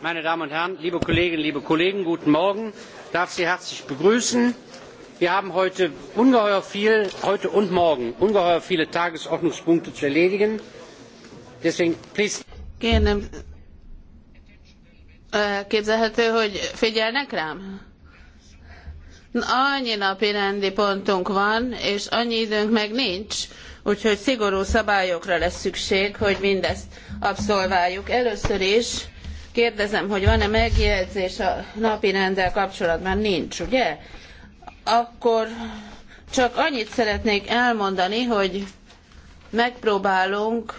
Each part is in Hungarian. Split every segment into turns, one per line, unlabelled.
meine Damen und Herren, liebe Kolleginnen, liebe Kollegen, guten Morgen. Ich darf Sie herzlich begrüßen. Wir haben heute und morgen, ungeheuer viele Tagesordnungspunkte zu erledigen. Deswegen, please.
Kérnem, elképzelhető, hogy figyelnek rám? Annyi napi rendi pontunk van, és annyi időnk meg nincs, úgyhogy szigorú szabályokra lesz szükség, hogy mindezt abszolváljuk. Először is Kérdezem, hogy van-e megjegyzés a napi rendel kapcsolatban? Nincs, ugye? Akkor csak annyit szeretnék elmondani, hogy megpróbálunk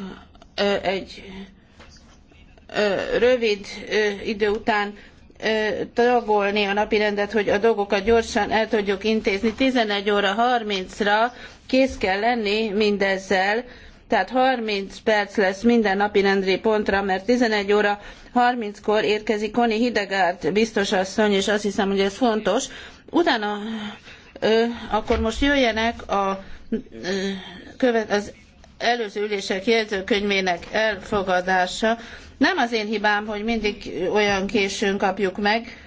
egy rövid idő után tagolni a napirendet, hogy a dolgokat gyorsan el tudjuk intézni. 11 óra 30-ra kész kell lenni mindezzel, tehát 30 perc lesz minden napi rendré pontra, mert 11 óra 30-kor érkezik Koni Hidegárt biztos asszony, és azt hiszem, hogy ez fontos. Utána ö, akkor most jöjjenek a, ö, követ, az előző ülések jegyzőkönyvének elfogadása. Nem az én hibám, hogy mindig olyan későn kapjuk meg,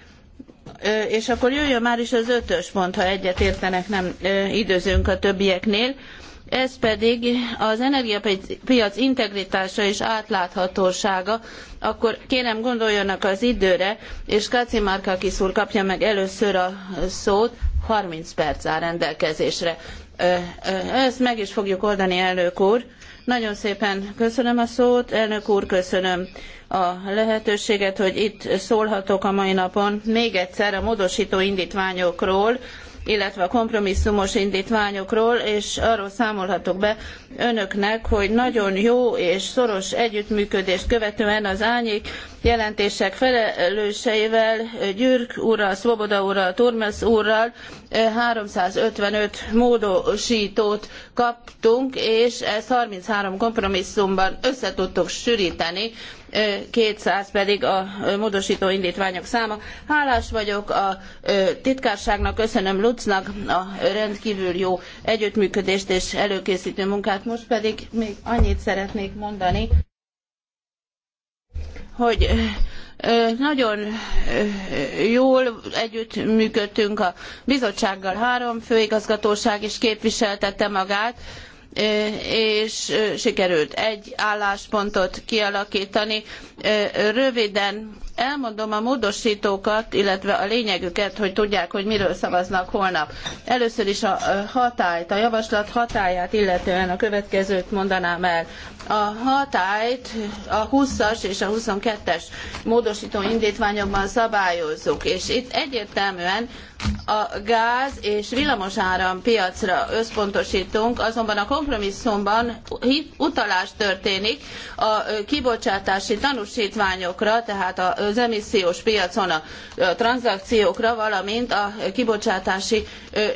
ö, és akkor jöjjön már is az ötös pont, ha egyet értenek, nem ö, időzünk a többieknél ez pedig az energiapiac integritása és átláthatósága, akkor kérem gondoljanak az időre, és Kaci Márkakis úr kapja meg először a szót, 30 perc áll rendelkezésre. Ezt meg is fogjuk oldani, elnök úr. Nagyon szépen köszönöm a szót, elnök úr, köszönöm a lehetőséget, hogy itt szólhatok a mai napon. Még egyszer a módosító indítványokról illetve a kompromisszumos indítványokról, és arról számolhatok be önöknek, hogy nagyon jó és szoros együttműködést követően az ányék jelentések felelőseivel, Gyürk úrral, Svoboda úrral, Turmes úrral 355 eh, módosítót kaptunk, és ezt 33 kompromisszumban össze tudtuk sűríteni, 200 pedig a módosító indítványok száma. Hálás vagyok a titkárságnak, köszönöm Lucnak a rendkívül jó együttműködést és előkészítő munkát. Most pedig még annyit szeretnék mondani, hogy nagyon jól együttműködtünk a bizottsággal, három főigazgatóság is képviseltette magát, és sikerült egy álláspontot kialakítani. Röviden Elmondom a módosítókat, illetve a lényegüket, hogy tudják, hogy miről szavaznak holnap. Először is a hatályt, a javaslat hatályát illetően a következőt mondanám el. A hatályt a 20-as és a 22-es módosító indítványokban szabályozzuk, és itt egyértelműen a gáz és villamosáram piacra összpontosítunk, azonban a kompromisszumban utalás történik a kibocsátási tanúsítványokra, tehát a az emissziós piacon a tranzakciókra, valamint a kibocsátási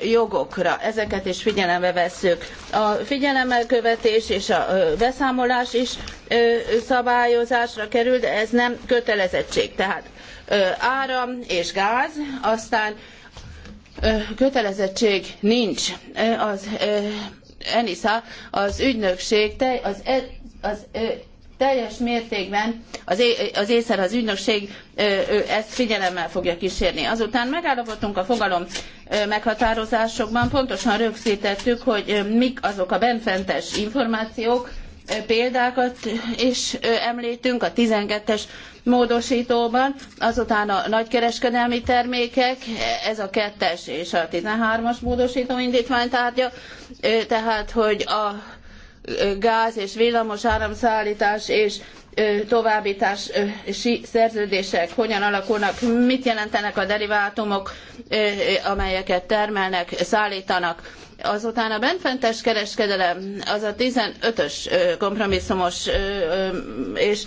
jogokra. Ezeket is figyelembe vesszük. A figyelemelkövetés és a beszámolás is szabályozásra kerül, de ez nem kötelezettség. Tehát áram és gáz, aztán kötelezettség nincs. Az ENISA, az ügynökség, az, e, az teljes mértékben az, é- az észer, az ügynökség ezt figyelemmel fogja kísérni. Azután megállapodtunk a fogalom meghatározásokban, pontosan rögzítettük, hogy mik azok a benfentes információk, példákat is említünk a 12-es módosítóban, azután a nagykereskedelmi termékek, ez a 2-es és a 13-as módosító indítvány tárgya, tehát hogy a gáz és villamos áramszállítás és továbbítási szerződések hogyan alakulnak, mit jelentenek a derivátumok, amelyeket termelnek, szállítanak. Azután a benfentes kereskedelem, az a 15-ös kompromisszumos és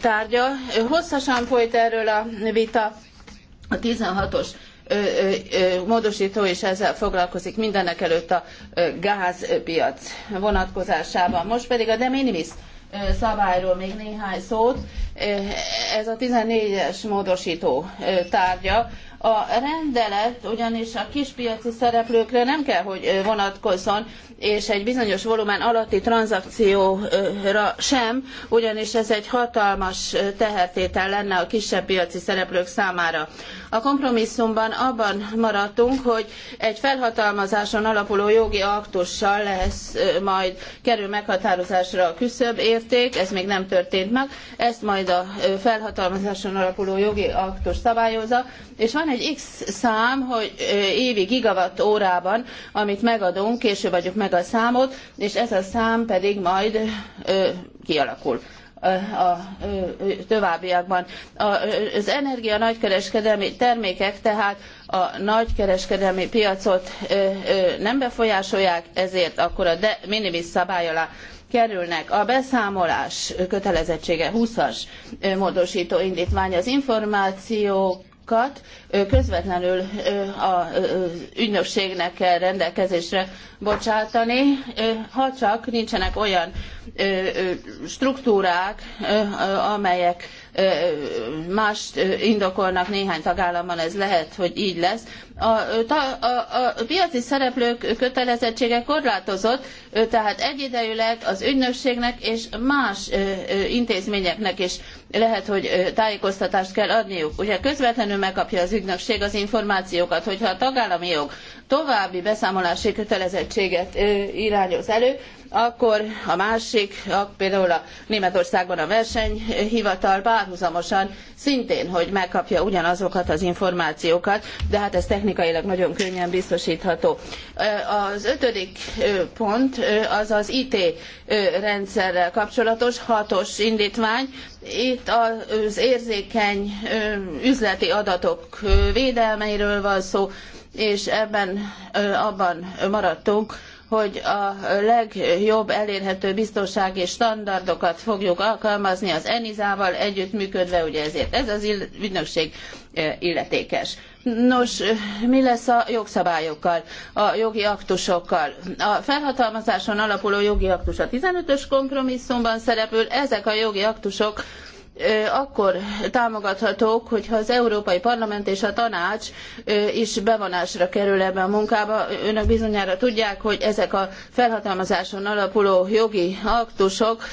tárgya. Hosszasan folyt erről a vita a 16-os módosító is ezzel foglalkozik mindenekelőtt a gázpiac vonatkozásában. Most pedig a de minimis szabályról még néhány szót. Ez a 14-es módosító tárgya, a rendelet ugyanis a kispiaci szereplőkre nem kell, hogy vonatkozzon, és egy bizonyos volumen alatti tranzakcióra sem, ugyanis ez egy hatalmas tehertétel lenne a kisebb piaci szereplők számára. A kompromisszumban abban maradtunk, hogy egy felhatalmazáson alapuló jogi aktussal lesz majd kerül meghatározásra a küszöbb érték, ez még nem történt meg, ezt majd a felhatalmazáson alapuló jogi aktus szabályozza, és van egy egy X szám, hogy évi gigawatt órában, amit megadunk, később adjuk meg a számot, és ez a szám pedig majd kialakul a továbbiakban. Az energia nagykereskedelmi termékek tehát a nagykereskedelmi piacot nem befolyásolják, ezért akkor a de minimis szabály alá kerülnek. A beszámolás kötelezettsége 20-as módosító indítvány az információk kat közvetlenül az ügynökségnek kell rendelkezésre bocsátani, ha csak nincsenek olyan struktúrák, amelyek mást indokolnak néhány tagállamban, ez lehet, hogy így lesz. A, a, a, a piaci szereplők kötelezettsége korlátozott, tehát egyidejűleg az ügynökségnek és más intézményeknek is lehet, hogy tájékoztatást kell adniuk. Ugye közvetlenül megkapja az ügynökség az információkat, hogyha a tagállami jog további beszámolási kötelezettséget irányoz elő, akkor a másik, például a Németországban a versenyhivatal párhuzamosan szintén, hogy megkapja ugyanazokat az információkat, de hát ez technikailag nagyon könnyen biztosítható. Az ötödik pont az az IT rendszerrel kapcsolatos hatos indítvány. Itt az érzékeny üzleti adatok védelmeiről van szó, és ebben abban maradtunk, hogy a legjobb elérhető biztonsági standardokat fogjuk alkalmazni az ENISA-val együttműködve, ugye ezért ez az ügynökség illetékes. Nos, mi lesz a jogszabályokkal, a jogi aktusokkal? A felhatalmazáson alapuló jogi aktus a 15-ös kompromisszumban szerepül, ezek a jogi aktusok akkor támogathatók, hogyha az Európai Parlament és a Tanács is bevonásra kerül ebbe a munkába. Önök bizonyára tudják, hogy ezek a felhatalmazáson alapuló jogi aktusok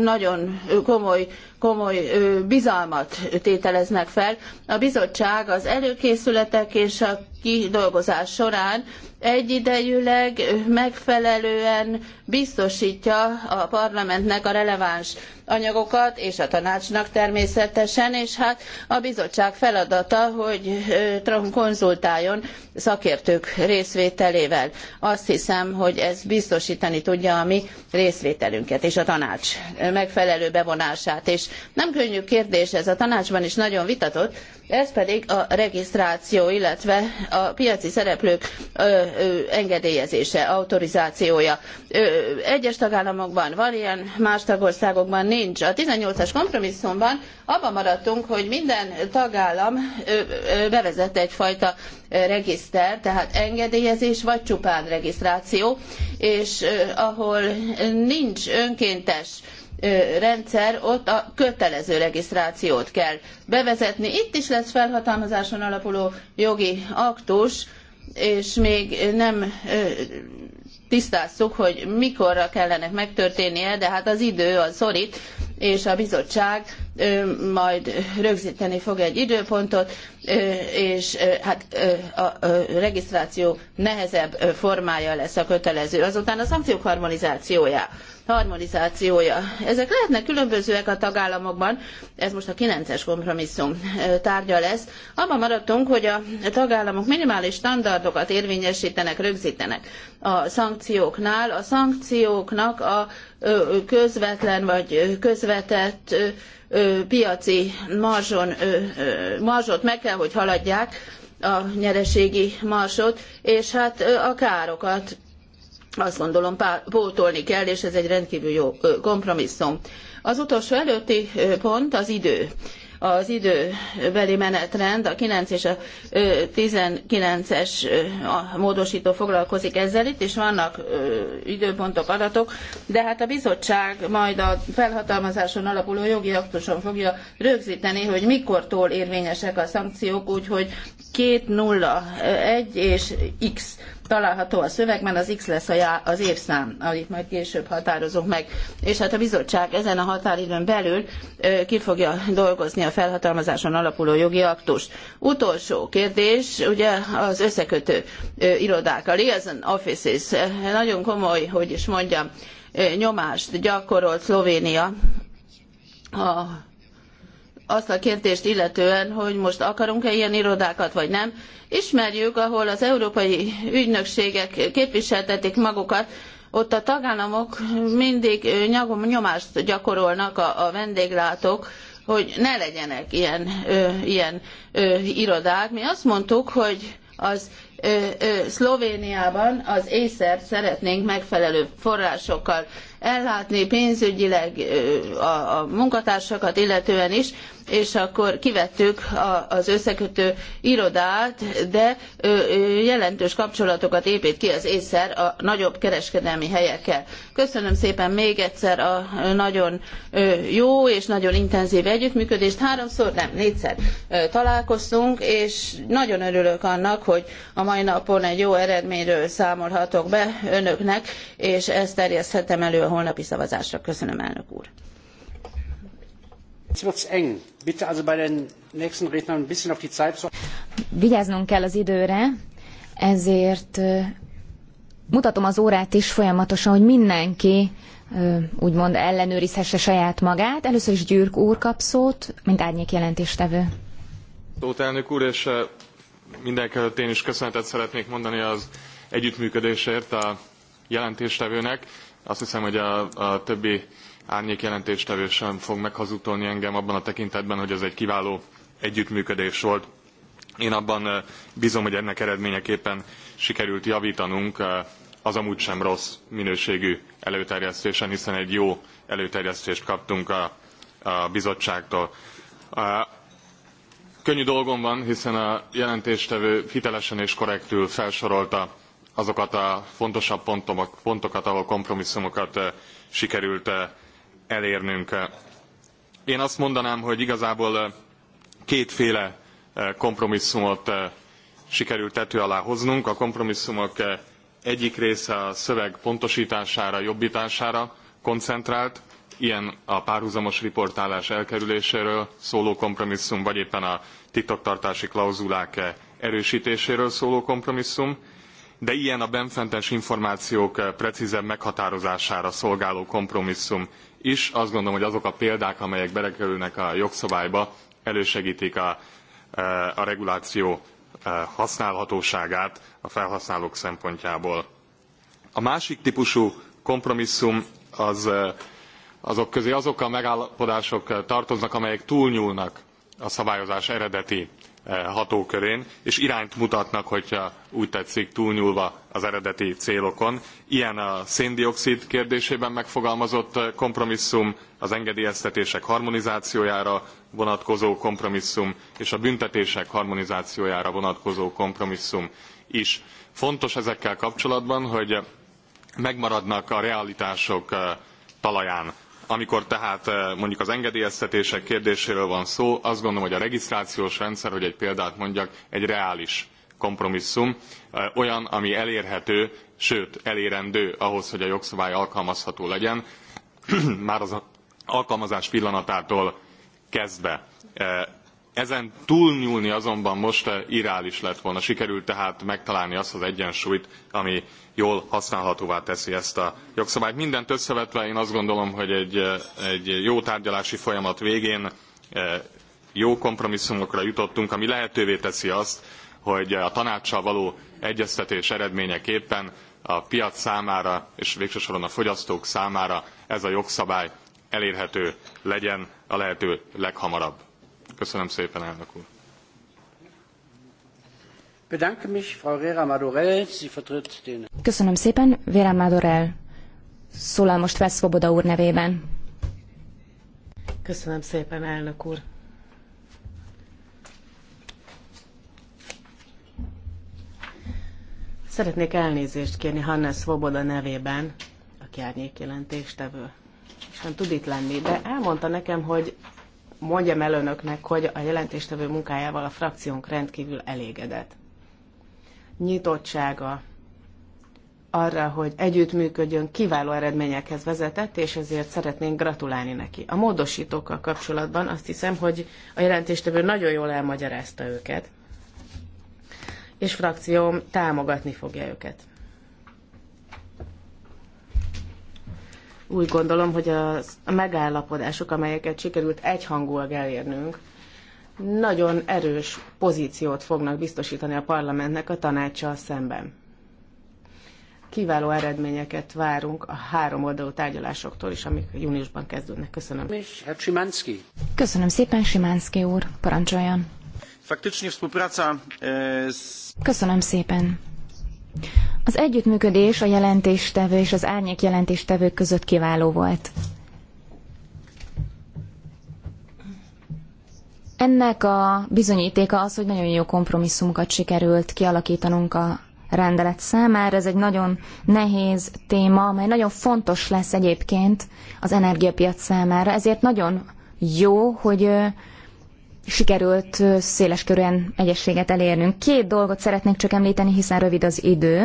nagyon komoly komoly bizalmat tételeznek fel. A bizottság az előkészületek és a kidolgozás során egyidejűleg megfelelően biztosítja a parlamentnek a releváns anyagokat, és a tanácsnak természetesen, és hát a bizottság feladata, hogy konzultáljon szakértők részvételével. Azt hiszem, hogy ez biztosítani tudja a mi részvételünket és a tanács megfelelő bevonását. És nem könnyű kérdés ez a tanácsban is nagyon vitatott, ez pedig a regisztráció, illetve a piaci szereplők engedélyezése, autorizációja. Egyes tagállamokban van ilyen, más tagországokban nincs. A 18-as kompromisszumban abban maradtunk, hogy minden tagállam bevezet egyfajta regiszter, tehát engedélyezés vagy csupán regisztráció, és ahol nincs önkéntes rendszer, ott a kötelező regisztrációt kell bevezetni. Itt is lesz felhatalmazáson alapuló jogi aktus, és még nem tisztáztuk, hogy mikorra kellene megtörténnie, de hát az idő az szorít, és a bizottság majd rögzíteni fog egy időpontot, és hát a regisztráció nehezebb formája lesz a kötelező. Azután a szankciók harmonizációja. harmonizációja. Ezek lehetnek különbözőek a tagállamokban, ez most a 9-es kompromisszum tárgya lesz. Abban maradtunk, hogy a tagállamok minimális standardokat érvényesítenek, rögzítenek a szankcióknál. A szankcióknak a közvetlen vagy közvetett piaci marzson, marzsot meg kell, hogy haladják, a nyereségi marsot, és hát a károkat azt gondolom pótolni kell, és ez egy rendkívül jó kompromisszum. Az utolsó előtti pont az idő az időbeli menetrend, a 9 és a 19-es módosító foglalkozik ezzel, itt is vannak időpontok, adatok, de hát a bizottság majd a felhatalmazáson alapuló jogi aktuson fogja rögzíteni, hogy mikortól érvényesek a szankciók, úgyhogy 201 és X található a szövegben, az X lesz a já, az évszám, amit majd később határozunk meg. És hát a bizottság ezen a határidőn belül ki fogja dolgozni a felhatalmazáson alapuló jogi aktust. Utolsó kérdés, ugye az összekötő irodák, a liaison offices, nagyon komoly, hogy is mondjam, nyomást gyakorolt Szlovénia a azt a kérdést illetően, hogy most akarunk-e ilyen irodákat, vagy nem. Ismerjük, ahol az európai ügynökségek képviseltetik magukat, ott a tagállamok mindig nyomást gyakorolnak a, a vendéglátók, hogy ne legyenek ilyen, ö, ilyen ö, irodák. Mi azt mondtuk, hogy az ö, Szlovéniában az észer szeretnénk megfelelő forrásokkal ellátni pénzügyileg a, a munkatársakat illetően is, és akkor kivettük az összekötő irodát, de jelentős kapcsolatokat épít ki az észer a nagyobb kereskedelmi helyekkel. Köszönöm szépen még egyszer a nagyon jó és nagyon intenzív együttműködést. Háromszor, nem, négyszer találkoztunk, és nagyon örülök annak, hogy a mai napon egy jó eredményről számolhatok be önöknek, és ezt terjeszthetem elő a holnapi szavazásra. Köszönöm, elnök úr.
Vigyáznunk
kell az időre, ezért mutatom az órát is folyamatosan, hogy mindenki úgymond ellenőrizhesse saját magát. Először is Gyürk úr kap szót, mint árnyék jelentéstevő.
Szót elnök úr, és mindenkelőtt én is köszönetet szeretnék mondani az együttműködésért a jelentéstevőnek. Azt hiszem, hogy a, a többi árnyék jelentéstevő sem fog meghazudtolni engem abban a tekintetben, hogy ez egy kiváló együttműködés volt. Én abban bízom, hogy ennek eredményeképpen sikerült javítanunk az amúgy sem rossz minőségű előterjesztésen, hiszen egy jó előterjesztést kaptunk a, a bizottságtól. A, könnyű dolgom van, hiszen a jelentéstevő hitelesen és korrektül felsorolta azokat a fontosabb pontok, pontokat, ahol kompromisszumokat sikerült elérnünk. Én azt mondanám, hogy igazából eh, kétféle eh, kompromisszumot eh, sikerült tető alá hoznunk. A kompromisszumok egyik része a szöveg pontosítására, jobbítására koncentrált, ilyen a párhuzamos riportálás elkerüléséről szóló kompromisszum, vagy éppen a titoktartási klauzulák erősítéséről szóló kompromisszum, de ilyen a benfentes információk precízebb meghatározására szolgáló kompromisszum is. Azt gondolom, hogy azok a példák, amelyek belekerülnek a jogszabályba, elősegítik a, e, a reguláció e, használhatóságát a felhasználók szempontjából. A másik típusú kompromisszum az, e, azok közé azok a megállapodások tartoznak, amelyek túlnyúlnak a szabályozás eredeti Eh, hatókörén, és irányt mutatnak, hogyha úgy tetszik, túlnyúlva az eredeti célokon. Ilyen a széndiokszid kérdésében megfogalmazott eh, kompromisszum, az engedélyeztetések harmonizációjára vonatkozó kompromisszum, és a büntetések harmonizációjára vonatkozó kompromisszum is. Fontos ezekkel kapcsolatban, hogy megmaradnak a realitások eh, talaján amikor tehát eh, mondjuk az engedélyeztetések kérdéséről van szó, azt gondolom, hogy a regisztrációs rendszer, hogy egy példát mondjak, egy reális kompromisszum, eh, olyan, ami elérhető, sőt elérendő ahhoz, hogy a jogszabály alkalmazható legyen, már az alkalmazás pillanatától kezdve. Eh, ezen túlnyúlni azonban most irális lett volna. Sikerült tehát megtalálni azt az egyensúlyt, ami jól használhatóvá teszi ezt a jogszabályt. Mindent összevetve én azt gondolom, hogy egy, egy jó tárgyalási folyamat végén eh, jó kompromisszumokra jutottunk, ami lehetővé teszi azt, hogy a tanácssal való egyeztetés eredményeképpen a piac számára és végső soron a fogyasztók számára ez a jogszabály elérhető legyen a lehető leghamarabb. Köszönöm szépen, elnök úr!
Köszönöm szépen, Vera Madurell szólal most fel Svoboda úr nevében.
Köszönöm szépen, elnök úr. Szeretnék elnézést kérni Hannes Svoboda nevében, aki árnyék jelentéstevő. És nem tud itt lenni, de elmondta nekem, hogy mondjam el önöknek, hogy a jelentéstevő munkájával a frakciónk rendkívül elégedett nyitottsága arra, hogy együttműködjön, kiváló eredményekhez vezetett, és ezért szeretnénk gratulálni neki. A módosítókkal kapcsolatban azt hiszem, hogy a jelentéstevő nagyon jól elmagyarázta őket, és frakcióm támogatni fogja őket. Úgy gondolom, hogy a megállapodások, amelyeket sikerült egyhangúak elérnünk, nagyon erős pozíciót fognak biztosítani a parlamentnek a tanácssal szemben. Kiváló eredményeket várunk a három oldalú tárgyalásoktól is, amik júniusban kezdődnek. Köszönöm.
Köszönöm szépen, Simánszki úr. Parancsoljon. E, Köszönöm szépen. Az együttműködés a jelentéstevő és az árnyék jelentéstevők között kiváló volt. Ennek a bizonyítéka az, hogy nagyon jó kompromisszumokat sikerült kialakítanunk a rendelet számára. Ez egy nagyon nehéz téma, amely nagyon fontos lesz egyébként az energiapiac számára. Ezért nagyon jó, hogy sikerült széleskörűen egyességet elérnünk. Két dolgot szeretnék csak említeni, hiszen rövid az idő.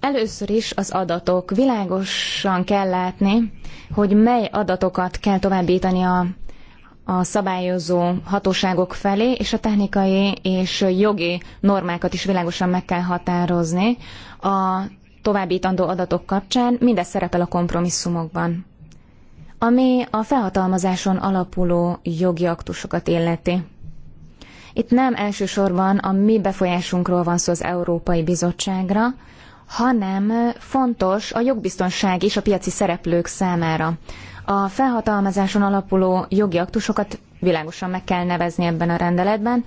Először is az adatok. Világosan kell látni, hogy mely adatokat kell továbbítani a a szabályozó hatóságok felé, és a technikai és jogi normákat is világosan meg kell határozni a továbbítandó adatok kapcsán, mindez szerepel a kompromisszumokban. Ami a felhatalmazáson alapuló jogi aktusokat illeti. Itt nem elsősorban a mi befolyásunkról van szó az Európai Bizottságra, hanem fontos a jogbiztonság is a piaci szereplők számára. A felhatalmazáson alapuló jogi aktusokat világosan meg kell nevezni ebben a rendeletben.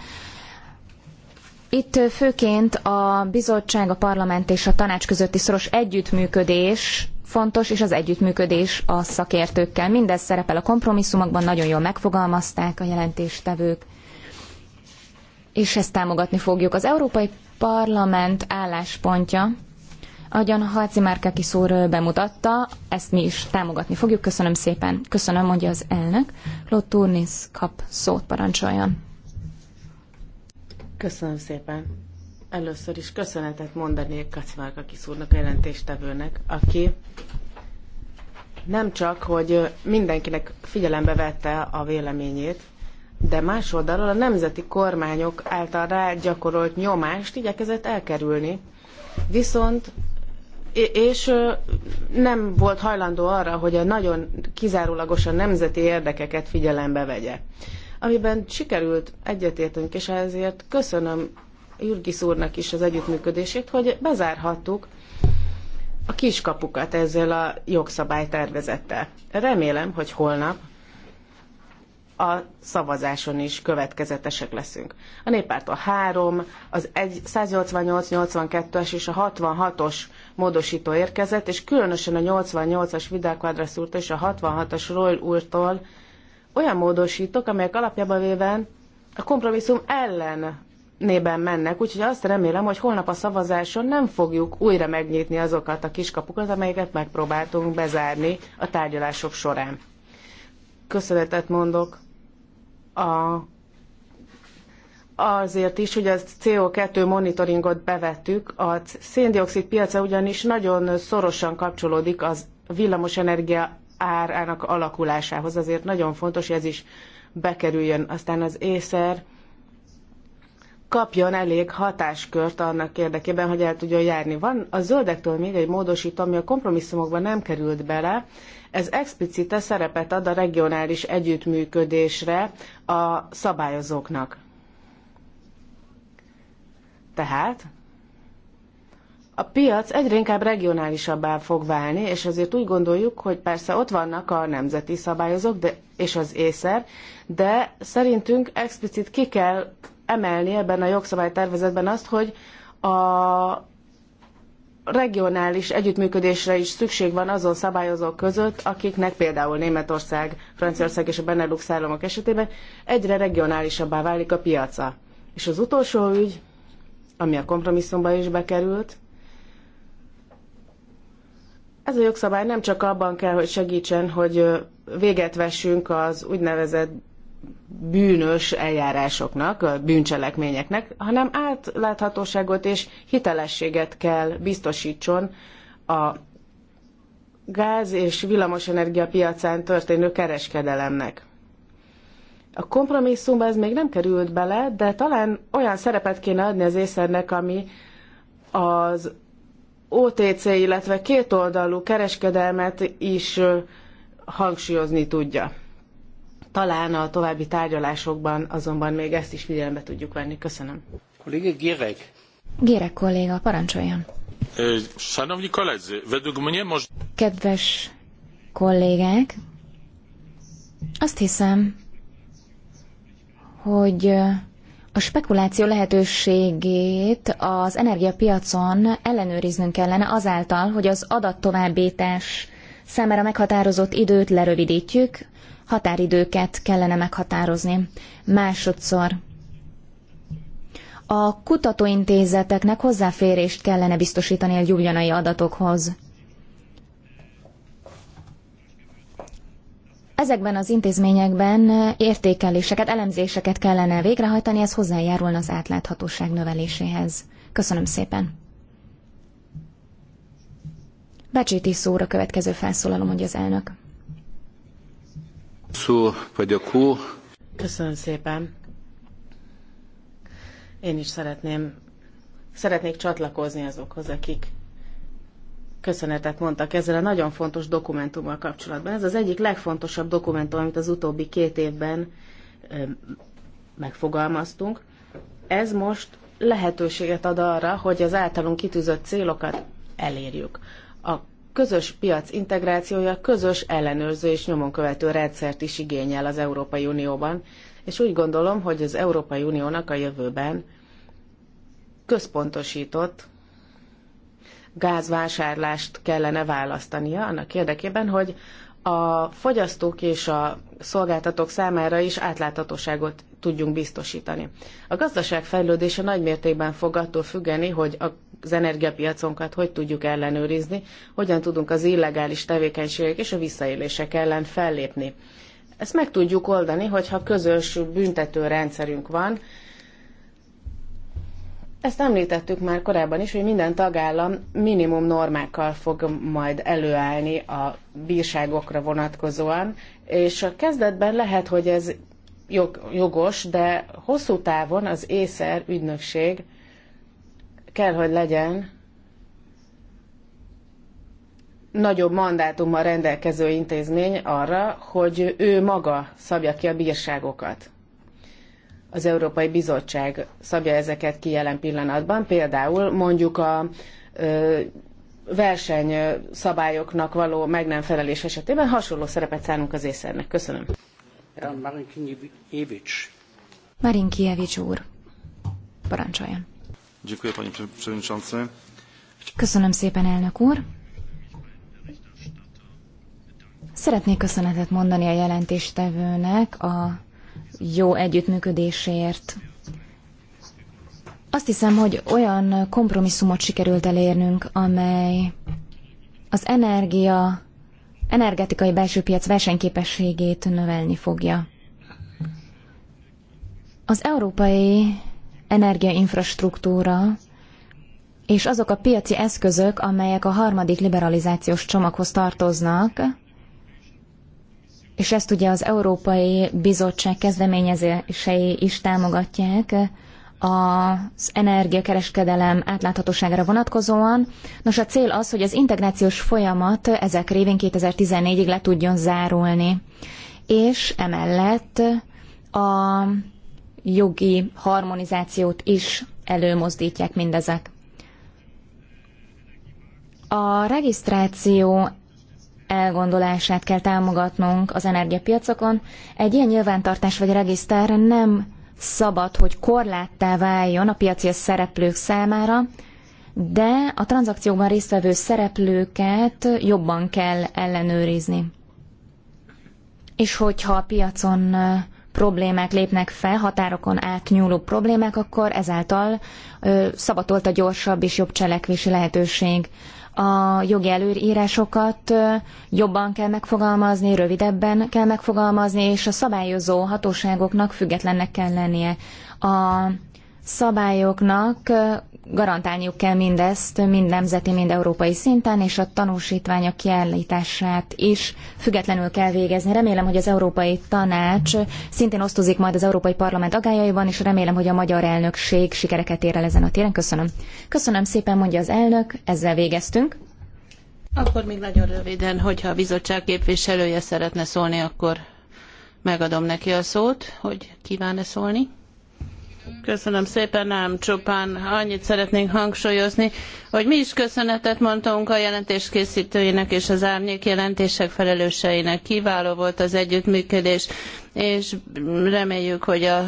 Itt főként a bizottság, a parlament és a tanács közötti szoros együttműködés fontos, és az együttműködés a szakértőkkel. Mindez szerepel a kompromisszumokban, nagyon jól megfogalmazták a jelentéstevők, és ezt támogatni fogjuk. Az Európai Parlament álláspontja Ahogyan Halci is szór bemutatta, ezt mi is támogatni fogjuk. Köszönöm szépen. Köszönöm, mondja az elnök. Lotturnis kap szót, parancsoljon.
Köszönöm szépen. Először is köszönetet mondanék Kacmárkaki szúrnak, a jelentéstevőnek, aki nem csak, hogy mindenkinek figyelembe vette a véleményét, de más oldalról a nemzeti kormányok által rá gyakorolt nyomást igyekezett elkerülni, viszont és nem volt hajlandó arra, hogy a nagyon kizárólagosan nemzeti érdekeket figyelembe vegye. Amiben sikerült egyetértünk, és ezért köszönöm Jürgis úrnak is az együttműködését, hogy bezárhattuk a kiskapukat ezzel a jogszabálytervezettel. Remélem, hogy holnap a szavazáson is következetesek leszünk. A néppárt a 3, az 188, 82-es és a 66-os módosító érkezett, és különösen a 88-as Vidal Quadras úrtól és a 66-as Roll úrtól olyan módosítók, amelyek alapjában véve a kompromisszum ellen nében mennek, úgyhogy azt remélem, hogy holnap a szavazáson nem fogjuk újra megnyitni azokat a kiskapukat, amelyeket megpróbáltunk bezárni a tárgyalások során. Köszönetet mondok a, azért is, hogy a CO2 monitoringot bevettük, a széndiokszid piaca ugyanis nagyon szorosan kapcsolódik az villamosenergia árának alakulásához, azért nagyon fontos, hogy ez is bekerüljön. Aztán az észer kapjon elég hatáskört annak érdekében, hogy el tudjon járni. Van a zöldektől még egy módosító, ami a kompromisszumokban nem került bele. Ez explicite szerepet ad a regionális együttműködésre a szabályozóknak. Tehát a piac egyre inkább regionálisabbá fog válni, és azért úgy gondoljuk, hogy persze ott vannak a nemzeti szabályozók de, és az észer, de szerintünk explicit ki kell emelni ebben a jogszabálytervezetben azt, hogy a regionális együttműködésre is szükség van azon szabályozók között, akiknek például Németország, Franciaország és a Benelux államok esetében egyre regionálisabbá válik a piaca. És az utolsó ügy, ami a kompromisszumba is bekerült, ez a jogszabály nem csak abban kell, hogy segítsen, hogy véget vessünk az úgynevezett bűnös eljárásoknak, bűncselekményeknek, hanem átláthatóságot és hitelességet kell biztosítson a gáz és villamosenergia piacán történő kereskedelemnek. A kompromisszumba ez még nem került bele, de talán olyan szerepet kéne adni az észernek, ami az OTC, illetve kétoldalú kereskedelmet is hangsúlyozni tudja. Talán a további tárgyalásokban azonban még ezt is figyelembe tudjuk venni. Köszönöm.
Kolléga Gérek.
Gérek kolléga, parancsoljon.
Szanowni koledzy, według mnie
Kedves kollégák, azt hiszem, hogy a spekuláció lehetőségét az energiapiacon ellenőriznünk kellene azáltal, hogy az adattovábbítás számára meghatározott időt lerövidítjük, határidőket kellene meghatározni. Másodszor a kutatóintézeteknek hozzáférést kellene biztosítani a gyújjanai adatokhoz. Ezekben az intézményekben értékeléseket, elemzéseket kellene végrehajtani, ez hozzájárulna az átláthatóság növeléséhez. Köszönöm szépen. Becsíti szóra következő felszólalom, mondja az elnök.
Köszönöm szépen. Én is szeretném, szeretnék csatlakozni azokhoz, akik köszönetet mondtak ezzel a nagyon fontos dokumentummal kapcsolatban. Ez az egyik legfontosabb dokumentum, amit az utóbbi két évben megfogalmaztunk. Ez most lehetőséget ad arra, hogy az általunk kitűzött célokat elérjük. A közös piac integrációja közös ellenőrző és követő rendszert is igényel az Európai Unióban, és úgy gondolom, hogy az Európai Uniónak a jövőben központosított gázvásárlást kellene választania annak érdekében, hogy a fogyasztók és a szolgáltatók számára is átláthatóságot tudjunk biztosítani. A gazdaság fejlődése nagymértékben fog attól függeni, hogy a az energiapiaconkat hogy tudjuk ellenőrizni, hogyan tudunk az illegális tevékenységek és a visszaélések ellen fellépni. Ezt meg tudjuk oldani, hogyha közös büntető rendszerünk van. Ezt említettük már korábban is, hogy minden tagállam minimum normákkal fog majd előállni a bírságokra vonatkozóan, és a kezdetben lehet, hogy ez jogos, de hosszú távon az észer ügynökség kell, hogy legyen nagyobb mandátummal rendelkező intézmény arra, hogy ő maga szabja ki a bírságokat. Az Európai Bizottság szabja ezeket ki jelen pillanatban, például mondjuk a verseny versenyszabályoknak való meg nem felelés esetében hasonló szerepet szánunk az észernek. Köszönöm. Marinkievics úr,
parancsoljon. Köszönöm szépen, elnök úr. Szeretnék köszönetet mondani a jelentéstevőnek a jó együttműködésért. Azt hiszem, hogy olyan kompromisszumot sikerült elérnünk, amely az energia, energetikai belső piac versenyképességét növelni fogja. Az európai energiainfrastruktúra és azok a piaci eszközök, amelyek a harmadik liberalizációs csomaghoz tartoznak, és ezt ugye az Európai Bizottság kezdeményezései is támogatják, az energiakereskedelem átláthatóságára vonatkozóan. Nos, a cél az, hogy az integrációs folyamat ezek révén 2014-ig le tudjon zárulni. És emellett a jogi harmonizációt is előmozdítják mindezek. A regisztráció elgondolását kell támogatnunk az energiapiacokon. Egy ilyen nyilvántartás vagy regiszter nem szabad, hogy korláttá váljon a piaci szereplők számára, de a tranzakcióban résztvevő szereplőket jobban kell ellenőrizni. És hogyha a piacon problémák lépnek fel, határokon átnyúló problémák, akkor ezáltal ö, szabatolt a gyorsabb és jobb cselekvési lehetőség. A jogi előírásokat ö, jobban kell megfogalmazni, rövidebben kell megfogalmazni, és a szabályozó hatóságoknak függetlennek kell lennie. A szabályoknak garantálniuk kell mindezt mind nemzeti, mind európai szinten, és a tanúsítványok kiállítását is függetlenül kell végezni. Remélem, hogy az Európai Tanács szintén osztozik majd az Európai Parlament agályaiban, és remélem, hogy a magyar elnökség sikereket ér el ezen a téren. Köszönöm. Köszönöm szépen, mondja az elnök, ezzel végeztünk.
Akkor még nagyon röviden, hogyha a bizottság képviselője szeretne szólni, akkor megadom neki a szót, hogy kíván-e szólni. Köszönöm szépen, nem csupán annyit szeretnénk hangsúlyozni, hogy mi is köszönetet mondtunk a jelentés készítőinek és az árnyék jelentések felelőseinek. Kiváló volt az együttműködés, és reméljük, hogy a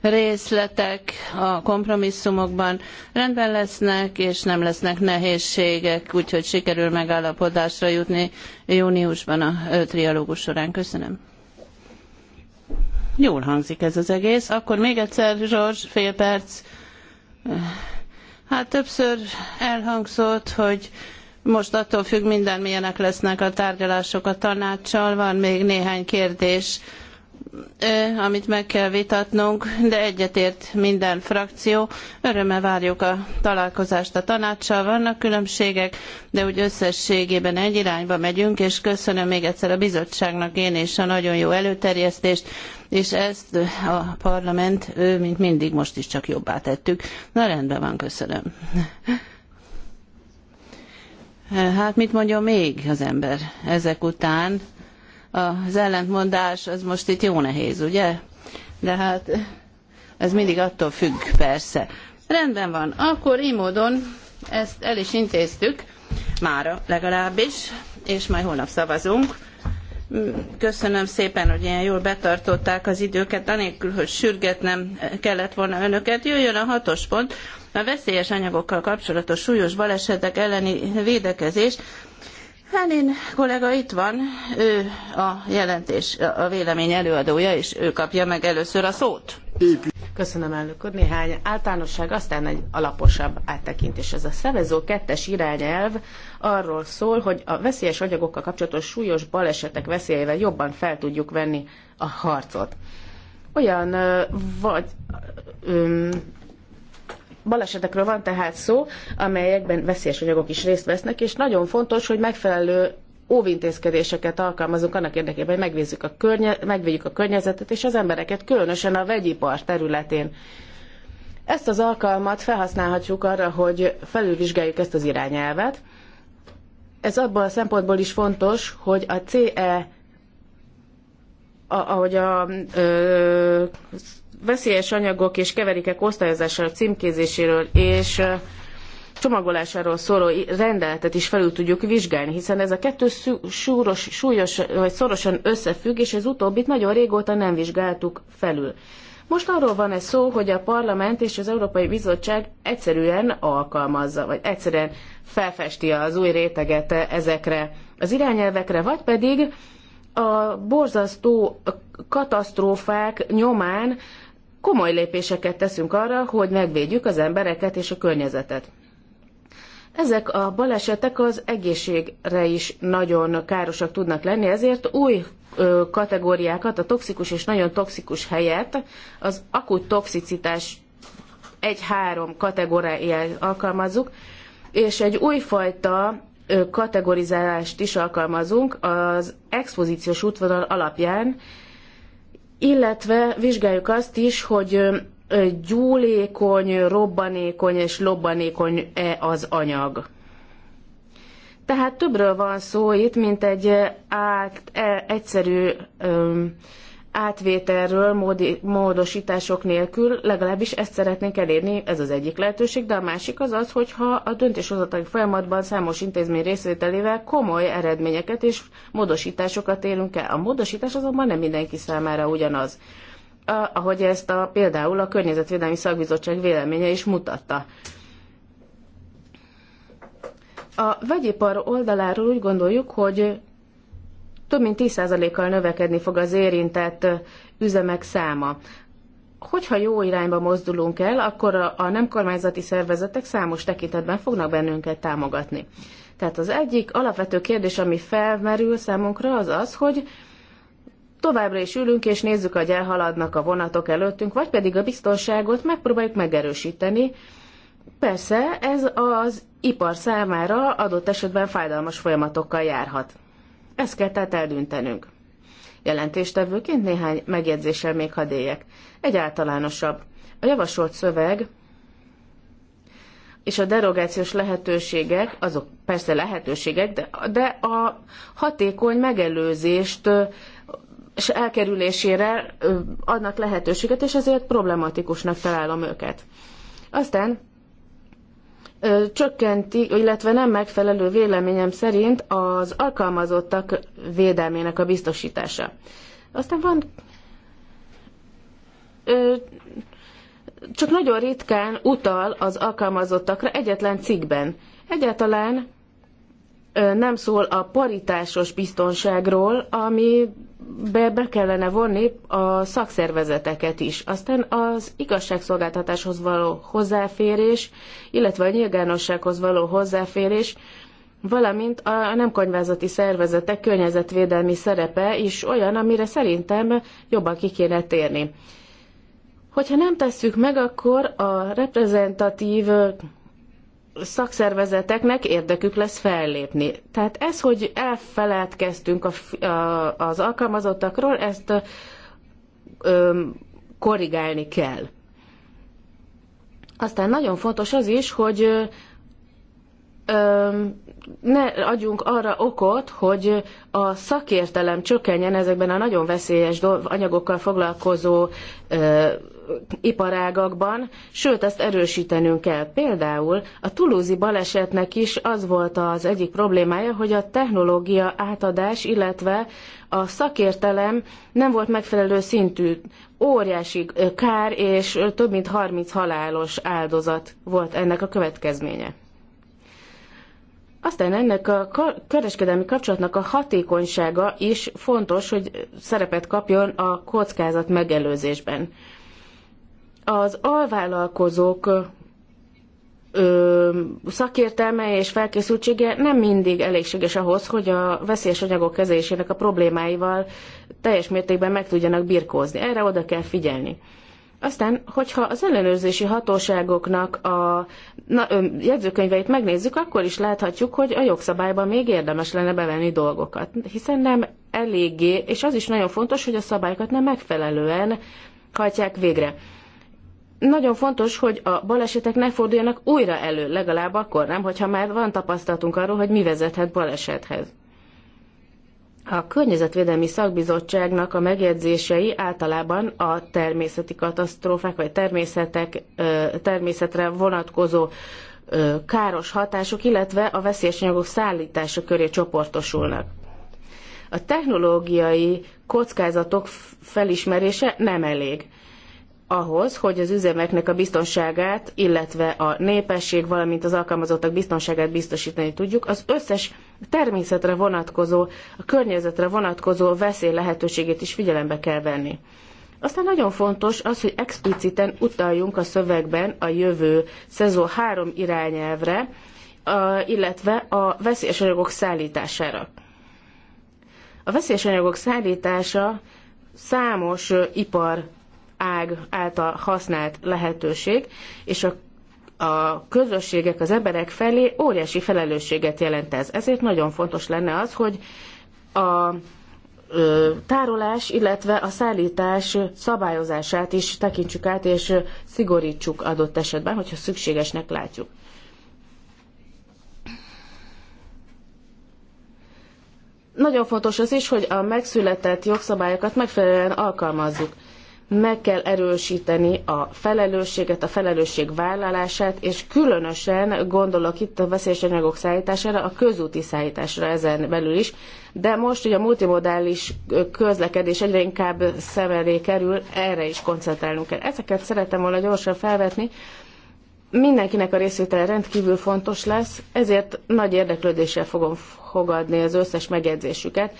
részletek a kompromisszumokban rendben lesznek, és nem lesznek nehézségek, úgyhogy sikerül megállapodásra jutni júniusban a trialógus során. Köszönöm. Jól hangzik ez az egész. Akkor még egyszer, George, fél perc. Hát többször elhangzott, hogy most attól függ minden, milyenek lesznek a tárgyalások a tanácssal. Van még néhány kérdés, amit meg kell vitatnunk, de egyetért minden frakció. Örömmel várjuk a találkozást a tanácssal. Vannak különbségek, de úgy összességében egy irányba megyünk, és köszönöm még egyszer a bizottságnak én és a nagyon jó előterjesztést és ezt a parlament, ő, mint mindig, most is csak jobbá tettük. Na rendben van, köszönöm. Hát mit mondja még az ember ezek után? Az ellentmondás az most itt jó nehéz, ugye? De hát ez mindig attól függ, persze. Rendben van, akkor így módon ezt el is intéztük, mára legalábbis, és majd holnap szavazunk. Köszönöm szépen, hogy ilyen jól betartották az időket, anélkül, hogy sürgetnem kellett volna önöket. Jöjjön a hatos pont, a veszélyes anyagokkal kapcsolatos súlyos balesetek elleni védekezés. Hánin kollega itt van, ő a jelentés, a vélemény előadója, és ő kapja meg először a szót.
Köszönöm elnök úr, néhány általánosság, aztán egy alaposabb áttekintés. Ez a szevező kettes irányelv arról szól, hogy a veszélyes anyagokkal kapcsolatos súlyos balesetek veszélyével jobban fel tudjuk venni a harcot. Olyan vagy um, balesetekről van tehát szó, amelyekben veszélyes anyagok is részt vesznek, és nagyon fontos, hogy megfelelő óvintézkedéseket alkalmazunk annak érdekében, hogy megvédjük a, környe- megvédjük a környezetet és az embereket, különösen a vegyipar területén. Ezt az alkalmat felhasználhatjuk arra, hogy felülvizsgáljuk ezt az irányelvet, ez abban a szempontból is fontos, hogy a CE, ahogy a ö, veszélyes anyagok és keverékek osztályozásáról, címkézéséről és csomagolásáról szóló rendeletet is felül tudjuk vizsgálni, hiszen ez a kettő súros, súlyos, vagy szorosan összefügg, és ez utóbbit nagyon régóta nem vizsgáltuk felül. Most arról van ez szó, hogy a parlament és az Európai Bizottság egyszerűen alkalmazza, vagy egyszerűen felfesti az új réteget ezekre az irányelvekre, vagy pedig a borzasztó katasztrófák nyomán komoly lépéseket teszünk arra, hogy megvédjük az embereket és a környezetet. Ezek a balesetek az egészségre is nagyon károsak tudnak lenni, ezért új kategóriákat, a toxikus és nagyon toxikus helyet az akut toxicitás 1-3 kategóriáját alkalmazzuk, és egy újfajta kategorizálást is alkalmazunk az expozíciós útvonal alapján, illetve vizsgáljuk azt is, hogy gyúlékony, robbanékony és lobbanékony-e az anyag. Tehát többről van szó itt, mint egy át, e, egyszerű öm, átvételről módi, módosítások nélkül, legalábbis ezt szeretnénk elérni, ez az egyik lehetőség, de a másik az az, hogyha a döntéshozatali folyamatban számos intézmény részvételével komoly eredményeket és módosításokat érünk el. A módosítás azonban nem mindenki számára ugyanaz. A, ahogy ezt a, például a Környezetvédelmi Szakbizottság véleménye is mutatta. A vegyipar oldaláról úgy gondoljuk, hogy több mint 10%-kal növekedni fog az érintett üzemek száma. Hogyha jó irányba mozdulunk el, akkor a nem kormányzati szervezetek számos tekintetben fognak bennünket támogatni. Tehát az egyik alapvető kérdés, ami felmerül számunkra, az az, hogy továbbra is ülünk és nézzük, hogy elhaladnak a vonatok előttünk, vagy pedig a biztonságot megpróbáljuk megerősíteni, Persze, ez az ipar számára adott esetben fájdalmas folyamatokkal járhat. Ezt kell tehát eldöntenünk. Jelentéstevőként néhány megjegyzéssel még hadélyek. Egy általánosabb. A javasolt szöveg és a derogációs lehetőségek, azok persze lehetőségek, de, de a hatékony megelőzést és elkerülésére adnak lehetőséget, és ezért problematikusnak találom őket. Aztán csökkenti, illetve nem megfelelő véleményem szerint az alkalmazottak védelmének a biztosítása. Aztán van ö, csak nagyon ritkán utal az alkalmazottakra egyetlen cikkben. Egyáltalán ö, nem szól a paritásos biztonságról, ami be, be kellene vonni a szakszervezeteket is. Aztán az igazságszolgáltatáshoz való hozzáférés, illetve a nyilvánossághoz való hozzáférés, valamint a nem szervezetek környezetvédelmi szerepe is olyan, amire szerintem jobban ki kéne térni. Hogyha nem tesszük meg, akkor a reprezentatív szakszervezeteknek érdekük lesz fellépni. Tehát ez, hogy elfeledkeztünk a, a, az alkalmazottakról, ezt ö, korrigálni kell. Aztán nagyon fontos az is, hogy ne adjunk arra okot, hogy a szakértelem csökkenjen ezekben a nagyon veszélyes anyagokkal foglalkozó iparágakban, sőt ezt erősítenünk kell. Például a tulúzi balesetnek is az volt az egyik problémája, hogy a technológia átadás, illetve a szakértelem nem volt megfelelő szintű. Óriási kár és több mint 30 halálos áldozat volt ennek a következménye. Aztán ennek a kereskedelmi kapcsolatnak a hatékonysága is fontos, hogy szerepet kapjon a kockázat megelőzésben. Az alvállalkozók ö, szakértelme és felkészültsége nem mindig elégséges ahhoz, hogy a veszélyes anyagok kezelésének a problémáival teljes mértékben meg tudjanak birkózni. Erre oda kell figyelni. Aztán, hogyha az ellenőrzési hatóságoknak a na, ö, jegyzőkönyveit megnézzük, akkor is láthatjuk, hogy a jogszabályban még érdemes lenne bevenni dolgokat, hiszen nem eléggé, és az is nagyon fontos, hogy a szabályokat nem megfelelően hajtják végre. Nagyon fontos, hogy a balesetek ne forduljanak újra elő, legalább akkor nem, hogyha már van tapasztalatunk arról, hogy mi vezethet balesethez. A Környezetvédelmi Szakbizottságnak a megjegyzései általában a természeti katasztrófák vagy természetek, természetre vonatkozó káros hatások, illetve a veszélyes anyagok szállítása köré csoportosulnak. A technológiai kockázatok felismerése nem elég ahhoz, hogy az üzemeknek a biztonságát, illetve a népesség, valamint az alkalmazottak biztonságát biztosítani tudjuk, az összes természetre vonatkozó, a környezetre vonatkozó veszély lehetőségét is figyelembe kell venni. Aztán nagyon fontos az, hogy expliciten utaljunk a szövegben a jövő szezon három irányelvre, illetve a veszélyes anyagok szállítására. A veszélyes anyagok szállítása számos ipar ág által használt lehetőség, és a a közösségek, az emberek felé óriási felelősséget jelent ez. Ezért nagyon fontos lenne az, hogy a tárolás, illetve a szállítás szabályozását is tekintsük át, és szigorítsuk adott esetben, hogyha szükségesnek látjuk. Nagyon fontos az is, hogy a megszületett jogszabályokat megfelelően alkalmazzuk meg kell erősíteni a felelősséget, a felelősség vállalását, és különösen gondolok itt a veszélyes anyagok szállítására, a közúti szállításra ezen belül is, de most, hogy a multimodális közlekedés egyre inkább szem elé kerül, erre is koncentrálnunk kell. Ezeket szeretem volna gyorsan felvetni, mindenkinek a részvétele rendkívül fontos lesz, ezért nagy érdeklődéssel fogom fogadni az összes megjegyzésüket,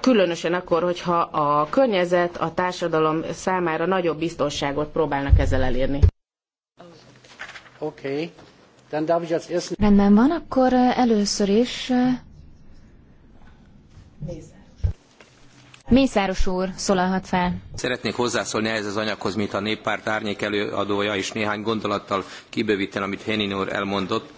különösen akkor, hogyha a környezet, a társadalom számára nagyobb biztonságot próbálnak ezzel elérni. Okay.
Rendben van, akkor először is... Mészáros úr szólalhat fel.
Szeretnék hozzászólni ehhez az anyaghoz, mint a néppárt árnyék előadója, és néhány gondolattal kibővíten, amit Henin úr elmondott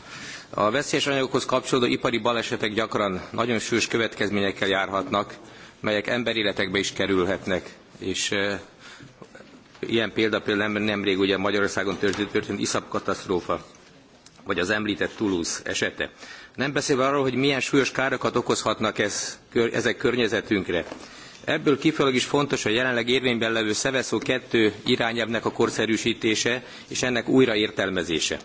a veszélyes anyagokhoz kapcsolódó ipari balesetek gyakran nagyon súlyos következményekkel járhatnak, melyek emberéletekbe is kerülhetnek. És e, ilyen példa például nem, nemrég ugye Magyarországon történt, iszap katasztrófa, vagy az említett Toulouse esete. Nem beszélve arról, hogy milyen súlyos károkat okozhatnak ez, kör, ezek környezetünkre. Ebből kifolyólag is fontos a jelenleg érvényben levő Szeveszó 2 irányelvnek a korszerűsítése és ennek újraértelmezése.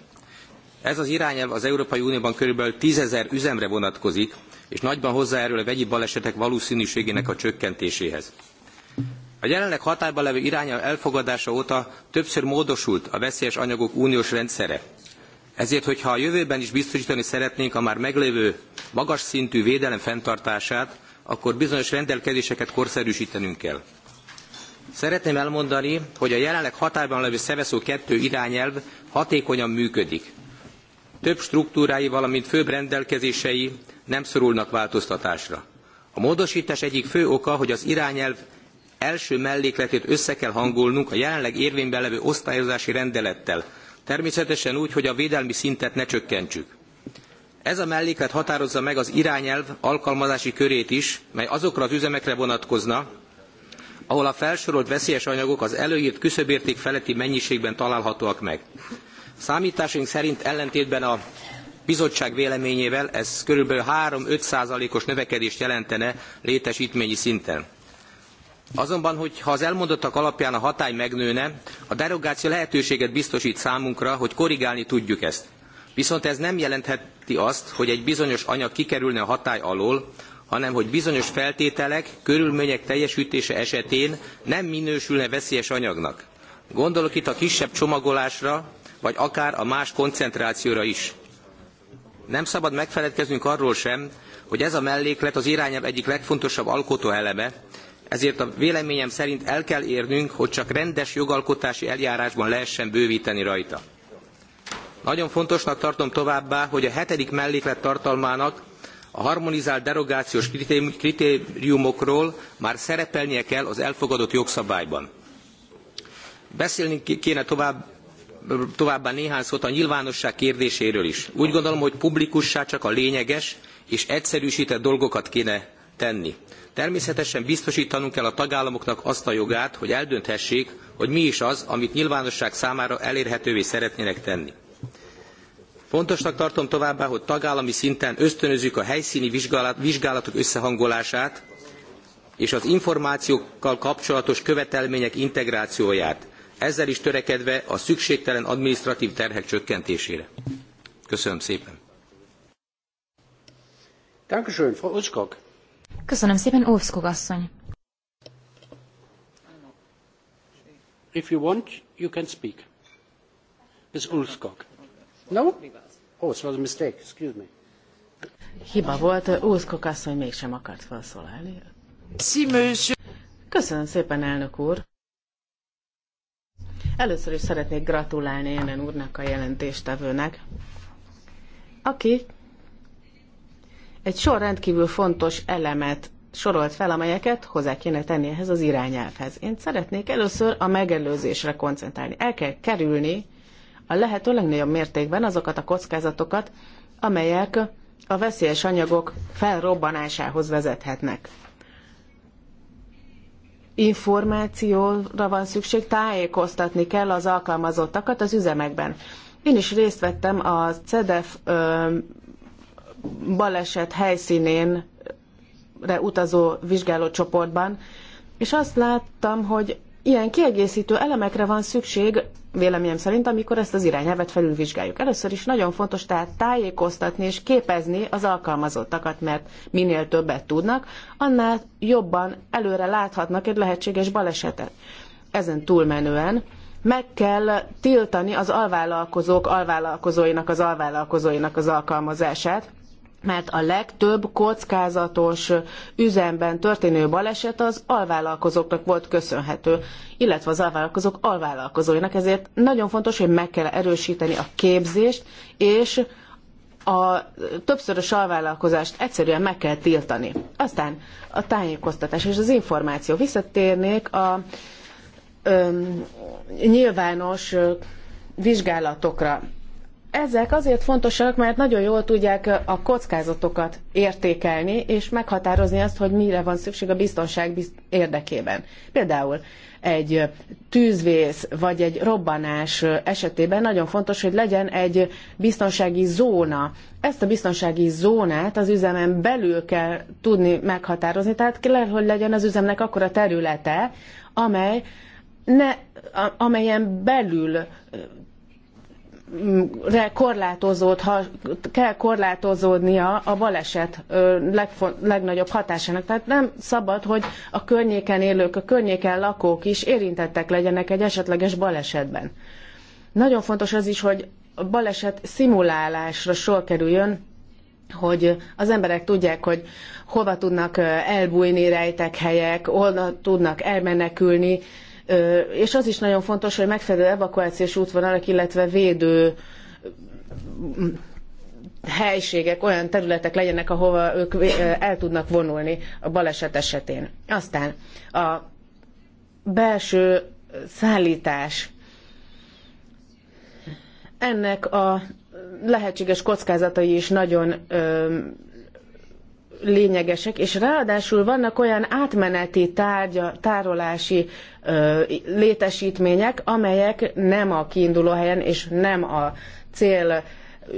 Ez az irányelv az Európai Unióban körülbelül tízezer üzemre vonatkozik, és nagyban hozzájárul a vegyi balesetek valószínűségének a csökkentéséhez. A jelenleg hatályban levő irányelv elfogadása óta többször módosult a veszélyes anyagok uniós rendszere. Ezért, hogyha a jövőben is biztosítani szeretnénk a már meglévő magas szintű védelem fenntartását, akkor bizonyos rendelkezéseket korszerűsítenünk kell. Szeretném elmondani, hogy a jelenleg hatályban levő Szeveszó 2 irányelv hatékonyan működik több struktúrái, valamint főbb rendelkezései nem szorulnak változtatásra. A módosítás egyik fő oka, hogy az irányelv első mellékletét össze kell hangolnunk a jelenleg érvényben levő osztályozási rendelettel, természetesen úgy, hogy a védelmi szintet ne csökkentsük. Ez a melléklet határozza meg az irányelv alkalmazási körét is, mely azokra az üzemekre vonatkozna, ahol a felsorolt veszélyes anyagok az előírt küszöbérték feletti mennyiségben találhatóak meg. Számításaink szerint ellentétben a bizottság véleményével ez kb. 3-5 százalékos növekedést jelentene létesítményi szinten. Azonban, hogy az elmondottak alapján a hatály megnőne, a derogáció lehetőséget biztosít számunkra, hogy korrigálni tudjuk ezt. Viszont ez nem jelentheti azt, hogy egy bizonyos anyag kikerülne a hatály alól, hanem hogy bizonyos feltételek, körülmények teljesítése esetén nem minősülne veszélyes anyagnak. Gondolok itt a kisebb csomagolásra, vagy akár a más koncentrációra is. Nem szabad megfeledkeznünk arról sem, hogy ez a melléklet az irányelv egyik legfontosabb alkotóeleme, ezért a véleményem szerint el kell érnünk, hogy csak rendes jogalkotási eljárásban lehessen bővíteni rajta. Nagyon fontosnak tartom továbbá, hogy a hetedik melléklet tartalmának a harmonizált derogációs kritériumokról már szerepelnie kell az elfogadott jogszabályban. Beszélni kéne tovább továbbá néhány szót a nyilvánosság kérdéséről is. Úgy gondolom, hogy publikussá csak a lényeges és egyszerűsített dolgokat kéne tenni. Természetesen biztosítanunk kell a tagállamoknak azt a jogát, hogy eldönthessék, hogy mi is az, amit nyilvánosság számára elérhetővé szeretnének tenni. Fontosnak tartom továbbá, hogy tagállami szinten ösztönözzük a helyszíni vizsgálatok összehangolását és az információkkal kapcsolatos követelmények integrációját ezzel is törekedve a szükségtelen adminisztratív terhek csökkentésére. Köszönöm szépen.
Köszönöm szépen, Óvszkog asszony.
If you want, you can speak. Ms. Ulskog. No? Oh, it was a mistake. Excuse me. Hiba volt,
Úszkok asszony mégsem akart felszólalni. Köszönöm szépen, elnök úr. Először is szeretnék gratulálni Jelen úrnak a jelentéstevőnek, aki egy sor rendkívül fontos elemet sorolt fel, amelyeket hozzá kéne tenni ehhez az irányelvhez. Én szeretnék először a megelőzésre koncentrálni. El kell kerülni a lehető legnagyobb mértékben azokat a kockázatokat, amelyek a veszélyes anyagok felrobbanásához vezethetnek információra van szükség, tájékoztatni kell az alkalmazottakat az üzemekben. Én is részt vettem a CEDEF ö, baleset helyszínén utazó vizsgálócsoportban, és azt láttam, hogy ilyen kiegészítő elemekre van szükség, véleményem szerint, amikor ezt az irányelvet felülvizsgáljuk. Először is nagyon fontos tehát tájékoztatni és képezni az alkalmazottakat, mert minél többet tudnak, annál jobban előre láthatnak egy lehetséges balesetet. Ezen túlmenően meg kell tiltani az alvállalkozók alvállalkozóinak az alvállalkozóinak az alkalmazását, mert a legtöbb kockázatos üzemben történő baleset az alvállalkozóknak volt köszönhető, illetve az alvállalkozók alvállalkozóinak, ezért nagyon fontos, hogy meg kell erősíteni a képzést, és a többszörös alvállalkozást egyszerűen meg kell tiltani. Aztán a tájékoztatás és az információ. Visszatérnék a öm, nyilvános vizsgálatokra ezek azért fontosak, mert nagyon jól tudják a kockázatokat értékelni, és meghatározni azt, hogy mire van szükség a biztonság érdekében. Például egy tűzvész vagy egy robbanás esetében nagyon fontos, hogy legyen egy biztonsági zóna. Ezt a biztonsági zónát az üzemen belül kell tudni meghatározni, tehát kell, hogy legyen az üzemnek akkora területe, amely ne, amelyen belül kell korlátozódnia a baleset legnagyobb hatásának. Tehát nem szabad, hogy a környéken élők, a környéken lakók is érintettek legyenek egy esetleges balesetben. Nagyon fontos az is, hogy a baleset szimulálásra sor kerüljön, hogy az emberek tudják, hogy hova tudnak elbújni rejtek helyek, hol tudnak elmenekülni, és az is nagyon fontos, hogy megfelelő evakuációs útvonalak, illetve védő mm, helységek, olyan területek legyenek, ahova ők el tudnak vonulni a baleset esetén. Aztán a belső szállítás. Ennek a lehetséges kockázatai is nagyon lényegesek, és ráadásul vannak olyan átmeneti tárgya, tárolási ö, létesítmények, amelyek nem a kiinduló helyen és nem a cél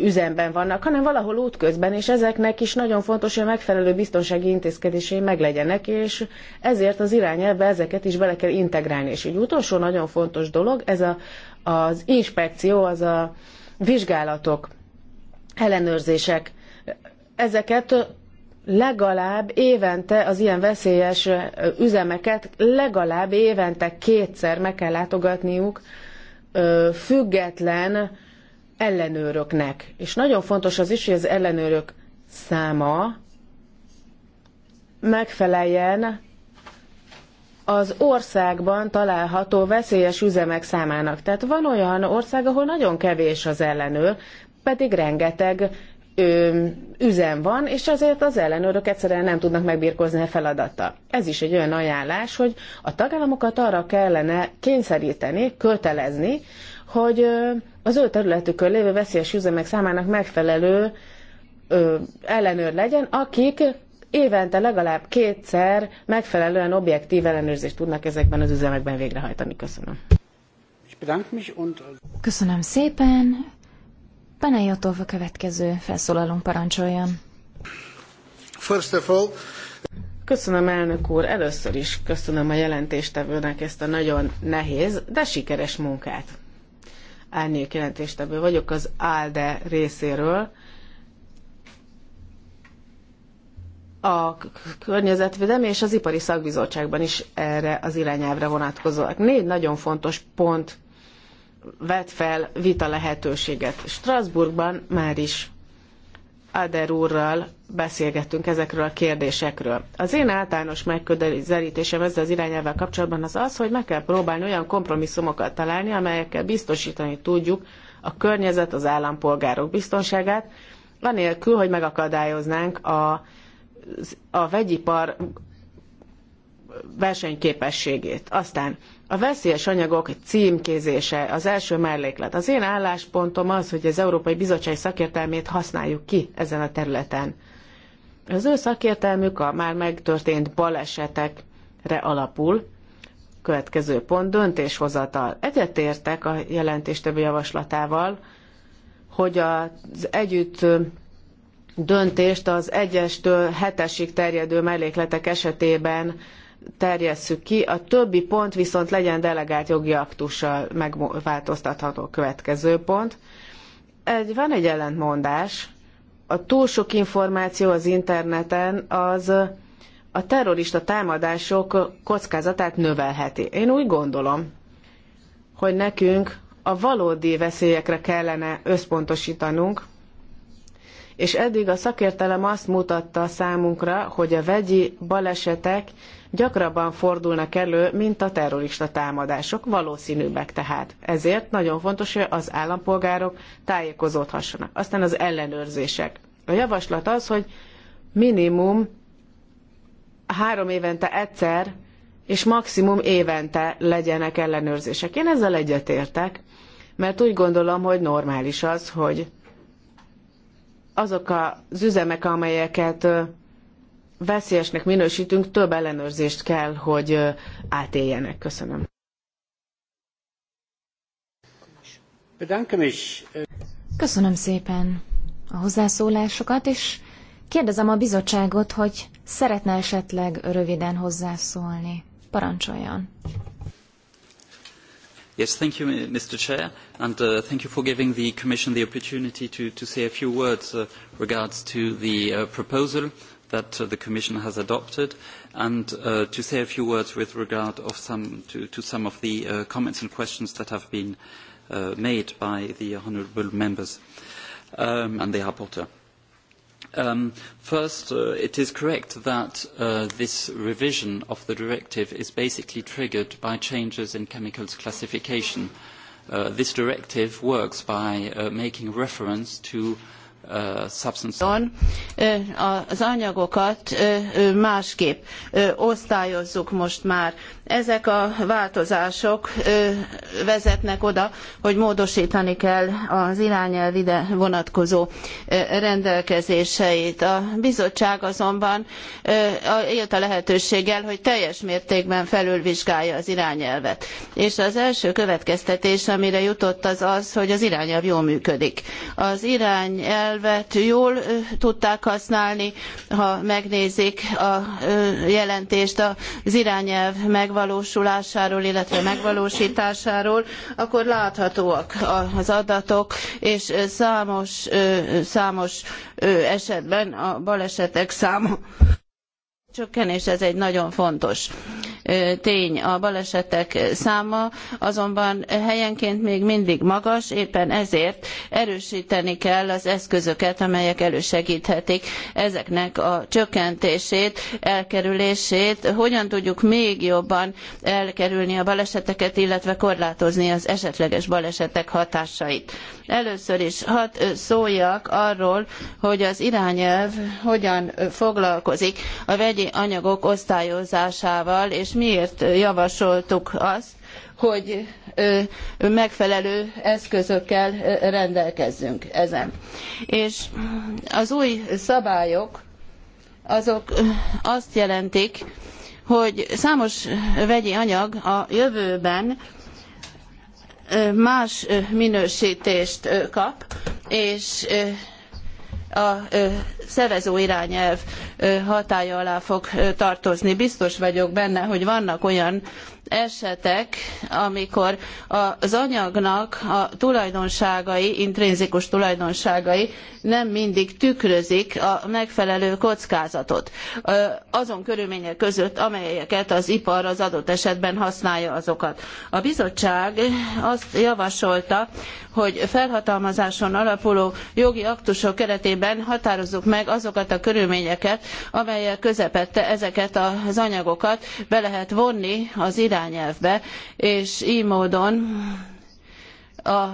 üzemben vannak, hanem valahol útközben, és ezeknek is nagyon fontos, hogy a megfelelő biztonsági intézkedései meglegyenek, és ezért az irányelve ezeket is bele kell integrálni. És egy utolsó nagyon fontos dolog, ez a, az inspekció, az a vizsgálatok, ellenőrzések. Ezeket legalább évente az ilyen veszélyes üzemeket legalább évente kétszer meg kell látogatniuk független ellenőröknek. És nagyon fontos az is, hogy az ellenőrök száma megfeleljen az országban található veszélyes üzemek számának. Tehát van olyan ország, ahol nagyon kevés az ellenőr, pedig rengeteg ö, üzem van, és azért az ellenőrök egyszerűen nem tudnak megbírkozni a feladattal. Ez is egy olyan ajánlás, hogy a tagállamokat arra kellene kényszeríteni, kötelezni, hogy ö, az ő területükön lévő veszélyes üzemek számának megfelelő ö, ellenőr legyen, akik évente legalább kétszer megfelelően objektív ellenőrzést tudnak ezekben az üzemekben végrehajtani. Köszönöm. Köszönöm szépen.
Panajotov a következő felszólalón parancsoljon.
First of all, Köszönöm, elnök úr. Először is köszönöm a jelentéstevőnek ezt a nagyon nehéz, de sikeres munkát. Árnyék jelentéstevő vagyok az ALDE részéről. A környezetvédelmi és az ipari szakbizottságban is erre az irányelvre vonatkozóak. Négy nagyon fontos pont vet fel vita lehetőséget. Strasbourgban már is Ader úrral beszélgettünk ezekről a kérdésekről. Az én általános megközelítésem ezzel az irányelvvel kapcsolatban az az, hogy meg kell próbálni olyan kompromisszumokat találni, amelyekkel biztosítani tudjuk a környezet, az állampolgárok biztonságát, anélkül, hogy megakadályoznánk a, a vegyipar versenyképességét. Aztán a veszélyes anyagok címkézése az első melléklet. Az én álláspontom az, hogy az Európai Bizottság szakértelmét használjuk ki ezen a területen. Az ő szakértelmük a már megtörtént balesetekre alapul. Következő pont döntéshozatal. Egyetértek a jelentés többi javaslatával, hogy az együtt döntést az egyestől hetesig terjedő mellékletek esetében terjesszük ki, a többi pont viszont legyen delegált jogi aktussal megváltoztatható következő pont. Egy, van egy ellentmondás, a túl sok információ az interneten az a terrorista támadások kockázatát növelheti. Én úgy gondolom, hogy nekünk a valódi veszélyekre kellene összpontosítanunk, és eddig a szakértelem azt mutatta számunkra, hogy a vegyi balesetek gyakrabban fordulnak elő, mint a terrorista támadások, valószínűbbek tehát. Ezért nagyon fontos, hogy az állampolgárok tájékozódhassanak. Aztán az ellenőrzések. A javaslat az, hogy minimum három évente egyszer és maximum évente legyenek ellenőrzések. Én ezzel egyetértek, mert úgy gondolom, hogy normális az, hogy azok az üzemek, amelyeket veszélyesnek minősítünk, több ellenőrzést kell, hogy átéljenek. Köszönöm.
Köszönöm szépen a hozzászólásokat, és kérdezem a bizottságot, hogy szeretne esetleg röviden hozzászólni. Parancsoljon.
Yes, thank you, Mr. Chair, and uh, thank you for giving the Commission the opportunity to, to say a few words uh, regards to the uh, proposal that uh, the Commission has adopted, and uh, to say a few words with regard of some, to, to some of the uh, comments and questions that have been uh, made by the honourable members um, and the rapporteur. Um, first, uh, it is correct that uh, this revision of the directive is basically triggered by changes in chemicals classification. Uh, this directive works by uh, making reference to uh,
az anyagokat másképp osztályozzuk most már. Ezek a változások vezetnek oda, hogy módosítani kell az irányelv ide vonatkozó rendelkezéseit. A bizottság azonban élt a lehetőséggel, hogy teljes mértékben felülvizsgálja az irányelvet. És az első következtetés, amire jutott az az, hogy az irányelv jól működik. Az irányelvet jól tudták használni, ha megnézik a jelentést az irányelv meg megvalósulásáról, illetve megvalósításáról, akkor láthatóak az adatok, és számos, számos esetben a balesetek száma csökken, és ez egy nagyon fontos tény a balesetek száma, azonban helyenként még mindig magas, éppen ezért erősíteni kell az eszközöket, amelyek elősegíthetik ezeknek a csökkentését, elkerülését. Hogyan tudjuk még jobban elkerülni a baleseteket, illetve korlátozni az esetleges balesetek hatásait? Először is hat szóljak arról, hogy az irányelv hogyan foglalkozik a vegyi anyagok osztályozásával, és miért javasoltuk azt, hogy megfelelő eszközökkel rendelkezzünk ezen. És az új szabályok azok azt jelentik, hogy számos vegyi anyag a jövőben más minősítést kap, és a szevező irányelv hatálya alá fog tartozni. Biztos vagyok benne, hogy vannak olyan esetek, amikor az anyagnak a tulajdonságai, intrinzikus tulajdonságai nem mindig tükrözik a megfelelő kockázatot azon körülmények között, amelyeket az ipar az adott esetben használja azokat. A bizottság azt javasolta, hogy felhatalmazáson alapuló jogi aktusok keretében határozzuk meg azokat a körülményeket, amelyek közepette ezeket az anyagokat be lehet vonni az irány irányelvbe, és így módon a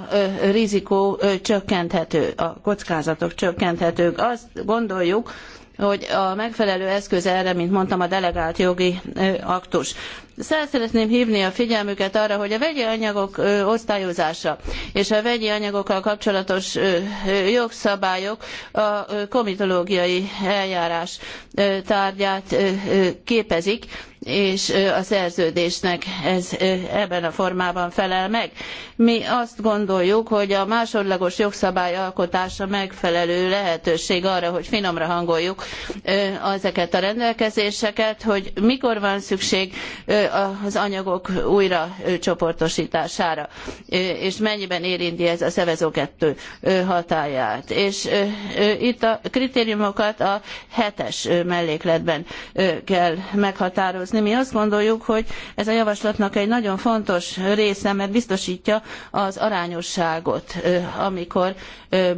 rizikó csökkenthető, a kockázatok csökkenthetők. Azt gondoljuk, hogy a megfelelő eszköz erre, mint mondtam, a delegált jogi aktus. Fel szeretném hívni a figyelmüket arra, hogy a vegyi anyagok osztályozása és a vegyi anyagokkal kapcsolatos jogszabályok a komitológiai eljárás tárgyát képezik, és a szerződésnek ez ebben a formában felel meg. Mi azt gondoljuk, hogy a másodlagos jogszabály alkotása megfelelő lehetőség arra, hogy finomra hangoljuk ezeket a rendelkezéseket, hogy mikor van szükség az anyagok újra csoportosítására, és mennyiben érinti ez a Szevezó 2 hatáját. És itt a kritériumokat a hetes mellékletben kell meghatározni. Mi azt gondoljuk, hogy ez a javaslatnak egy nagyon fontos része, mert biztosítja az arányosságot, amikor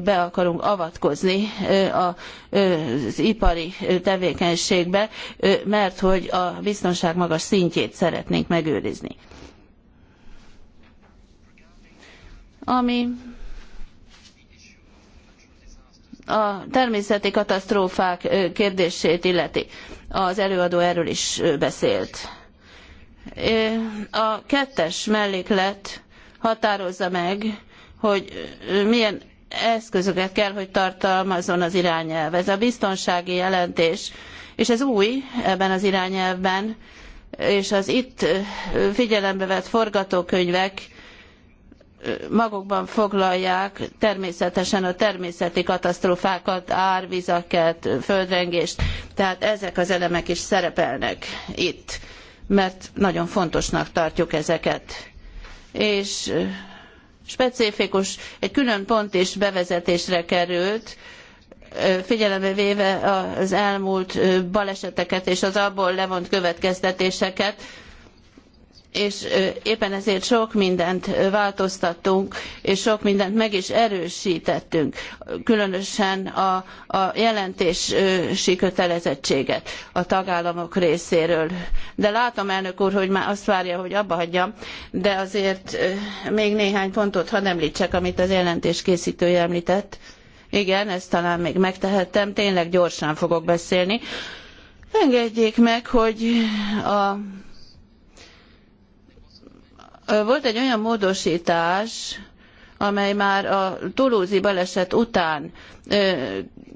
be akarunk avatkozni az ipari tevékenységbe, mert hogy a biztonság magas szintjét szeretnénk megőrizni. Ami a természeti katasztrófák kérdését illeti. Az előadó erről is beszélt. A kettes melléklet határozza meg, hogy milyen eszközöket kell, hogy tartalmazzon az irányelv. Ez a biztonsági jelentés, és ez új ebben az irányelvben, és az itt figyelembe vett forgatókönyvek magukban foglalják természetesen a természeti katasztrófákat, árvizeket, földrengést, tehát ezek az elemek is szerepelnek itt, mert nagyon fontosnak tartjuk ezeket. És specifikus, egy külön pont is bevezetésre került, figyelembe véve az elmúlt baleseteket és az abból levont következtetéseket, és éppen ezért sok mindent változtattunk, és sok mindent meg is erősítettünk, különösen a, a jelentési kötelezettséget a tagállamok részéről. De látom, elnök úr, hogy már azt várja, hogy abba hagyjam, de azért még néhány pontot hadd említsek, amit az jelentés készítője említett. Igen, ezt talán még megtehettem, tényleg gyorsan fogok beszélni. Engedjék meg, hogy a volt egy olyan módosítás, amely már a tulúzi baleset után ö,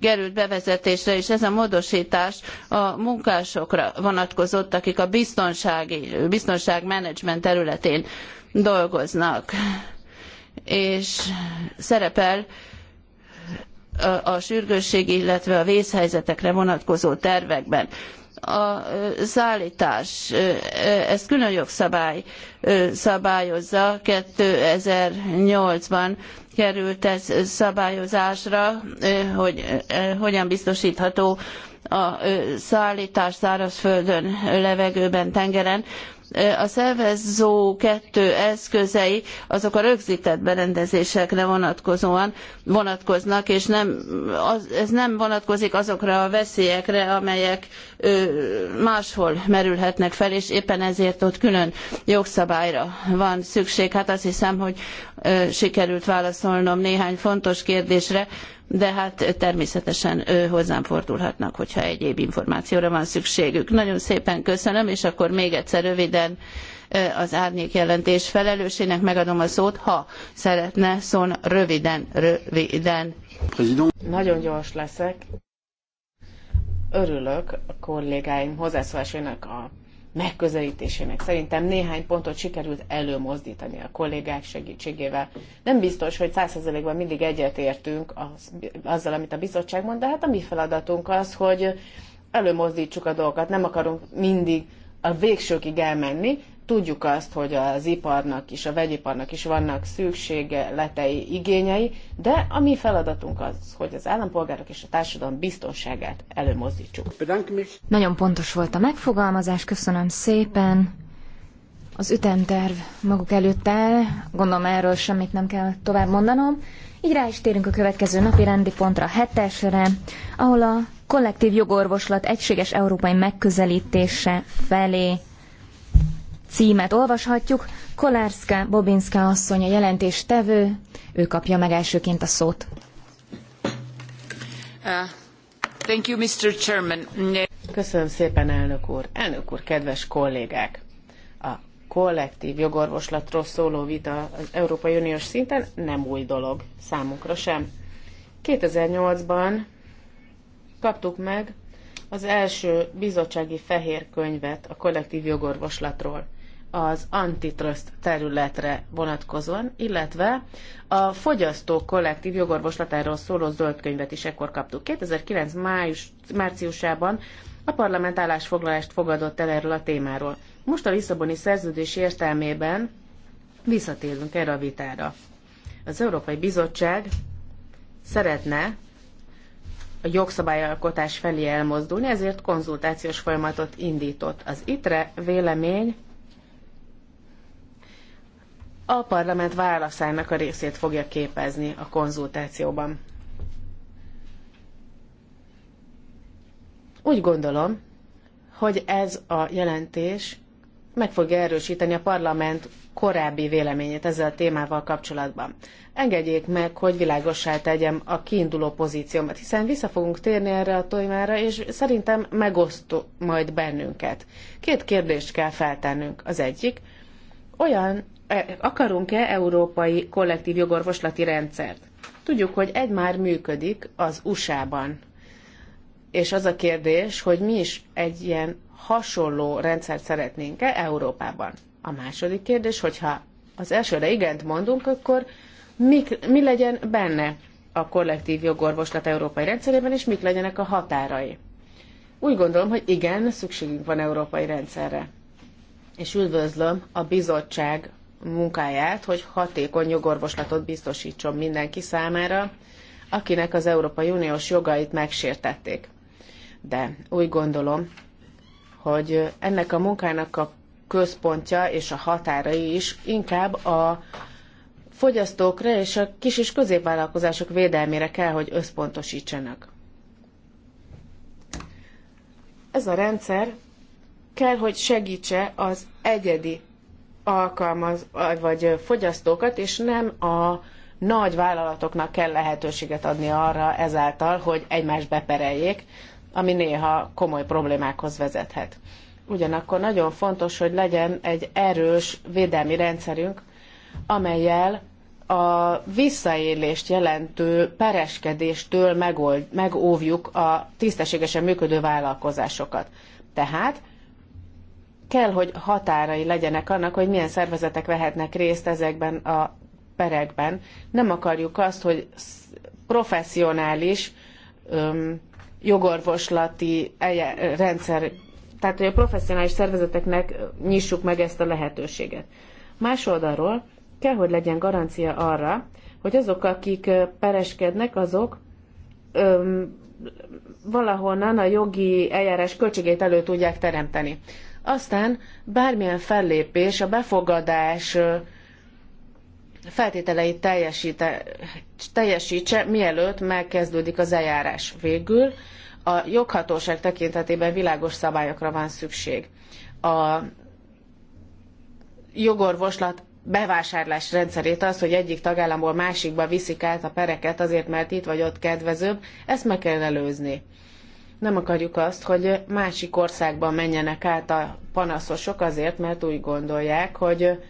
került bevezetésre, és ez a módosítás a munkásokra vonatkozott, akik a biztonsági, biztonságmenedzsment területén dolgoznak. És szerepel a sürgősségi, illetve a vészhelyzetekre vonatkozó tervekben a szállítás, ezt külön jogszabály szabályozza, 2008-ban került ez szabályozásra, hogy hogyan biztosítható a szállítás szárazföldön, levegőben, tengeren, a szervező kettő eszközei azok a rögzített berendezésekre vonatkozóan vonatkoznak, és nem, az, ez nem vonatkozik azokra a veszélyekre, amelyek ö, máshol merülhetnek fel, és éppen ezért ott külön jogszabályra van szükség. Hát azt hiszem, hogy ö, sikerült válaszolnom néhány fontos kérdésre de hát természetesen hozzám fordulhatnak, hogyha egyéb információra van szükségük. Nagyon szépen köszönöm, és akkor még egyszer röviden az árnyék jelentés felelősének megadom a szót, ha szeretne szólni röviden,
röviden. Nagyon gyors leszek. Örülök a kollégáim hozzászólásának a megközelítésének. Szerintem néhány pontot sikerült előmozdítani a kollégák segítségével. Nem biztos, hogy százszerzelékben mindig egyetértünk az, azzal, amit a bizottság mond, de hát a mi feladatunk az, hogy előmozdítsuk a dolgokat. Nem akarunk mindig a végsőkig elmenni, Tudjuk azt, hogy az iparnak is, a vegyiparnak is vannak szüksége, letei, igényei, de a mi feladatunk az, hogy az állampolgárok és a társadalom biztonságát előmozdítsuk.
Nagyon pontos volt a megfogalmazás, köszönöm szépen. Az ütemterv maguk előtt áll, gondolom erről semmit nem kell tovább mondanom. Így rá is térünk a következő napi rendi pontra, hetesre, ahol a kollektív jogorvoslat egységes európai megközelítése felé címet olvashatjuk. Kolárszka Bobinska asszony a jelentés tevő, ő kapja meg elsőként a szót.
Uh, thank you, Mr. Chairman. Köszönöm szépen, elnök úr. Elnök úr, kedves kollégák! A kollektív jogorvoslatról szóló vita az Európai Uniós szinten nem új dolog számunkra sem. 2008-ban kaptuk meg az első bizottsági fehér könyvet a kollektív jogorvoslatról az antitrust területre vonatkozóan, illetve a fogyasztó kollektív jogorvoslatáról szóló zöld könyvet is ekkor kaptuk. 2009 május, márciusában a parlament állásfoglalást fogadott el erről a témáról. Most a Lisszaboni szerződés értelmében visszatérünk erre a vitára. Az Európai Bizottság szeretne a jogszabályalkotás felé elmozdulni, ezért konzultációs folyamatot indított. Az ITRE vélemény a parlament válaszának a részét fogja képezni a konzultációban. Úgy gondolom, hogy ez a jelentés meg fogja erősíteni a parlament korábbi véleményét ezzel a témával kapcsolatban. Engedjék meg, hogy világossá tegyem a kiinduló pozíciómat, hiszen vissza fogunk térni erre a témára, és szerintem megoszt majd bennünket. Két kérdést kell feltennünk. Az egyik, olyan E, akarunk-e európai kollektív jogorvoslati rendszert? Tudjuk, hogy egy már működik az USA-ban. És az a kérdés, hogy mi is egy ilyen hasonló rendszert szeretnénk-e Európában. A második kérdés, hogyha az elsőre igent mondunk, akkor mik, mi legyen benne a kollektív jogorvoslat európai rendszerében, és mik legyenek a határai. Úgy gondolom, hogy igen, szükségünk van európai rendszerre. És üdvözlöm a bizottság munkáját, hogy hatékony jogorvoslatot biztosítson mindenki számára, akinek az Európai Uniós jogait megsértették. De úgy gondolom, hogy ennek a munkának a központja és a határai is inkább a fogyasztókra és a kis- és középvállalkozások védelmére kell, hogy összpontosítsanak. Ez a rendszer kell, hogy segítse az egyedi alkalmaz, vagy fogyasztókat, és nem a nagy vállalatoknak kell lehetőséget adni arra ezáltal, hogy egymást bepereljék, ami néha komoly problémákhoz vezethet. Ugyanakkor nagyon fontos, hogy legyen egy erős védelmi rendszerünk, amelyel a visszaélést jelentő pereskedéstől megold, megóvjuk a tisztességesen működő vállalkozásokat. Tehát kell, hogy határai legyenek annak, hogy milyen szervezetek vehetnek részt ezekben a perekben. Nem akarjuk azt, hogy professzionális öm, jogorvoslati rendszer, tehát hogy a professzionális szervezeteknek nyissuk meg ezt a lehetőséget. Más oldalról kell, hogy legyen garancia arra, hogy azok, akik pereskednek, azok öm, valahonnan a jogi eljárás költségét elő tudják teremteni. Aztán bármilyen fellépés a befogadás feltételeit teljesítse, mielőtt megkezdődik az eljárás. Végül a joghatóság tekintetében világos szabályokra van szükség. A jogorvoslat bevásárlás rendszerét, az, hogy egyik tagállamból másikba viszik át a pereket azért, mert itt vagy ott kedvezőbb, ezt meg kell előzni. Nem akarjuk azt, hogy másik országban menjenek át a panaszosok azért, mert úgy gondolják, hogy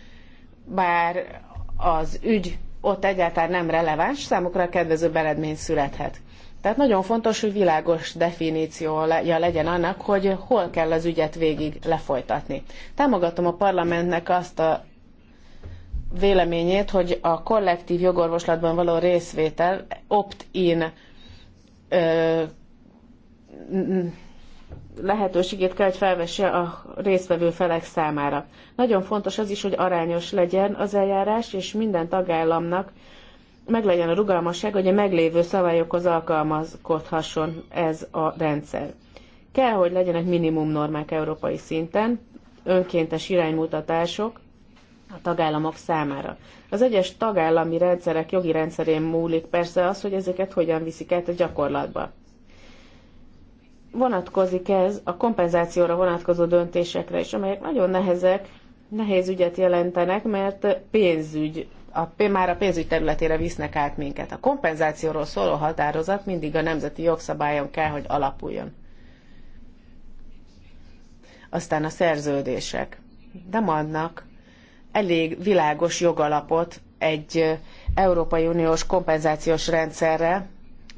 bár az ügy ott egyáltalán nem releváns, számukra kedvező eredmény születhet. Tehát nagyon fontos, hogy világos definíciója legyen annak, hogy hol kell az ügyet végig lefolytatni. Támogatom a parlamentnek azt a véleményét, hogy a kollektív jogorvoslatban való részvétel opt-in lehetőségét kell, hogy felvesse a résztvevő felek számára. Nagyon fontos az is, hogy arányos legyen az eljárás, és minden tagállamnak meglegyen a rugalmasság, hogy a meglévő szabályokhoz alkalmazkodhasson ez a rendszer. Kell, hogy legyenek minimum normák európai szinten, önkéntes iránymutatások a tagállamok számára. Az egyes tagállami rendszerek jogi rendszerén múlik persze az, hogy ezeket hogyan viszik át a gyakorlatba vonatkozik ez a kompenzációra vonatkozó döntésekre is, amelyek nagyon nehezek, nehéz ügyet jelentenek, mert pénzügy, a, már a pénzügy területére visznek át minket. A kompenzációról szóló határozat mindig a nemzeti jogszabályon kell, hogy alapuljon. Aztán a szerződések. De adnak elég világos jogalapot egy Európai Uniós kompenzációs rendszerre,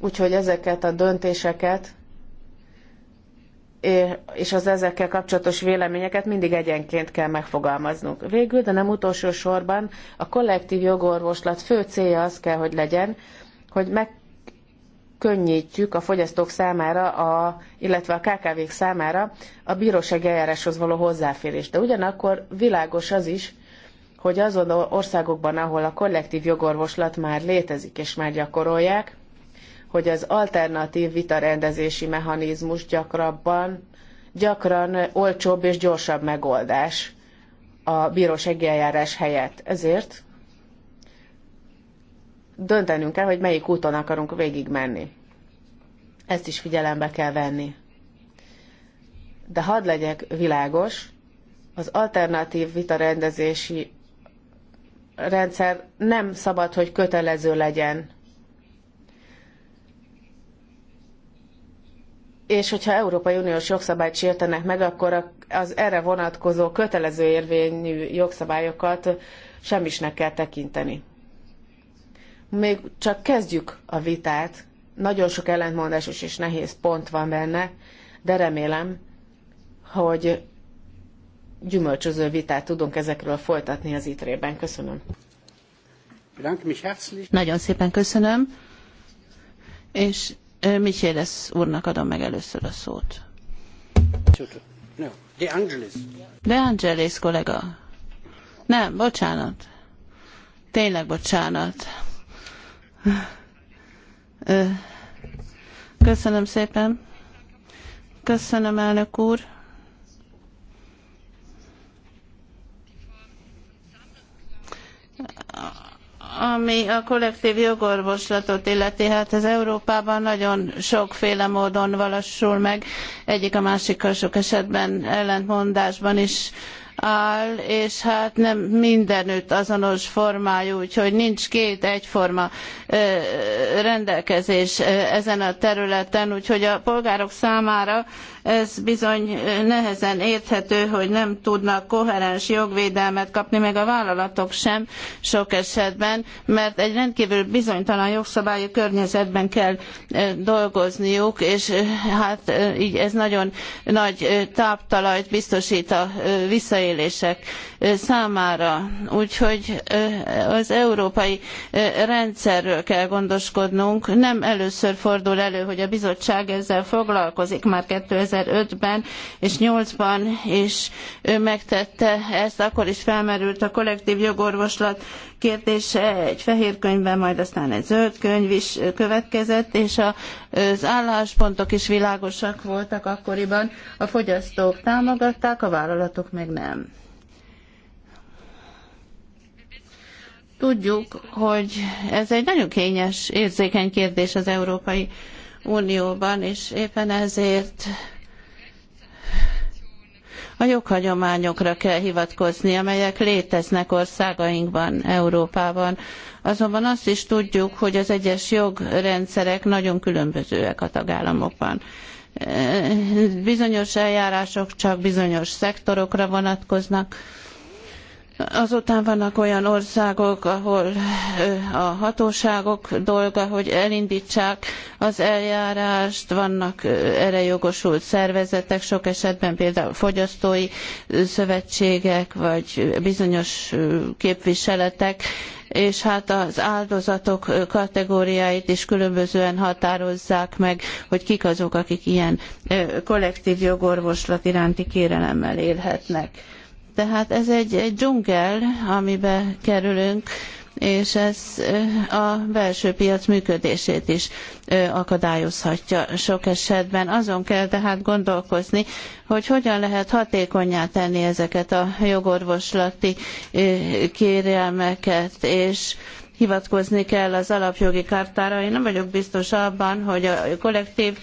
úgyhogy ezeket a döntéseket és az ezekkel kapcsolatos véleményeket mindig egyenként kell megfogalmaznunk. Végül, de nem utolsó sorban, a kollektív jogorvoslat fő célja az kell, hogy legyen, hogy megkönnyítjük a fogyasztók számára, a, illetve a KKV-k számára a bírósági eljáráshoz való hozzáférést. De ugyanakkor világos az is, hogy azon országokban, ahol a kollektív jogorvoslat már létezik és már gyakorolják, hogy az alternatív vitarendezési mechanizmus gyakrabban, gyakran olcsóbb és gyorsabb megoldás a bírósági eljárás helyett. Ezért döntenünk kell, hogy melyik úton akarunk végigmenni. Ezt is figyelembe kell venni. De hadd legyek világos, az alternatív vitarendezési rendszer nem szabad, hogy kötelező legyen és hogyha Európai Uniós jogszabályt sértenek meg, akkor az erre vonatkozó kötelező érvényű jogszabályokat semmisnek kell tekinteni. Még csak kezdjük a vitát, nagyon sok ellentmondásos és nehéz pont van benne, de remélem, hogy gyümölcsöző vitát tudunk ezekről folytatni az ITRE-ben. Köszönöm. Nagyon szépen köszönöm,
és Michélesz úrnak adom meg először a szót. De Angelis. De Angelis kollega. Nem, bocsánat. Tényleg bocsánat. Köszönöm szépen. Köszönöm, elnök úr. Ami a kollektív jogorvoslatot illeti, hát ez Európában nagyon sokféle módon valósul meg, egyik a másikkal sok esetben ellentmondásban is áll, és hát nem mindenütt azonos formájú, úgyhogy nincs két egyforma rendelkezés ezen a területen, úgyhogy a polgárok számára ez bizony nehezen érthető, hogy nem tudnak koherens jogvédelmet kapni, még a vállalatok sem sok esetben, mert egy rendkívül bizonytalan jogszabályi környezetben kell dolgozniuk, és hát így ez nagyon nagy táptalajt biztosít a visszaélésre visszaélések számára. Úgyhogy az európai rendszerről kell gondoskodnunk. Nem először fordul elő, hogy a bizottság ezzel foglalkozik már 2005-ben és 2008-ban, és ő megtette ezt, akkor is felmerült a kollektív jogorvoslat kérdése egy fehér könyvben, majd aztán egy zöld könyv is következett, és a, az álláspontok is világosak voltak akkoriban. A fogyasztók támogatták, a vállalatok meg nem. Tudjuk, hogy ez egy nagyon kényes, érzékeny kérdés az Európai Unióban, és éppen ezért a joghagyományokra kell hivatkozni, amelyek léteznek országainkban, Európában. Azonban azt is tudjuk, hogy az egyes jogrendszerek nagyon különbözőek a tagállamokban bizonyos eljárások csak bizonyos szektorokra vonatkoznak, Azután vannak olyan országok, ahol a hatóságok dolga, hogy elindítsák az eljárást, vannak erre jogosult szervezetek, sok esetben például fogyasztói szövetségek, vagy bizonyos képviseletek, és hát az áldozatok kategóriáit is különbözően határozzák meg, hogy kik azok, akik ilyen kollektív jogorvoslat iránti kérelemmel élhetnek tehát ez egy, egy dzsungel, amibe kerülünk, és ez a belső piac működését is akadályozhatja sok esetben. Azon kell tehát gondolkozni, hogy hogyan lehet hatékonyá tenni ezeket a jogorvoslati kérelmeket, és hivatkozni kell az alapjogi kártára. Én nem vagyok biztos abban, hogy a kollektív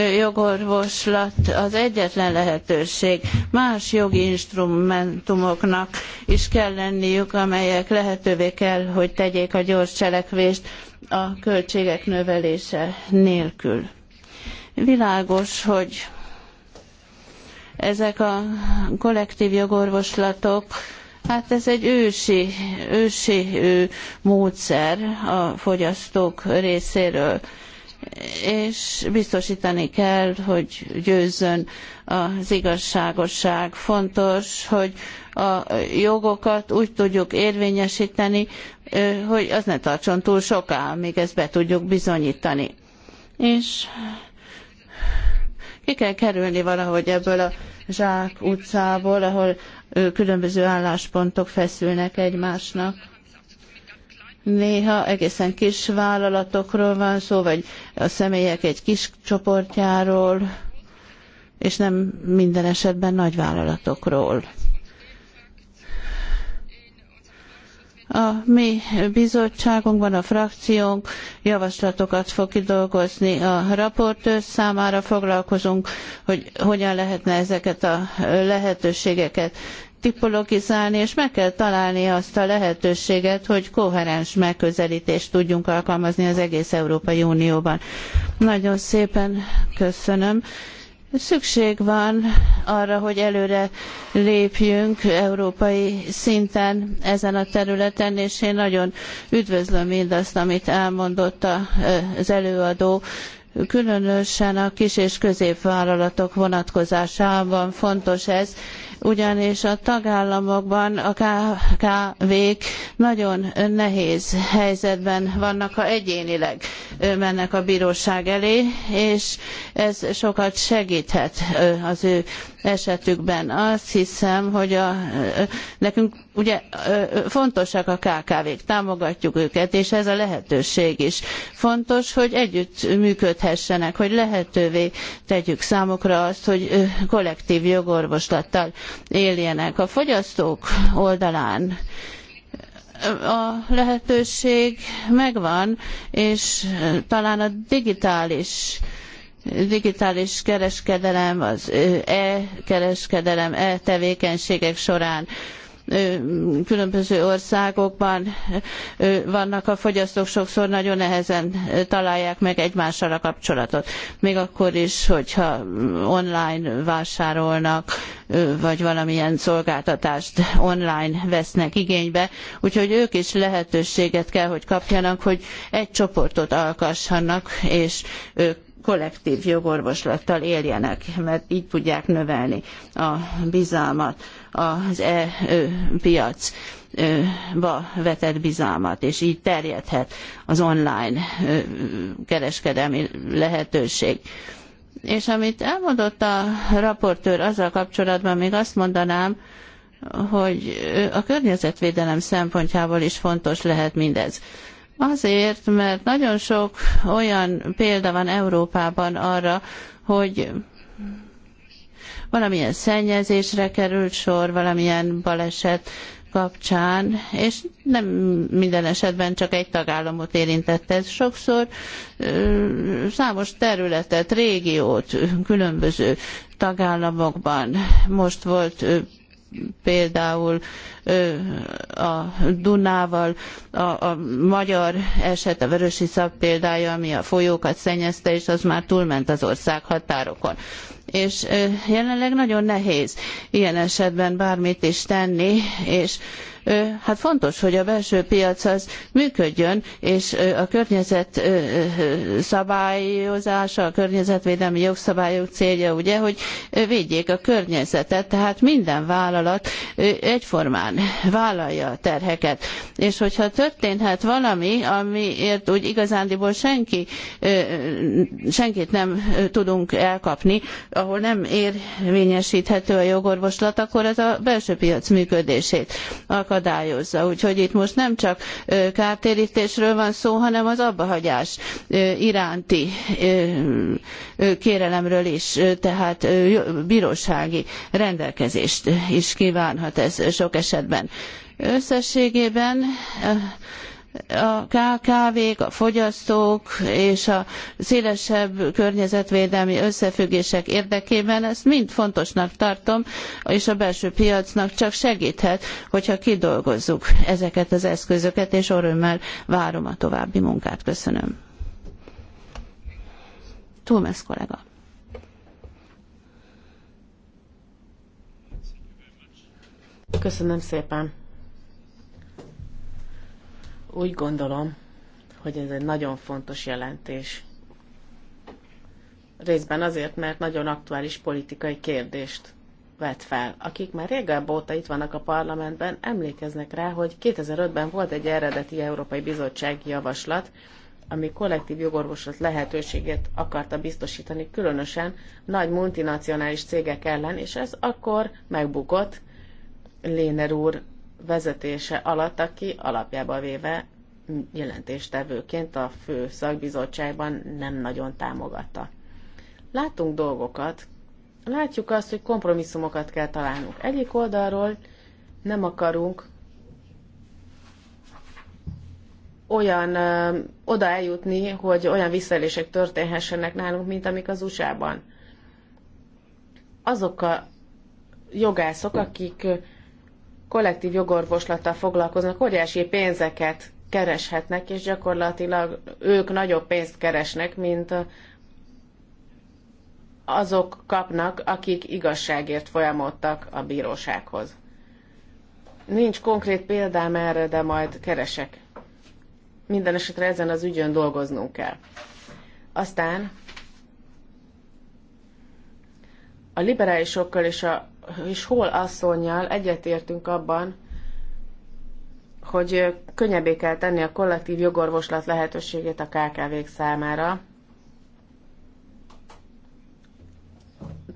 jogorvoslat az egyetlen lehetőség. Más jogi instrumentumoknak is kell lenniük, amelyek lehetővé kell, hogy tegyék a gyors cselekvést a költségek növelése nélkül. Világos, hogy ezek a kollektív jogorvoslatok Hát ez egy ősi, ősi módszer a fogyasztók részéről és biztosítani kell, hogy győzzön az igazságosság. Fontos, hogy a jogokat úgy tudjuk érvényesíteni, hogy az ne tartson túl soká, amíg ezt be tudjuk bizonyítani. És ki kell kerülni valahogy ebből a zsák utcából, ahol különböző álláspontok feszülnek egymásnak Néha egészen kis vállalatokról van szó, vagy a személyek egy kis csoportjáról, és nem minden esetben nagy vállalatokról. A mi bizottságunkban a frakciónk javaslatokat fog kidolgozni a raportőr számára, foglalkozunk, hogy hogyan lehetne ezeket a lehetőségeket tipologizálni, és meg kell találni azt a lehetőséget, hogy koherens megközelítést tudjunk alkalmazni az egész Európai Unióban. Nagyon szépen köszönöm. Szükség van arra, hogy előre lépjünk európai szinten ezen a területen, és én nagyon üdvözlöm mindazt, amit elmondott az előadó különösen a kis és középvállalatok vonatkozásában fontos ez, ugyanis a tagállamokban a KKV-k nagyon nehéz helyzetben vannak, ha egyénileg mennek a bíróság elé, és ez sokat segíthet az ő esetükben. Azt hiszem, hogy a, nekünk ugye fontosak a KKV-k, támogatjuk őket, és ez a lehetőség is. Fontos, hogy együtt működhessenek, hogy lehetővé tegyük számukra azt, hogy kollektív jogorvoslattal éljenek. A fogyasztók oldalán a lehetőség megvan, és talán a digitális digitális kereskedelem, az e-kereskedelem, e-tevékenységek során különböző országokban vannak a fogyasztók, sokszor nagyon nehezen találják meg egymással a kapcsolatot. Még akkor is, hogyha online vásárolnak, vagy valamilyen szolgáltatást online vesznek igénybe, úgyhogy ők is lehetőséget kell, hogy kapjanak, hogy egy csoportot alkassanak, és ők kollektív jogorvoslattal éljenek, mert így tudják növelni a bizalmat az e piacba vetett bizalmat, és így terjedhet az online kereskedelmi lehetőség. És amit elmondott a raportőr azzal kapcsolatban, még azt mondanám, hogy a környezetvédelem szempontjából is fontos lehet mindez. Azért, mert nagyon sok olyan példa van Európában arra, hogy valamilyen szennyezésre került sor, valamilyen baleset kapcsán, és nem minden esetben csak egy tagállamot érintett ez. Sokszor számos területet, régiót, különböző tagállamokban most volt például a Dunával, a, a, magyar eset, a Vörösi Szab példája, ami a folyókat szennyezte, és az már túlment az ország határokon és jelenleg nagyon nehéz ilyen esetben bármit is tenni, és hát fontos, hogy a belső piac az működjön, és a környezet szabályozása, a környezetvédelmi jogszabályok célja ugye, hogy védjék a környezetet, tehát minden vállalat egyformán vállalja a terheket. És hogyha történhet valami, amiért úgy igazándiból senki, senkit nem tudunk elkapni, a ahol nem érvényesíthető a jogorvoslat, akkor ez a belső piac működését akadályozza. Úgyhogy itt most nem csak kártérítésről van szó, hanem az abbahagyás iránti kérelemről is, tehát bírósági rendelkezést is kívánhat ez sok esetben. Összességében a KKV-k, a fogyasztók és a szélesebb környezetvédelmi összefüggések érdekében ezt mind fontosnak tartom, és a belső piacnak csak segíthet, hogyha kidolgozzuk ezeket az eszközöket, és örömmel várom a további munkát. Köszönöm.
Túlmesz kollega. Köszönöm szépen. Úgy gondolom, hogy ez egy nagyon fontos jelentés. Részben azért, mert nagyon aktuális politikai kérdést vett fel. Akik már régebb óta itt vannak a parlamentben, emlékeznek rá, hogy 2005-ben volt egy eredeti Európai Bizottsági Javaslat, ami kollektív jogorvoslat lehetőségét akarta biztosítani, különösen nagy multinacionális cégek ellen, és ez akkor megbukott. Léner úr vezetése alatt, aki alapjába véve jelentéstevőként a fő szakbizottságban nem nagyon támogatta. Látunk dolgokat, látjuk azt, hogy kompromisszumokat kell találnunk. Egyik oldalról nem akarunk olyan ö, oda eljutni, hogy olyan visszaélések történhessenek nálunk, mint amik az USA-ban. Azok a jogászok, akik kollektív jogorvoslattal foglalkoznak, óriási pénzeket kereshetnek, és gyakorlatilag ők nagyobb pénzt keresnek, mint azok kapnak, akik igazságért folyamodtak a bírósághoz. Nincs konkrét példám erre, de majd keresek. Minden esetre ezen az ügyön dolgoznunk kell. Aztán a liberálisokkal és a és hol asszonyjal egyetértünk abban, hogy könnyebbé kell tenni a kollektív jogorvoslat lehetőségét a KKV-k számára.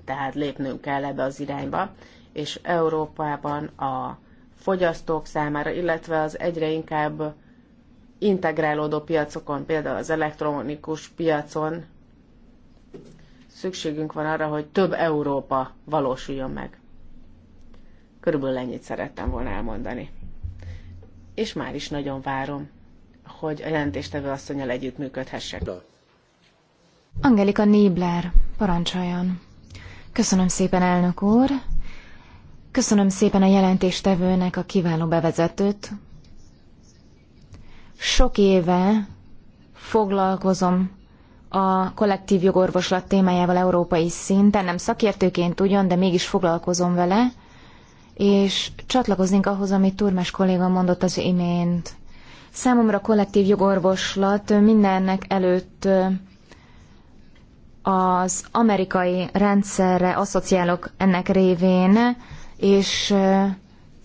Tehát lépnünk kell ebbe az irányba, és Európában a fogyasztók számára, illetve az egyre inkább integrálódó piacokon, például az elektronikus piacon szükségünk van arra, hogy több Európa valósuljon meg. Körülbelül ennyit szerettem volna elmondani. És már is nagyon várom, hogy a jelentéstevő asszonyal együttműködhessek.
Angelika Nébler, parancsoljon. Köszönöm szépen, elnök úr. Köszönöm szépen a jelentéstevőnek a kiváló bevezetőt. Sok éve foglalkozom a kollektív jogorvoslat témájával európai szinten, nem szakértőként ugyan, de mégis foglalkozom vele és csatlakoznénk ahhoz, amit Turmes kolléga mondott az imént. Számomra kollektív jogorvoslat mindennek előtt az amerikai rendszerre asszociálok ennek révén, és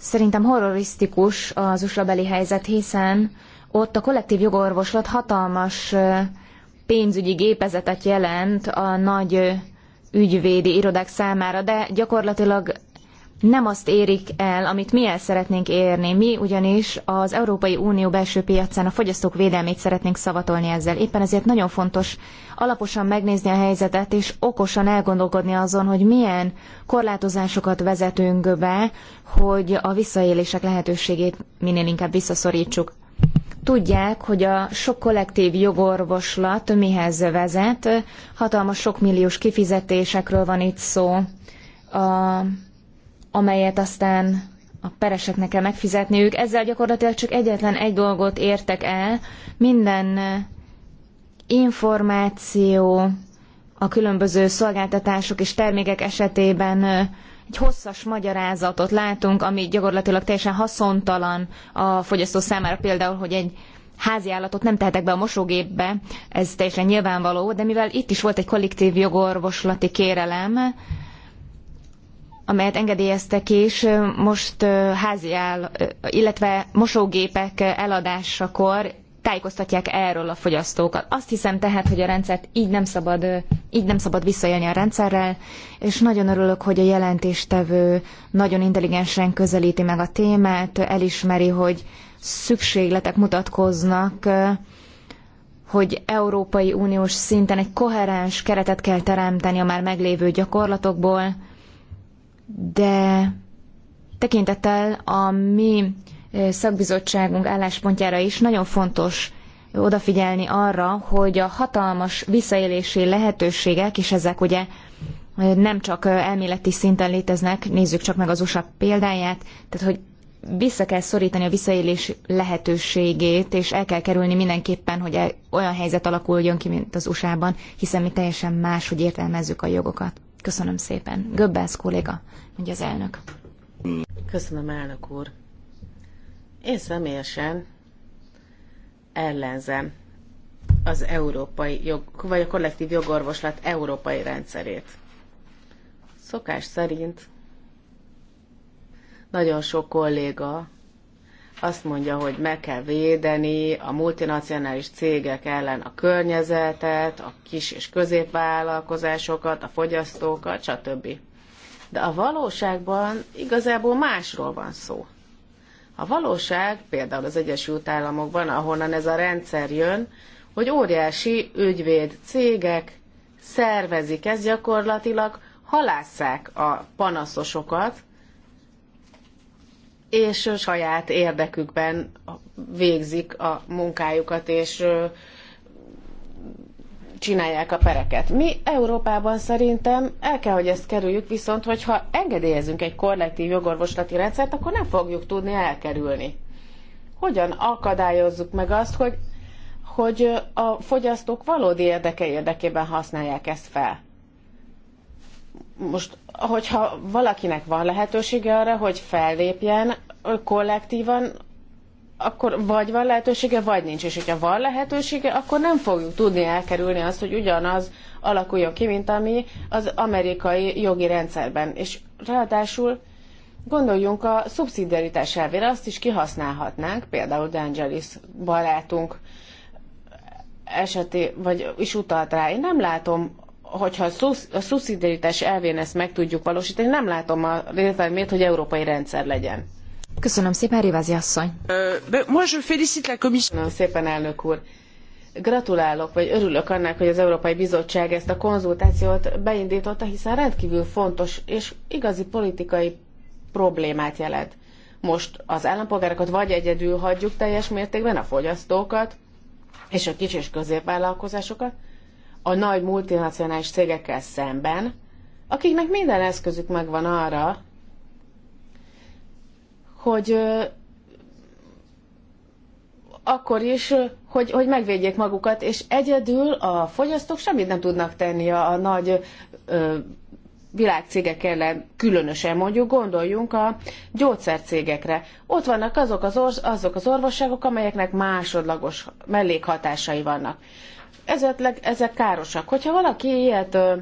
szerintem horrorisztikus az USA helyzet, hiszen ott a kollektív jogorvoslat hatalmas pénzügyi gépezetet jelent a nagy ügyvédi irodák számára, de gyakorlatilag nem azt érik el, amit mi el szeretnénk érni. Mi ugyanis az Európai Unió belső piacán a fogyasztók védelmét szeretnénk szavatolni ezzel. Éppen ezért nagyon fontos alaposan megnézni a helyzetet, és okosan elgondolkodni azon, hogy milyen korlátozásokat vezetünk be, hogy a visszaélések lehetőségét minél inkább visszaszorítsuk. Tudják, hogy a sok kollektív jogorvoslat mihez vezet, hatalmas sokmilliós kifizetésekről van itt szó, a amelyet aztán a pereseknek kell megfizetniük. Ezzel gyakorlatilag csak egyetlen egy dolgot értek el, minden információ a különböző szolgáltatások és termékek esetében egy hosszas magyarázatot látunk, ami gyakorlatilag teljesen haszontalan a fogyasztó számára, például, hogy egy háziállatot nem tehetek be a mosógépbe, ez teljesen nyilvánvaló, de mivel itt is volt egy kollektív jogorvoslati kérelem, amelyet engedélyeztek is, most házi áll, illetve mosógépek eladásakor tájékoztatják erről a fogyasztókat. Azt hiszem tehát, hogy a rendszert így nem szabad, így nem szabad visszaélni a rendszerrel, és nagyon örülök, hogy a jelentéstevő nagyon intelligensen közelíti meg a témát, elismeri, hogy szükségletek mutatkoznak, hogy Európai Uniós szinten egy koherens keretet kell teremteni a már meglévő gyakorlatokból, de tekintettel a mi szakbizottságunk álláspontjára is nagyon fontos odafigyelni arra, hogy a hatalmas visszaélési lehetőségek, és ezek ugye nem csak elméleti szinten léteznek, nézzük csak meg az USA példáját, tehát hogy vissza kell szorítani a visszaélés lehetőségét, és el kell kerülni mindenképpen, hogy e- olyan helyzet alakuljon ki, mint az USA-ban, hiszen mi teljesen máshogy értelmezzük a jogokat. Köszönöm szépen. Göbbelsz kolléga,
mondja az elnök. Köszönöm, elnök úr. Én személyesen ellenzem az európai jog, vagy a kollektív jogorvoslat európai rendszerét. Szokás szerint nagyon sok kolléga azt mondja, hogy meg kell védeni a multinacionális cégek ellen a környezetet, a kis és középvállalkozásokat, a fogyasztókat, stb. De a valóságban igazából másról van szó. A valóság például az Egyesült Államokban, ahonnan ez a rendszer jön, hogy óriási ügyvéd cégek szervezik ezt gyakorlatilag, halásszák a panaszosokat, és saját érdekükben végzik a munkájukat, és csinálják a pereket. Mi Európában szerintem el kell, hogy ezt kerüljük, viszont hogyha engedélyezünk egy kollektív jogorvoslati rendszert, akkor nem fogjuk tudni elkerülni. Hogyan akadályozzuk meg azt, hogy, hogy a fogyasztók valódi érdeke érdekében használják ezt fel? Most hogyha valakinek van lehetősége arra, hogy fellépjen kollektívan, akkor vagy van lehetősége, vagy nincs. És hogyha van lehetősége, akkor nem fogjuk tudni elkerülni azt, hogy ugyanaz alakuljon ki, mint ami az amerikai jogi rendszerben. És ráadásul gondoljunk a szubszidiaritás elvére, azt is kihasználhatnánk, például De Angelis barátunk eseti, vagy is utalt rá. Én nem látom hogyha a szubszidiaritás elvén ezt meg tudjuk valósítani, nem látom a értelmét, hogy európai rendszer legyen.
Köszönöm szépen, Rivázi asszony.
Euh, Köszönöm szépen, elnök úr. Gratulálok, vagy örülök annak, hogy az Európai Bizottság ezt a konzultációt beindította, hiszen rendkívül fontos és igazi politikai problémát jelent. Most az állampolgárokat vagy egyedül hagyjuk teljes mértékben, a fogyasztókat és a kis és középvállalkozásokat, a nagy multinacionális cégekkel szemben, akiknek minden eszközük megvan arra, hogy akkor is, hogy, hogy megvédjék magukat, és egyedül a fogyasztók semmit nem tudnak tenni a, a nagy ö, világcégek ellen, különösen mondjuk gondoljunk a gyógyszercégekre. Ott vannak azok az, orz, azok az orvosságok, amelyeknek másodlagos mellékhatásai vannak ezetleg, ezek károsak. Hogyha valaki ilyet ö,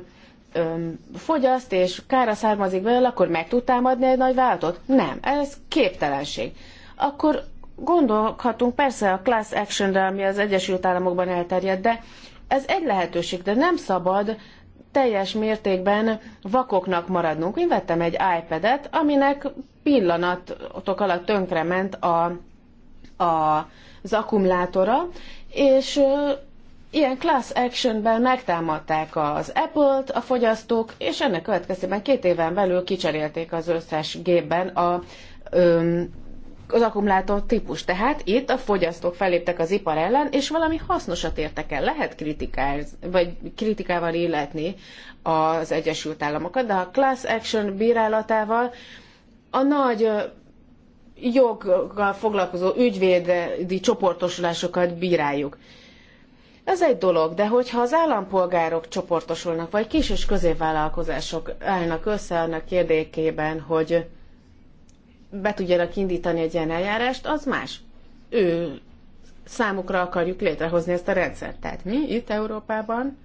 ö, fogyaszt és kára származik belőle, akkor meg tud támadni egy nagy váltot? Nem, ez képtelenség. Akkor gondolhatunk persze a class actionre, ami az Egyesült Államokban elterjedt, de ez egy lehetőség, de nem szabad teljes mértékben vakoknak maradnunk. Én vettem egy iPad-et, aminek pillanatok alatt tönkrement a, a, az akkumulátora, és Ilyen class actionben megtámadták az Apple-t a fogyasztók, és ennek következtében két éven belül kicserélték az összes gépben a, öm, az akkumulátor típus. Tehát itt a fogyasztók feléptek az ipar ellen, és valami hasznosat értek el. Lehet kritikál, vagy kritikával illetni az Egyesült Államokat, de a class action bírálatával a nagy joggal foglalkozó ügyvédi csoportosulásokat bíráljuk. Ez egy dolog, de hogyha az állampolgárok csoportosulnak, vagy kis és középvállalkozások állnak össze annak érdekében, hogy be tudjanak indítani egy ilyen eljárást, az más. Ő számukra akarjuk létrehozni ezt a rendszert. Tehát mi itt Európában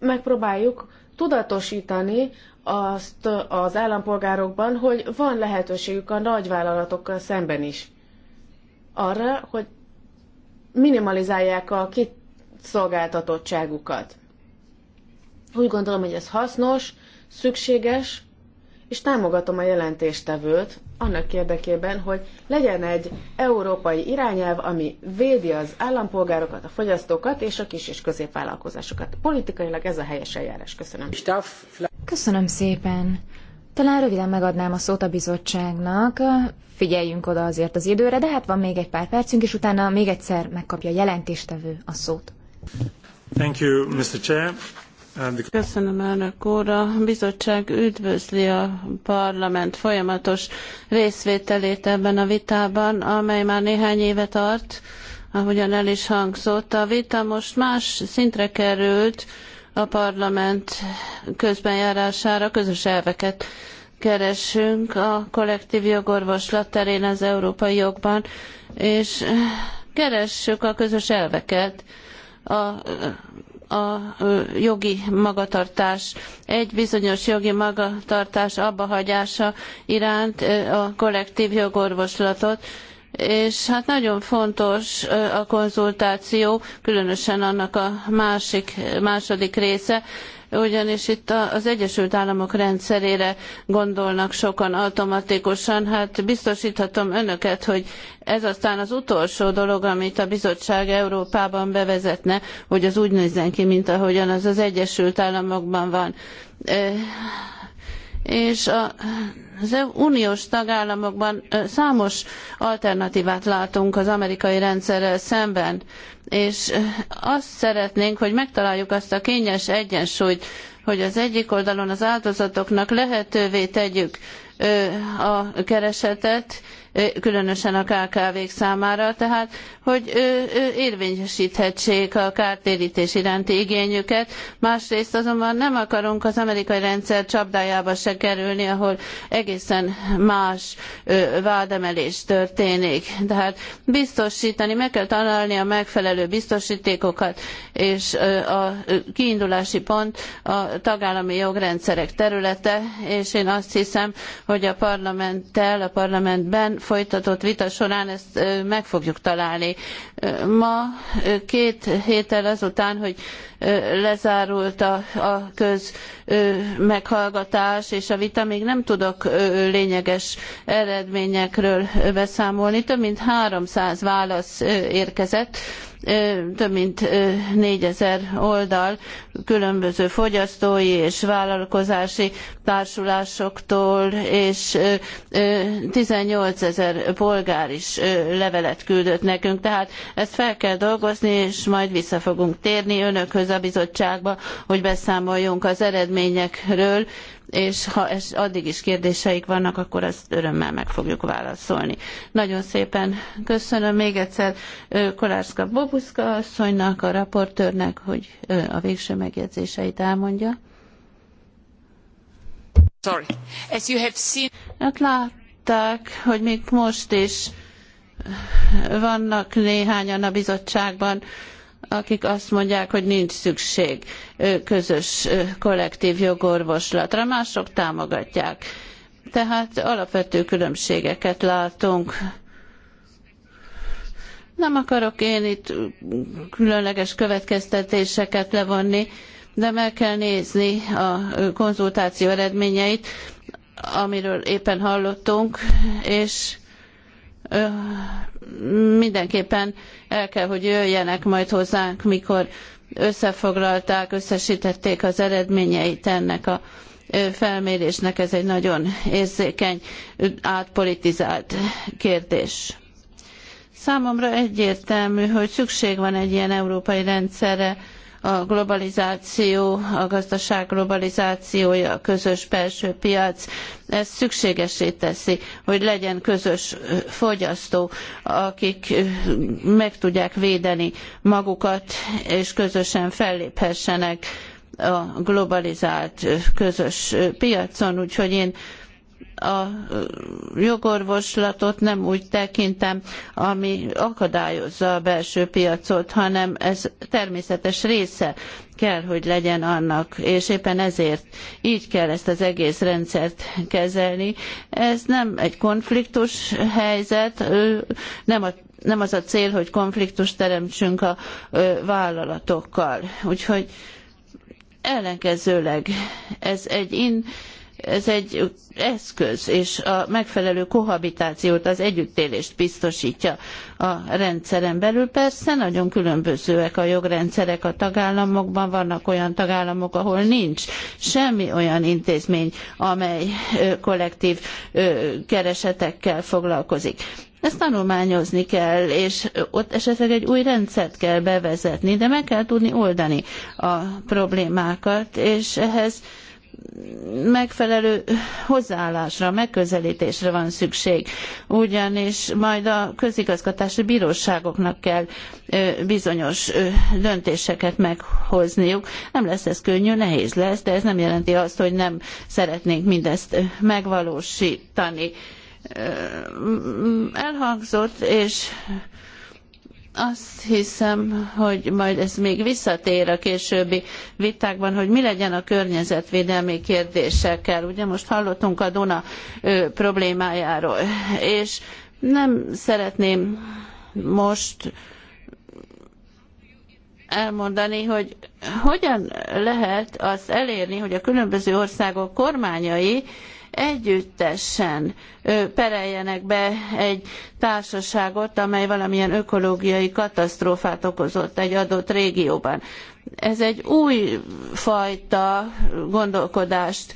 megpróbáljuk tudatosítani azt az állampolgárokban, hogy van lehetőségük a nagyvállalatokkal szemben is arra, hogy minimalizálják a kiszolgáltatottságukat. Úgy gondolom, hogy ez hasznos, szükséges, és támogatom a jelentéstevőt annak érdekében, hogy legyen egy európai irányelv, ami védi az állampolgárokat, a fogyasztókat és a kis- és középvállalkozásokat. Politikailag ez a helyes eljárás. Köszönöm.
Köszönöm szépen. Talán röviden megadnám a szót a bizottságnak, figyeljünk oda azért az időre, de hát van még egy pár percünk, és utána még egyszer megkapja a jelentéstevő a szót.
Thank you, Mr. Chair.
Köszönöm, elnök
úr. A bizottság üdvözli a parlament folyamatos részvételét ebben a vitában, amely már néhány éve tart, ahogyan el is hangzott. A vita most más szintre került, a parlament közbenjárására közös elveket keresünk a kollektív jogorvoslat terén az európai jogban, és keressük a közös elveket a a jogi magatartás, egy bizonyos jogi magatartás abbahagyása iránt a kollektív jogorvoslatot, és hát nagyon fontos a konzultáció, különösen annak a másik, második része, ugyanis itt az Egyesült Államok rendszerére gondolnak sokan automatikusan. Hát biztosíthatom önöket, hogy ez aztán az utolsó dolog, amit a bizottság Európában bevezetne, hogy az úgy nézzen ki, mint ahogyan az az Egyesült Államokban van. És a az uniós tagállamokban számos alternatívát látunk az amerikai rendszerrel szemben, és azt szeretnénk, hogy megtaláljuk azt a kényes egyensúlyt, hogy az egyik oldalon az áldozatoknak lehetővé tegyük, a keresetet, különösen a KKV-k számára, tehát hogy érvényesíthetsék a kártérítés iránti igényüket. Másrészt azonban nem akarunk az amerikai rendszer csapdájába se kerülni, ahol egészen más vádemelés történik. Tehát biztosítani, meg kell találni a megfelelő biztosítékokat, és a kiindulási pont a tagállami jogrendszerek területe, és én azt hiszem, hogy a parlamenttel, a parlamentben folytatott vita során ezt meg fogjuk találni. Ma két héttel azután, hogy lezárult a, a köz meghallgatás és a vita, még nem tudok lényeges eredményekről beszámolni. Több mint 300 válasz érkezett, több mint négyezer oldal különböző fogyasztói és vállalkozási társulásoktól, és 18 ezer polgár is levelet küldött nekünk. Tehát ezt fel kell dolgozni, és majd vissza fogunk térni önökhöz a bizottságba, hogy beszámoljunk az eredményekről, és ha ez addig is kérdéseik vannak, akkor ezt örömmel meg fogjuk válaszolni. Nagyon szépen köszönöm még egyszer Kolárszka Bobuszka asszonynak, a raportőrnek, hogy a végső megjegyzéseit elmondja. Sorry. As you have seen... Hát látták, hogy még most is vannak néhányan a bizottságban, akik azt mondják, hogy nincs szükség közös kollektív jogorvoslatra, mások támogatják. Tehát alapvető különbségeket látunk. Nem akarok én itt különleges következtetéseket levonni, de meg kell nézni a konzultáció eredményeit, amiről éppen hallottunk, és mindenképpen el kell, hogy jöjjenek majd hozzánk, mikor összefoglalták, összesítették az eredményeit ennek a felmérésnek. Ez egy nagyon érzékeny, átpolitizált kérdés. Számomra egyértelmű, hogy szükség van egy ilyen európai rendszerre, a globalizáció, a gazdaság globalizációja, a közös belső piac, ez szükségesé teszi, hogy legyen közös fogyasztó, akik meg tudják védeni magukat, és közösen felléphessenek a globalizált közös piacon, úgyhogy én a jogorvoslatot nem úgy tekintem, ami akadályozza a belső piacot, hanem ez természetes része kell, hogy legyen annak, és éppen ezért így kell ezt az egész rendszert kezelni. Ez nem egy konfliktus helyzet, nem a nem az a cél, hogy konfliktust teremtsünk a vállalatokkal. Úgyhogy ellenkezőleg ez egy in, ez egy eszköz, és a megfelelő kohabitációt, az együttélést biztosítja a rendszeren belül. Persze nagyon különbözőek a jogrendszerek a tagállamokban, vannak olyan tagállamok, ahol nincs semmi olyan intézmény, amely kollektív keresetekkel foglalkozik. Ezt tanulmányozni kell, és ott esetleg egy új rendszert kell bevezetni, de meg kell tudni oldani a problémákat, és ehhez megfelelő hozzáállásra, megközelítésre van szükség, ugyanis majd a közigazgatási bíróságoknak kell bizonyos döntéseket meghozniuk. Nem lesz ez könnyű, nehéz lesz, de ez nem jelenti azt, hogy nem szeretnénk mindezt megvalósítani. Elhangzott, és azt hiszem, hogy majd ez még visszatér a későbbi vitákban, hogy mi legyen a környezetvédelmi kérdésekkel. Ugye most hallottunk a Duna ö, problémájáról, és nem szeretném most elmondani, hogy hogyan lehet azt elérni, hogy a különböző országok kormányai együttesen pereljenek be egy társaságot, amely valamilyen ökológiai katasztrófát okozott egy adott régióban. Ez egy új fajta gondolkodást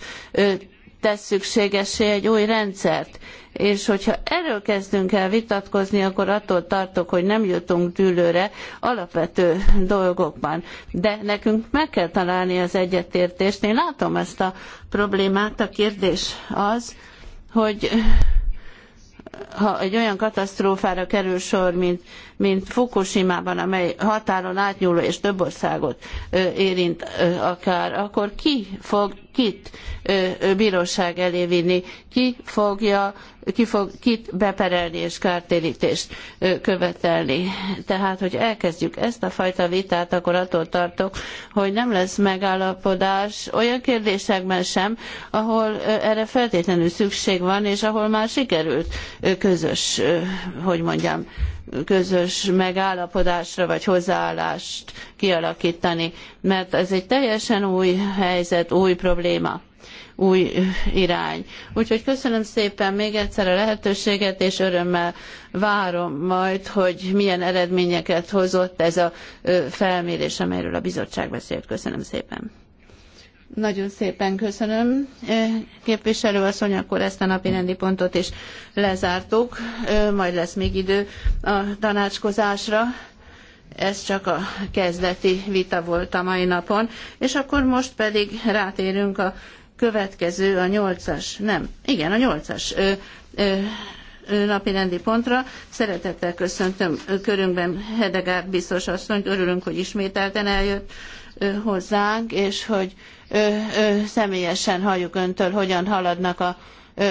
tesz szükségessé egy új rendszert. És hogyha erről kezdünk el vitatkozni, akkor attól tartok, hogy nem jutunk dűlőre alapvető dolgokban. De nekünk meg kell találni az egyetértést. Én látom ezt a problémát. A kérdés az, hogy ha egy olyan katasztrófára kerül sor, mint mint Fukushima-ban, amely határon átnyúló és több országot érint akár, akkor ki fog kit bíróság elé vinni, ki fogja, ki fog kit beperelni és kártérítést követelni. Tehát, hogy elkezdjük ezt a fajta vitát, akkor attól tartok, hogy nem lesz megállapodás olyan kérdésekben sem, ahol erre feltétlenül szükség van, és ahol már sikerült közös, hogy mondjam, közös megállapodásra vagy hozzáállást kialakítani, mert ez egy teljesen új helyzet, új probléma új irány. Úgyhogy köszönöm szépen még egyszer a lehetőséget, és örömmel várom majd, hogy milyen eredményeket hozott ez a felmérés, amelyről a bizottság beszélt. Köszönöm szépen. Nagyon szépen köszönöm. Eh, képviselő asszony, akkor ezt a napi rendi pontot is lezártuk. Eh, majd lesz még idő a tanácskozásra. Ez csak a kezdeti vita volt a mai napon. És akkor most pedig rátérünk a következő, a nyolcas, nem, igen, a nyolcas eh, napirendi pontra. Szeretettel köszöntöm körünkben Hedegárd biztos asszonyt, örülünk, hogy ismételten eljött hozzánk, és hogy személyesen halljuk öntől, hogyan haladnak a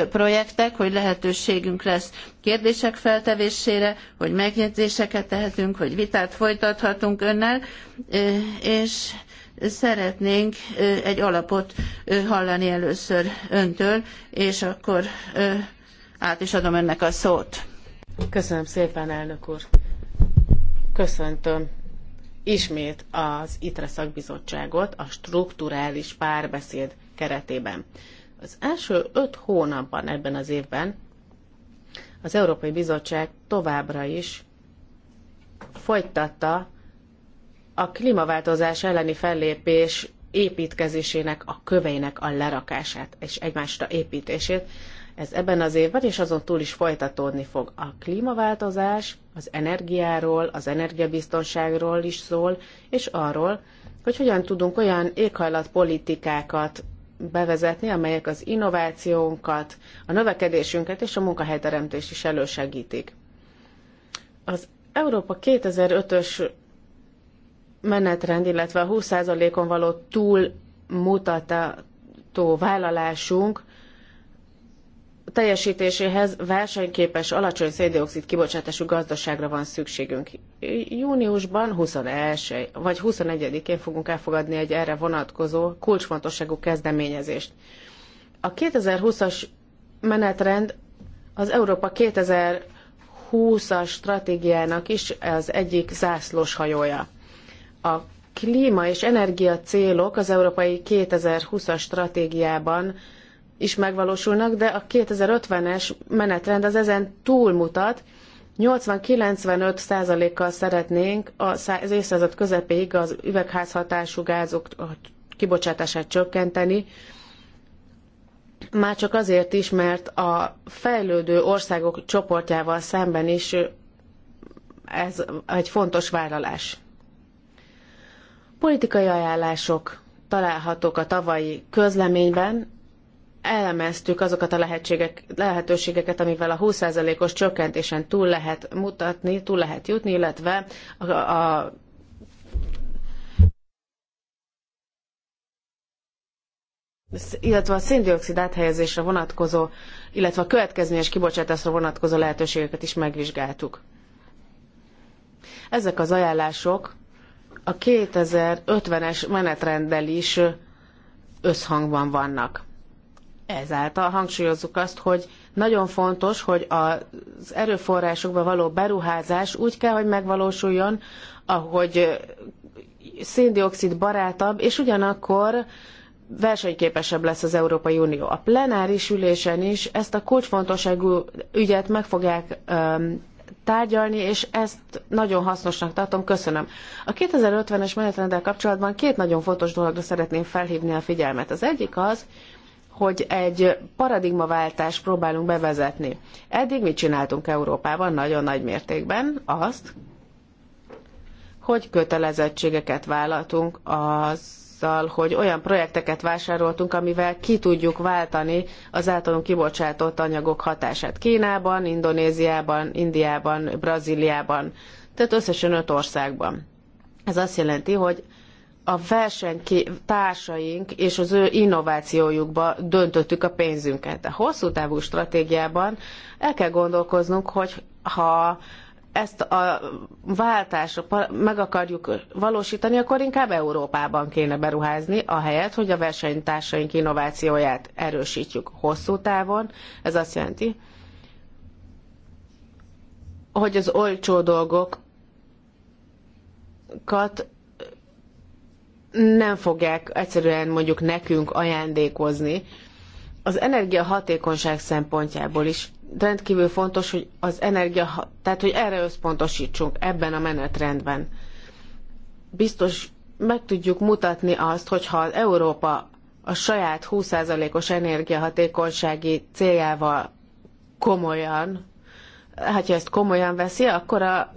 projektek, hogy lehetőségünk lesz kérdések feltevésére, hogy megjegyzéseket tehetünk, hogy vitát folytathatunk önnel, és szeretnénk egy alapot hallani először öntől, és akkor át is adom önnek a
szót. Köszönöm szépen, elnök úr. Köszöntöm ismét az ITRE szakbizottságot a strukturális párbeszéd keretében. Az első öt hónapban ebben az évben az Európai Bizottság továbbra is folytatta a klímaváltozás elleni fellépés építkezésének, a köveinek a lerakását és egymásra építését, ez ebben az évben és azon túl is folytatódni fog. A klímaváltozás az energiáról, az energiabiztonságról is szól, és arról, hogy hogyan tudunk olyan éghajlatpolitikákat bevezetni, amelyek az innovációnkat, a növekedésünket és a munkahelyteremtést is elősegítik. Az Európa 2005-ös menetrend, illetve a 20%-on való túlmutató vállalásunk teljesítéséhez versenyképes, alacsony széndiokszid kibocsátású gazdaságra van szükségünk. Júniusban 21 vagy 21-én fogunk elfogadni egy erre vonatkozó kulcsfontosságú kezdeményezést. A 2020-as menetrend az Európa 2020-as stratégiának is az egyik zászlós hajója. A klíma és energia célok az Európai 2020-as stratégiában is megvalósulnak, de a 2050-es menetrend az ezen túlmutat. 80-95 százalékkal szeretnénk az évszázad közepéig az üvegházhatású gázok kibocsátását csökkenteni, már csak azért is, mert a fejlődő országok csoportjával szemben is ez egy fontos vállalás. Politikai ajánlások találhatók a tavalyi közleményben, elemeztük azokat a lehetségek, lehetőségeket, amivel a 20%-os csökkentésen túl lehet mutatni, túl lehet jutni, illetve a, a illetve a széndiokszid áthelyezésre vonatkozó, illetve a következményes kibocsátásra vonatkozó lehetőségeket is megvizsgáltuk. Ezek az ajánlások a 2050-es menetrenddel is összhangban vannak ezáltal hangsúlyozzuk azt, hogy nagyon fontos, hogy az erőforrásokba való beruházás úgy kell, hogy megvalósuljon, ahogy széndiokszid barátabb, és ugyanakkor versenyképesebb lesz az Európai Unió. A plenáris ülésen is ezt a kulcsfontosságú ügyet meg fogják um, tárgyalni, és ezt nagyon hasznosnak tartom. Köszönöm. A 2050-es menetrenddel kapcsolatban két nagyon fontos dologra szeretném felhívni a figyelmet. Az egyik az, hogy egy paradigmaváltást próbálunk bevezetni. Eddig mit csináltunk Európában nagyon nagy mértékben? Azt, hogy kötelezettségeket vállaltunk azzal, hogy olyan projekteket vásároltunk, amivel ki tudjuk váltani az általunk kibocsátott anyagok hatását Kínában, Indonéziában, Indiában, Brazíliában, tehát összesen öt országban. Ez azt jelenti, hogy a versenytársaink és az ő innovációjukba döntöttük a pénzünket. A hosszú távú stratégiában el kell gondolkoznunk, hogy ha ezt a váltást meg akarjuk valósítani, akkor inkább Európában kéne beruházni, ahelyett, hogy a versenytársaink innovációját erősítjük hosszú távon. Ez azt jelenti, hogy az olcsó dolgokat nem fogják egyszerűen mondjuk nekünk ajándékozni. Az energiahatékonyság szempontjából is rendkívül fontos, hogy az energia, tehát hogy erre összpontosítsunk ebben a menetrendben. Biztos meg tudjuk mutatni azt, hogy ha az Európa a saját 20%-os energiahatékonysági céljával komolyan, hát ha ezt komolyan veszi, akkor a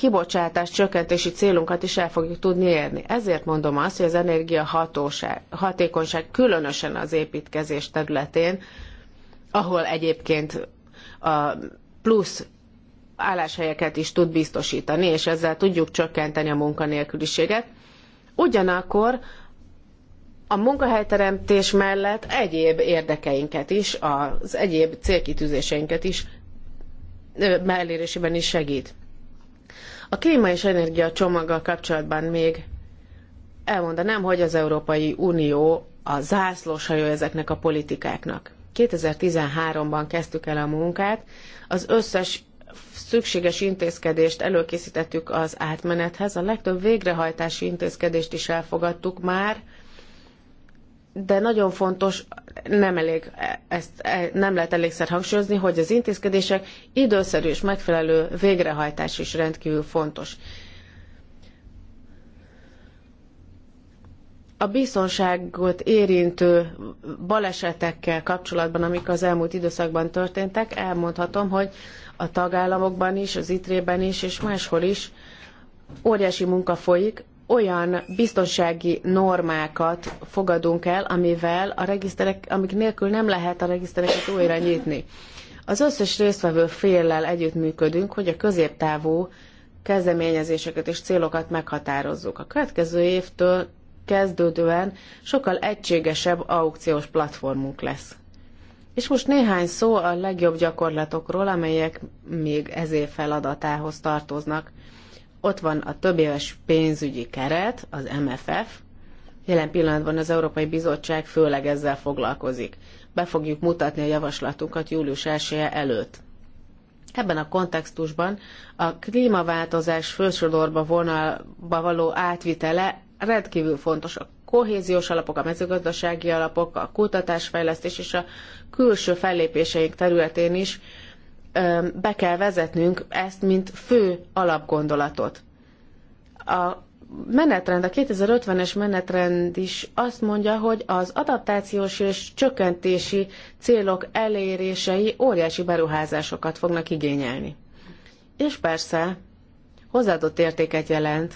kibocsátás csökkentési célunkat is el fogjuk tudni érni. Ezért mondom azt, hogy az energia hatóság, hatékonyság különösen az építkezés területén, ahol egyébként a plusz álláshelyeket is tud biztosítani, és ezzel tudjuk csökkenteni a munkanélküliséget. Ugyanakkor a munkahelyteremtés mellett egyéb érdekeinket is, az egyéb célkitűzéseinket is elérésében is segít. A klíma és energia csomaggal kapcsolatban még elmondanám, hogy az Európai Unió a zászlósajó ezeknek a politikáknak. 2013-ban kezdtük el a munkát, az összes szükséges intézkedést előkészítettük az átmenethez, a legtöbb végrehajtási intézkedést is elfogadtuk már, de nagyon fontos nem, elég, e, ezt e, nem lehet elégszer hangsúlyozni, hogy az intézkedések időszerű és megfelelő végrehajtás is rendkívül fontos. A biztonságot érintő balesetekkel kapcsolatban, amik az elmúlt időszakban történtek, elmondhatom, hogy a tagállamokban is, az ITRE-ben is és máshol is óriási munka folyik, olyan biztonsági normákat fogadunk el, amivel a regiszterek, amik nélkül nem lehet a regisztereket újra nyitni. Az összes résztvevő féllel együttműködünk, hogy a középtávú kezdeményezéseket és célokat meghatározzuk. A következő évtől kezdődően sokkal egységesebb aukciós platformunk lesz. És most néhány szó a legjobb gyakorlatokról, amelyek még év feladatához tartoznak – ott van a többéves pénzügyi keret, az MFF. Jelen pillanatban az Európai Bizottság főleg ezzel foglalkozik. Be fogjuk mutatni a javaslatunkat július 1 előtt. Ebben a kontextusban a klímaváltozás fősodorba vonalba való átvitele rendkívül fontos. A kohéziós alapok, a mezőgazdasági alapok, a kutatásfejlesztés és a külső fellépéseink területén is be kell vezetnünk ezt, mint fő alapgondolatot. A menetrend, a 2050-es menetrend is azt mondja, hogy az adaptációs és csökkentési célok elérései óriási beruházásokat fognak igényelni. És persze hozzáadott értéket jelent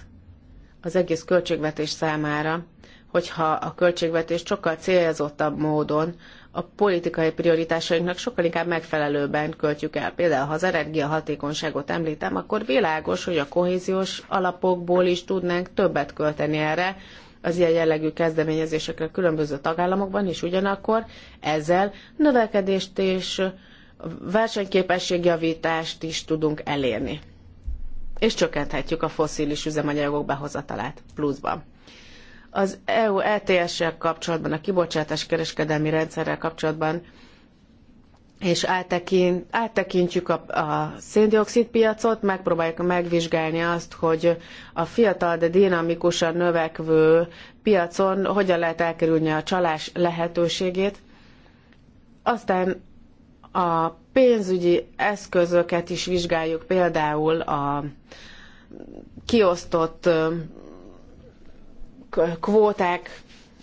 az egész költségvetés számára, hogyha a költségvetés sokkal célzottabb módon a politikai prioritásainknak sokkal inkább megfelelőben költjük el. Például, ha az energiahatékonyságot említem, akkor világos, hogy a kohéziós alapokból is tudnánk többet költeni erre, az ilyen jellegű kezdeményezésekre különböző tagállamokban, és ugyanakkor ezzel növekedést és versenyképességjavítást is tudunk elérni. És csökkenthetjük a fosszilis üzemanyagok behozatalát pluszban. Az EU ETS-sel kapcsolatban, a kibocsátás kereskedelmi rendszerrel kapcsolatban és áttekint, áttekintjük a, a széndiokszid piacot, megpróbáljuk megvizsgálni azt, hogy a fiatal, de dinamikusan növekvő piacon hogyan lehet elkerülni a csalás lehetőségét. Aztán a pénzügyi eszközöket is vizsgáljuk, például a kiosztott kvóták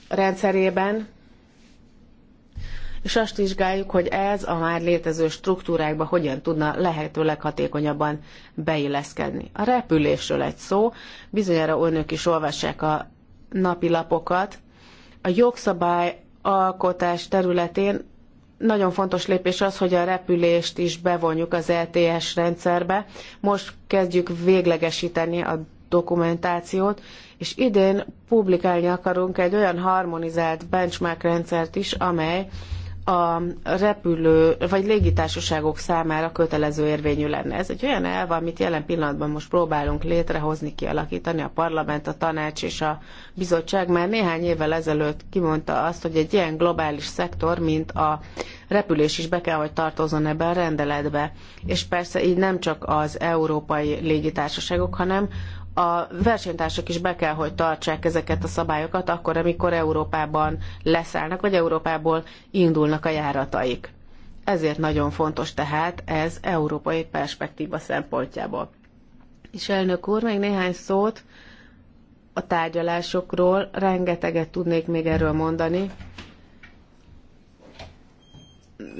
rendszerében, és azt vizsgáljuk, hogy ez a már létező struktúrákba hogyan tudna lehetőleg hatékonyabban beilleszkedni. A repülésről egy szó, bizonyára önök is olvassák a napi lapokat. A jogszabály alkotás területén nagyon fontos lépés az, hogy a repülést is bevonjuk az LTS e rendszerbe. Most kezdjük véglegesíteni a dokumentációt, és idén publikálni akarunk egy olyan harmonizált benchmark rendszert is, amely a repülő vagy légitársaságok számára kötelező érvényű lenne. Ez egy olyan elv, amit jelen pillanatban most próbálunk létrehozni, kialakítani. A parlament, a tanács és a bizottság már néhány évvel ezelőtt kimondta azt, hogy egy ilyen globális szektor, mint a repülés is be kell, hogy tartozzon ebbe a rendeletbe. És persze így nem csak az európai légitársaságok, hanem a versenytársak is be kell, hogy tartsák ezeket a szabályokat, akkor, amikor Európában leszállnak, vagy Európából indulnak a járataik. Ezért nagyon fontos tehát ez európai perspektíva szempontjából. És elnök úr, még néhány szót a tárgyalásokról, rengeteget tudnék még erről mondani.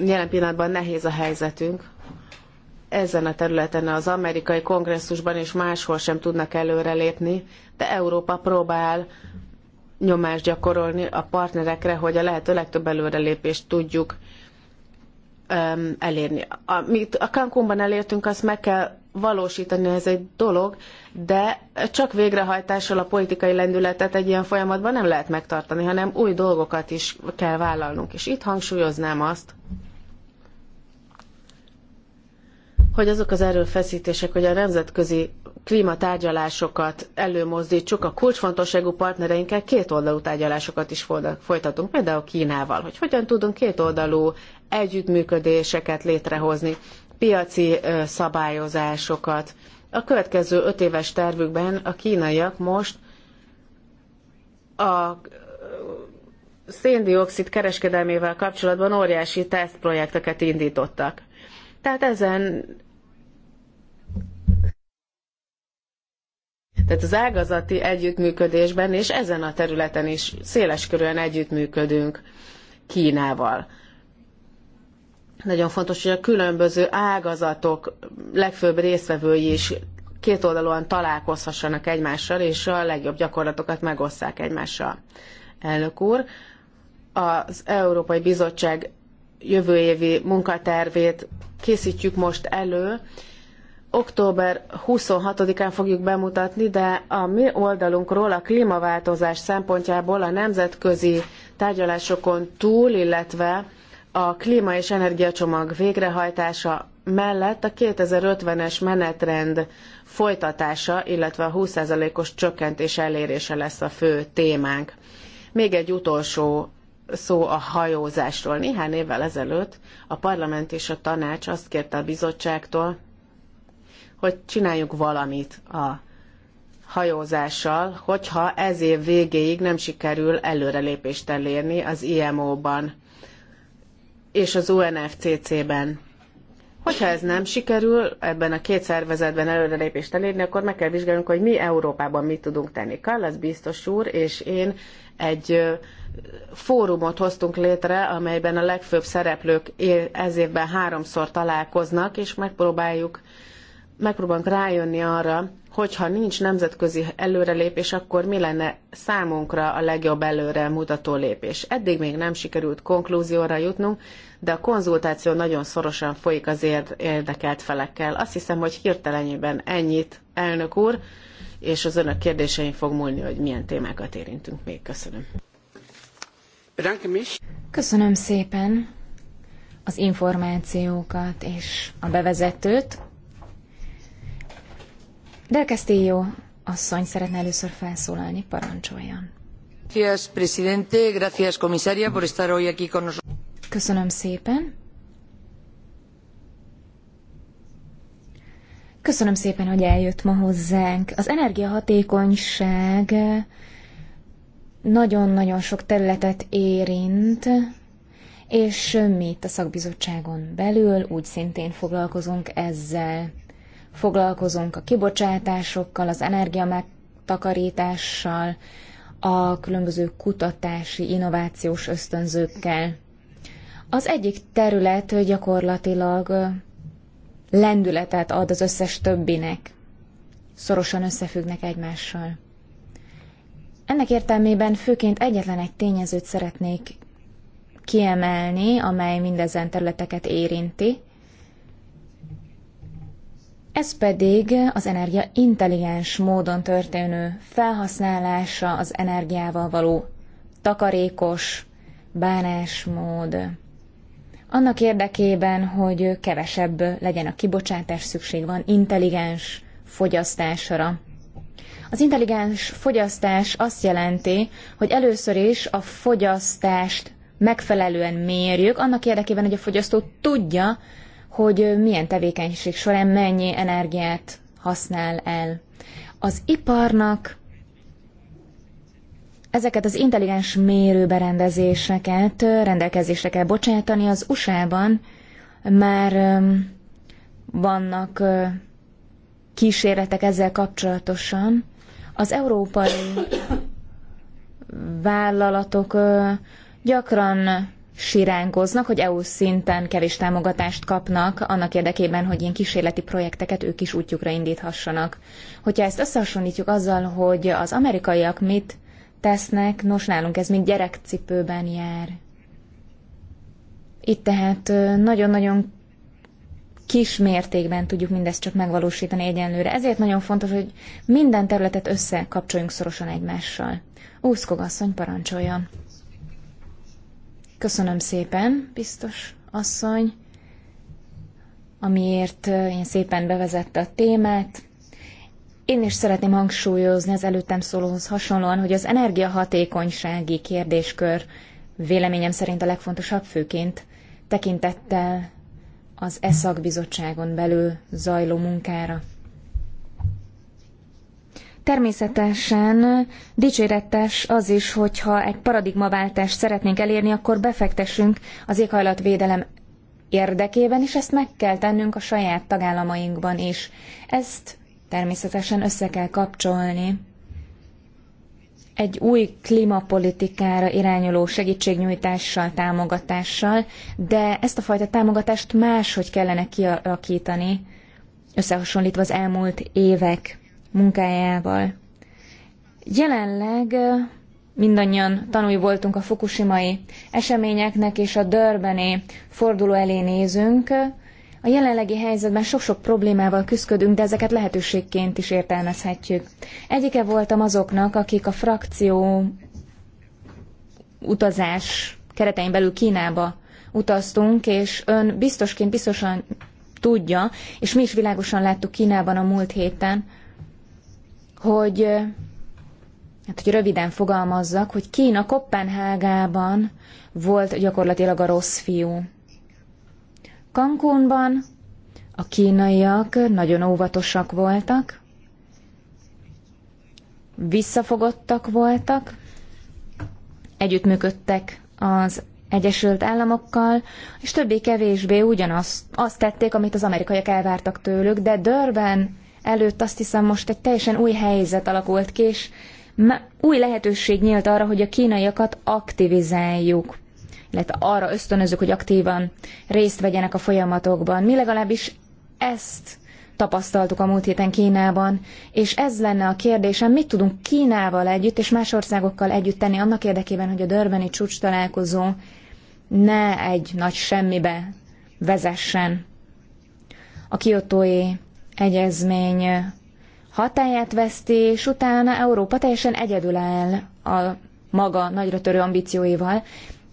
Jelen pillanatban nehéz a helyzetünk, ezen a területen az amerikai kongresszusban és máshol sem tudnak előrelépni, de Európa próbál nyomást gyakorolni a partnerekre, hogy a lehető legtöbb előrelépést tudjuk um, elérni. Amit a Cancúnban elértünk, azt meg kell valósítani, ez egy dolog, de csak végrehajtással a politikai lendületet egy ilyen folyamatban nem lehet megtartani, hanem új dolgokat is kell vállalnunk. És itt hangsúlyoznám azt, hogy azok az erőfeszítések, hogy a nemzetközi klímatárgyalásokat előmozdítsuk, a kulcsfontosságú partnereinkkel kétoldalú tárgyalásokat is folytatunk, például Kínával, hogy hogyan tudunk kétoldalú együttműködéseket létrehozni, piaci szabályozásokat. A következő öt éves tervükben a kínaiak most a széndiokszid kereskedelmével kapcsolatban óriási tesztprojekteket indítottak tehát ezen Tehát az ágazati együttműködésben és ezen a területen is széleskörűen együttműködünk Kínával. Nagyon fontos, hogy a különböző ágazatok legfőbb résztvevői is kétoldalúan találkozhassanak egymással, és a legjobb gyakorlatokat megosszák egymással. Elnök úr, az Európai Bizottság jövő évi munkatervét készítjük most elő. Október 26-án fogjuk bemutatni, de a mi oldalunkról a klímaváltozás szempontjából a nemzetközi tárgyalásokon túl, illetve a klíma és energiacsomag végrehajtása mellett a 2050-es menetrend folytatása, illetve a 20%-os csökkentés elérése lesz a fő témánk. Még egy utolsó szó a hajózásról. Néhány évvel ezelőtt a parlament és a tanács azt kérte a bizottságtól, hogy csináljuk valamit a hajózással, hogyha ez év végéig nem sikerül előrelépést elérni az IMO-ban és az UNFCC-ben. Hogyha ez nem sikerül ebben a két szervezetben előrelépést elérni, akkor meg kell vizsgálnunk, hogy mi Európában mit tudunk tenni. Kallasz biztos úr és én egy fórumot hoztunk létre, amelyben a legfőbb szereplők ez évben háromszor találkoznak, és megpróbáljuk megpróbálunk rájönni arra, hogyha nincs nemzetközi előrelépés, akkor mi lenne számunkra a legjobb előre mutató lépés. Eddig még nem sikerült konklúzióra jutnunk, de a konzultáció nagyon szorosan folyik az érdekelt felekkel. Azt hiszem, hogy hirtelenjében ennyit, elnök úr és az önök kérdésein fog múlni, hogy milyen témákat érintünk még. Köszönöm. Köszönöm
szépen az információkat és
a bevezetőt.
Del Castillo asszony szeretne először felszólalni, parancsoljon. Köszönöm szépen. Köszönöm szépen, hogy eljött ma hozzánk. Az energiahatékonyság nagyon-nagyon sok területet érint, és mi itt a szakbizottságon belül úgy szintén foglalkozunk ezzel. Foglalkozunk a kibocsátásokkal, az energia megtakarítással, a különböző kutatási, innovációs ösztönzőkkel. Az egyik terület gyakorlatilag lendületet ad az összes többinek. Szorosan összefüggnek egymással. Ennek értelmében főként egyetlen egy tényezőt szeretnék kiemelni, amely mindezen területeket érinti. Ez pedig az energia intelligens módon történő felhasználása, az energiával való takarékos bánásmód annak érdekében, hogy kevesebb legyen a kibocsátás, szükség van intelligens fogyasztásra. Az intelligens fogyasztás azt jelenti, hogy először is a fogyasztást megfelelően mérjük, annak érdekében, hogy a fogyasztó tudja, hogy milyen tevékenység során mennyi energiát használ el. Az iparnak Ezeket az intelligens mérőberendezéseket rendelkezésre kell bocsátani. Az USA-ban már vannak kísérletek ezzel kapcsolatosan. Az európai vállalatok gyakran siránkoznak, hogy EU szinten kevés támogatást kapnak annak érdekében, hogy ilyen kísérleti projekteket ők is útjukra indíthassanak. Hogyha ezt összehasonlítjuk azzal, hogy az amerikaiak mit tesznek, nos nálunk ez még gyerekcipőben jár. Itt tehát nagyon-nagyon kis mértékben tudjuk mindezt csak megvalósítani egyenlőre. Ezért nagyon fontos, hogy minden területet összekapcsoljunk szorosan egymással. Úszkog asszony parancsolja. Köszönöm szépen, biztos asszony, amiért én szépen bevezette a témát. Én is szeretném hangsúlyozni az előttem szólóhoz hasonlóan, hogy az energiahatékonysági kérdéskör véleményem szerint a legfontosabb főként tekintettel az ESZAK bizottságon belül zajló munkára. Természetesen dicséretes az is, hogyha egy paradigmaváltást szeretnénk elérni, akkor befektessünk az éghajlatvédelem érdekében, és ezt meg kell tennünk a saját tagállamainkban is. Ezt természetesen össze kell kapcsolni egy új klímapolitikára irányuló segítségnyújtással, támogatással, de ezt a fajta támogatást máshogy kellene kialakítani, összehasonlítva az elmúlt évek munkájával. Jelenleg mindannyian tanúi voltunk a fukushima eseményeknek, és a dörbeni forduló elé nézünk, a jelenlegi helyzetben sok-sok problémával küzdködünk, de ezeket lehetőségként is értelmezhetjük. Egyike voltam azoknak, akik a frakció utazás keretein belül Kínába utaztunk, és ön biztosként biztosan tudja, és mi is világosan láttuk Kínában a múlt héten, hogy, hát, hogy röviden fogalmazzak, hogy Kína Kopenhágában volt gyakorlatilag a rossz fiú. Cancúnban a kínaiak nagyon óvatosak voltak, visszafogottak voltak, együttműködtek az Egyesült Államokkal, és többé-kevésbé ugyanazt azt tették, amit az amerikaiak elvártak tőlük, de Dörben előtt azt hiszem most egy teljesen új helyzet alakult ki, és új lehetőség nyílt arra, hogy a kínaiakat aktivizáljuk illetve arra ösztönözzük, hogy aktívan részt vegyenek a folyamatokban. Mi legalábbis ezt tapasztaltuk a múlt héten Kínában, és ez lenne a kérdésem, mit tudunk Kínával együtt és más országokkal együtt tenni annak érdekében, hogy a Dörbeni csúcs találkozó ne egy nagy semmibe vezessen. A kiotói egyezmény hatáját veszti, és utána Európa teljesen egyedül áll a maga nagyra törő ambícióival.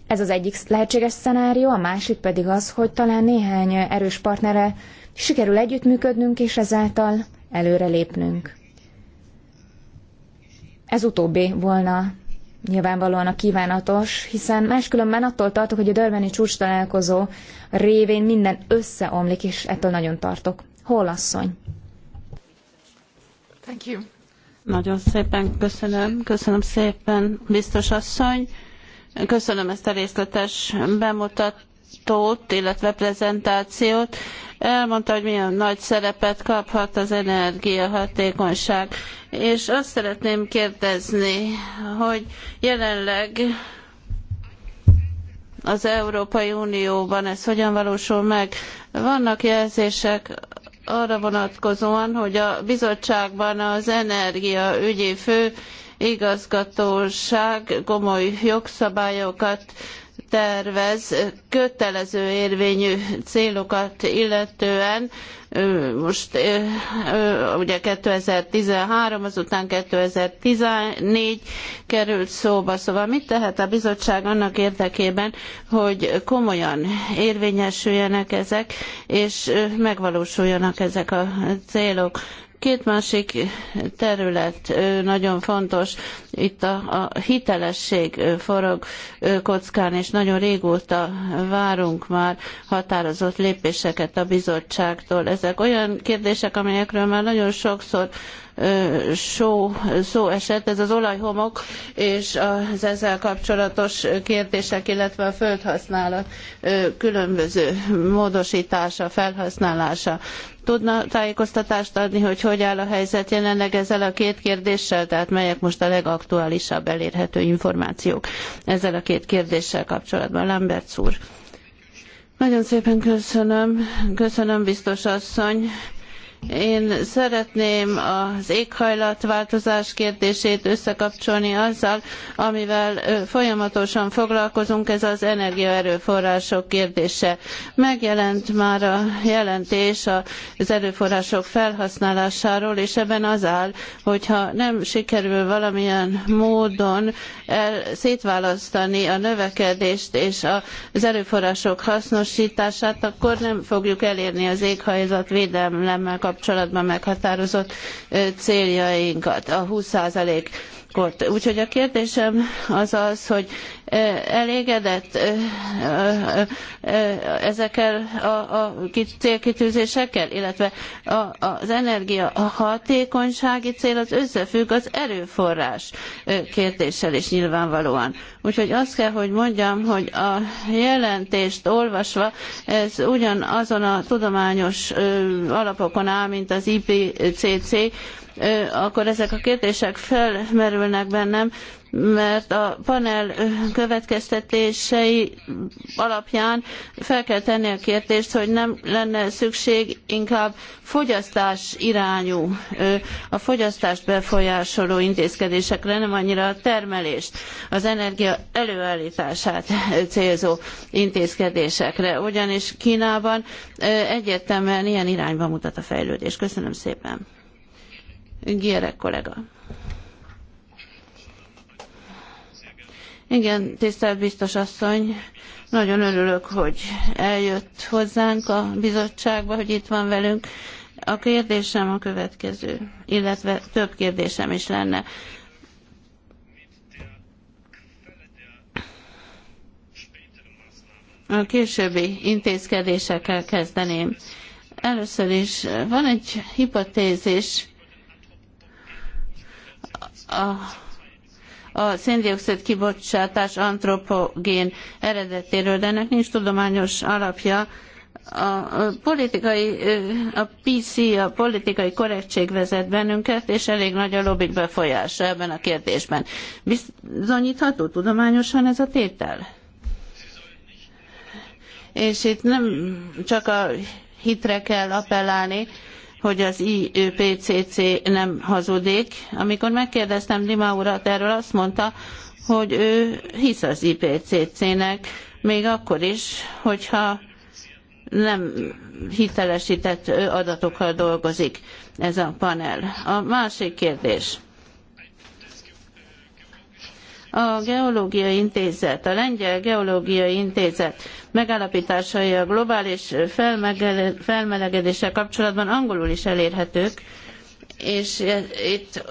Ez az egyik lehetséges szenárió, a másik pedig az, hogy talán néhány erős partnere sikerül együttműködnünk, és ezáltal lépnünk. Ez utóbbi volna nyilvánvalóan a kívánatos, hiszen máskülönben attól tartok, hogy a Dörbeni csúcs találkozó révén minden összeomlik, és ettől nagyon tartok. Hol asszony? Thank you.
Nagyon szépen köszönöm, köszönöm szépen, biztos asszony. Köszönöm ezt a részletes bemutatót, illetve prezentációt. Elmondta, hogy milyen nagy szerepet kaphat az energiahatékonyság. És azt szeretném kérdezni, hogy jelenleg az Európai Unióban ez hogyan valósul meg? Vannak jelzések arra vonatkozóan, hogy a bizottságban az energiaügyi fő igazgatóság komoly jogszabályokat tervez kötelező érvényű célokat illetően, most ugye 2013, azután 2014 került szóba, szóval mit tehet a bizottság annak érdekében, hogy komolyan érvényesüljenek ezek, és megvalósuljanak ezek a célok. Két másik terület nagyon fontos. Itt a, a hitelesség forog kockán, és nagyon régóta várunk már határozott lépéseket a bizottságtól. Ezek olyan kérdések, amelyekről már nagyon sokszor szó esett, ez az olajhomok és az ezzel kapcsolatos kérdések, illetve a földhasználat különböző módosítása, felhasználása tudna tájékoztatást adni, hogy hogy áll a helyzet jelenleg ezzel a két kérdéssel, tehát melyek most a legaktuálisabb elérhető információk ezzel a két kérdéssel kapcsolatban. Lambert úr. Nagyon szépen köszönöm. Köszönöm, biztos asszony. Én szeretném az éghajlatváltozás kérdését összekapcsolni azzal, amivel folyamatosan foglalkozunk, ez az energiaerőforrások kérdése. Megjelent már a jelentés az erőforrások felhasználásáról, és ebben az áll, hogyha nem sikerül valamilyen módon el, szétválasztani a növekedést és az erőforrások hasznosítását, akkor nem fogjuk elérni az éghajlatvédelemmel kapcsolatos kapcsolatban meghatározott céljainkat. A 20% Úgyhogy a kérdésem az az, hogy eh, elégedett eh, eh, ezekkel a, a célkitűzésekkel, illetve az energia a hatékonysági cél az összefügg az erőforrás kérdéssel is nyilvánvalóan. Úgyhogy azt kell, hogy mondjam, hogy a jelentést olvasva ez ugyanazon a tudományos alapokon áll, mint az IPCC, akkor ezek a kérdések felmerülnek bennem, mert a panel következtetései alapján fel kell tenni a kérdést, hogy nem lenne szükség inkább fogyasztás irányú, a fogyasztást befolyásoló intézkedésekre, nem annyira a termelést, az energia előállítását célzó intézkedésekre. Ugyanis Kínában egyértelműen ilyen irányba mutat a fejlődés. Köszönöm szépen. Gyere, kollega. Igen, tisztelt biztos asszony, nagyon örülök, hogy eljött hozzánk a bizottságba, hogy itt van velünk. A kérdésem a következő, illetve több kérdésem is lenne. A későbbi intézkedésekkel kezdeném. Először is van egy hipotézis, a, a széndiokszid kibocsátás antropogén eredetéről, de ennek nincs tudományos alapja. A politikai, a PC, a politikai korrektség vezet bennünket, és elég nagy a lobbik befolyása ebben a kérdésben. Bizonyítható tudományosan ez a tétel? És itt nem csak a hitre kell appellálni, hogy az IPCC nem hazudik. Amikor megkérdeztem Dima urat erről, azt mondta, hogy ő hisz az IPCC-nek, még akkor is, hogyha nem hitelesített adatokkal dolgozik ez a panel. A másik kérdés a Geológiai Intézet, a Lengyel Geológiai Intézet megállapításai a globális felmelegedéssel kapcsolatban angolul is elérhetők, és e, itt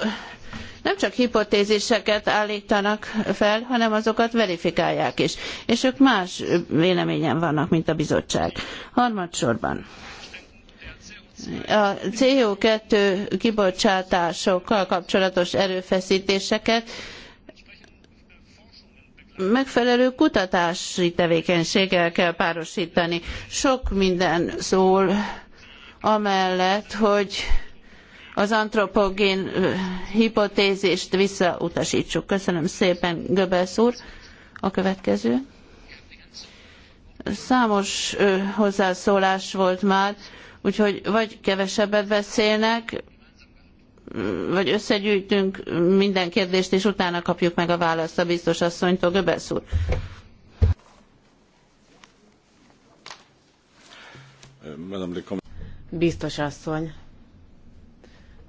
nem csak hipotéziseket állítanak fel, hanem azokat verifikálják is. És ők más véleményen vannak, mint a bizottság. Harmadsorban a CO2 kibocsátásokkal kapcsolatos erőfeszítéseket megfelelő kutatási tevékenységgel kell párosítani. Sok minden szól amellett, hogy az antropogén hipotézist visszautasítsuk. Köszönöm szépen, Göbels úr. A következő. Számos hozzászólás volt már, úgyhogy vagy kevesebbet beszélnek, vagy összegyűjtünk minden kérdést, és utána kapjuk meg a választ a biztos asszonytól. Göbesz úr.
Biztos asszony,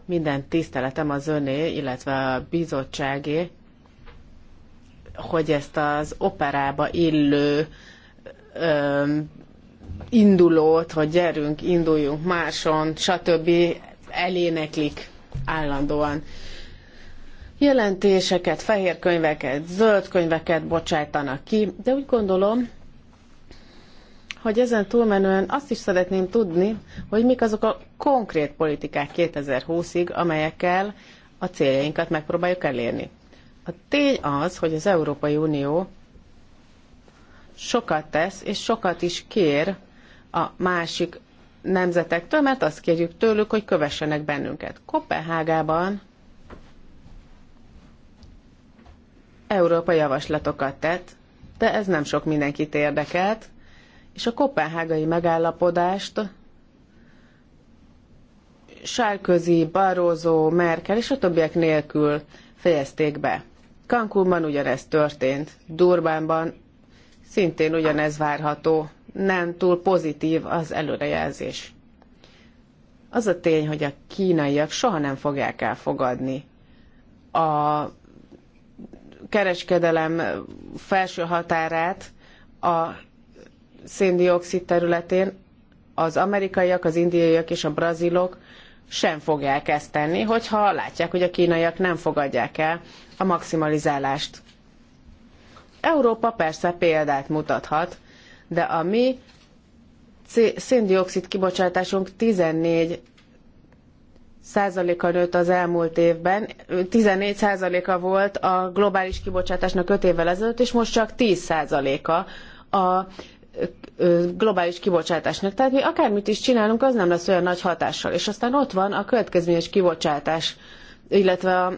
minden tiszteletem az öné, illetve a bizottságé, hogy ezt az operába illő indulót, hogy gyerünk, induljunk máson, stb. eléneklik állandóan jelentéseket, fehér könyveket, zöld könyveket bocsájtanak ki, de úgy gondolom, hogy ezen túlmenően azt is szeretném tudni, hogy mik azok a konkrét politikák 2020-ig, amelyekkel a céljainkat megpróbáljuk elérni. A tény az, hogy az Európai Unió sokat tesz, és sokat is kér a másik nemzetektől, mert azt kérjük tőlük, hogy kövessenek bennünket. Kopenhágában Európa javaslatokat tett, de ez nem sok mindenkit érdekelt, és a kopenhágai megállapodást Sárközi, Barózó, Merkel és a többiek nélkül fejezték be. Cancúnban ugyanez történt, Durbánban szintén ugyanez várható nem túl pozitív az előrejelzés. Az a tény, hogy a kínaiak soha nem fogják elfogadni a kereskedelem felső határát a széndiokszid területén, az amerikaiak, az indiaiak és a brazilok sem fogják ezt tenni, hogyha látják, hogy a kínaiak nem fogadják el a maximalizálást. Európa persze példát mutathat, de a mi széndiokszid kibocsátásunk 14 százaléka nőtt az elmúlt évben, 14 százaléka volt a globális kibocsátásnak 5 évvel ezelőtt, és most csak 10 százaléka a globális kibocsátásnak. Tehát mi akármit is csinálunk, az nem lesz olyan nagy hatással. És aztán ott van a következményes kibocsátás, illetve a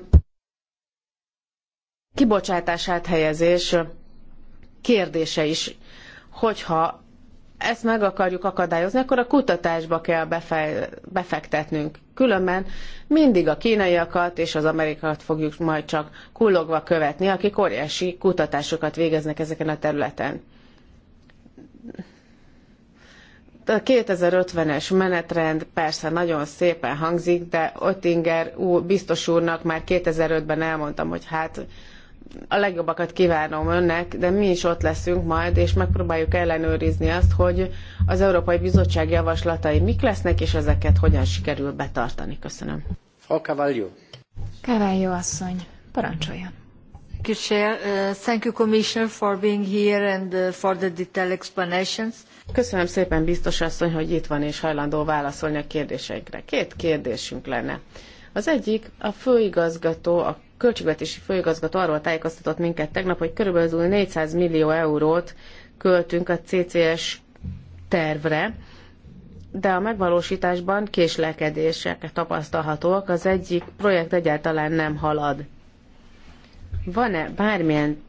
kibocsátás áthelyezés kérdése is hogyha ezt meg akarjuk akadályozni, akkor a kutatásba kell befe befektetnünk. Különben mindig a kínaiakat és az amerikaiakat fogjuk majd csak kullogva követni, akik óriási kutatásokat végeznek ezeken a területen. A 2050-es menetrend persze nagyon szépen hangzik, de Ottinger biztos úrnak már 2005-ben elmondtam, hogy hát a legjobbakat kívánom önnek, de mi is ott leszünk majd, és megpróbáljuk ellenőrizni azt, hogy az Európai Bizottság javaslatai mik lesznek, és ezeket hogyan sikerül betartani. Köszönöm. Frau
Cavallio.
Cavallio asszony, parancsoljon.
Uh, uh, Köszönöm szépen, biztos asszony, hogy itt van és hajlandó válaszolni a kérdésekre. Két kérdésünk lenne. Az egyik a főigazgató, a költségvetési főigazgató arról tájékoztatott minket tegnap, hogy körülbelül 400 millió eurót költünk a CCS tervre, de a megvalósításban késlekedések tapasztalhatóak, az egyik projekt egyáltalán nem halad. Van-e bármilyen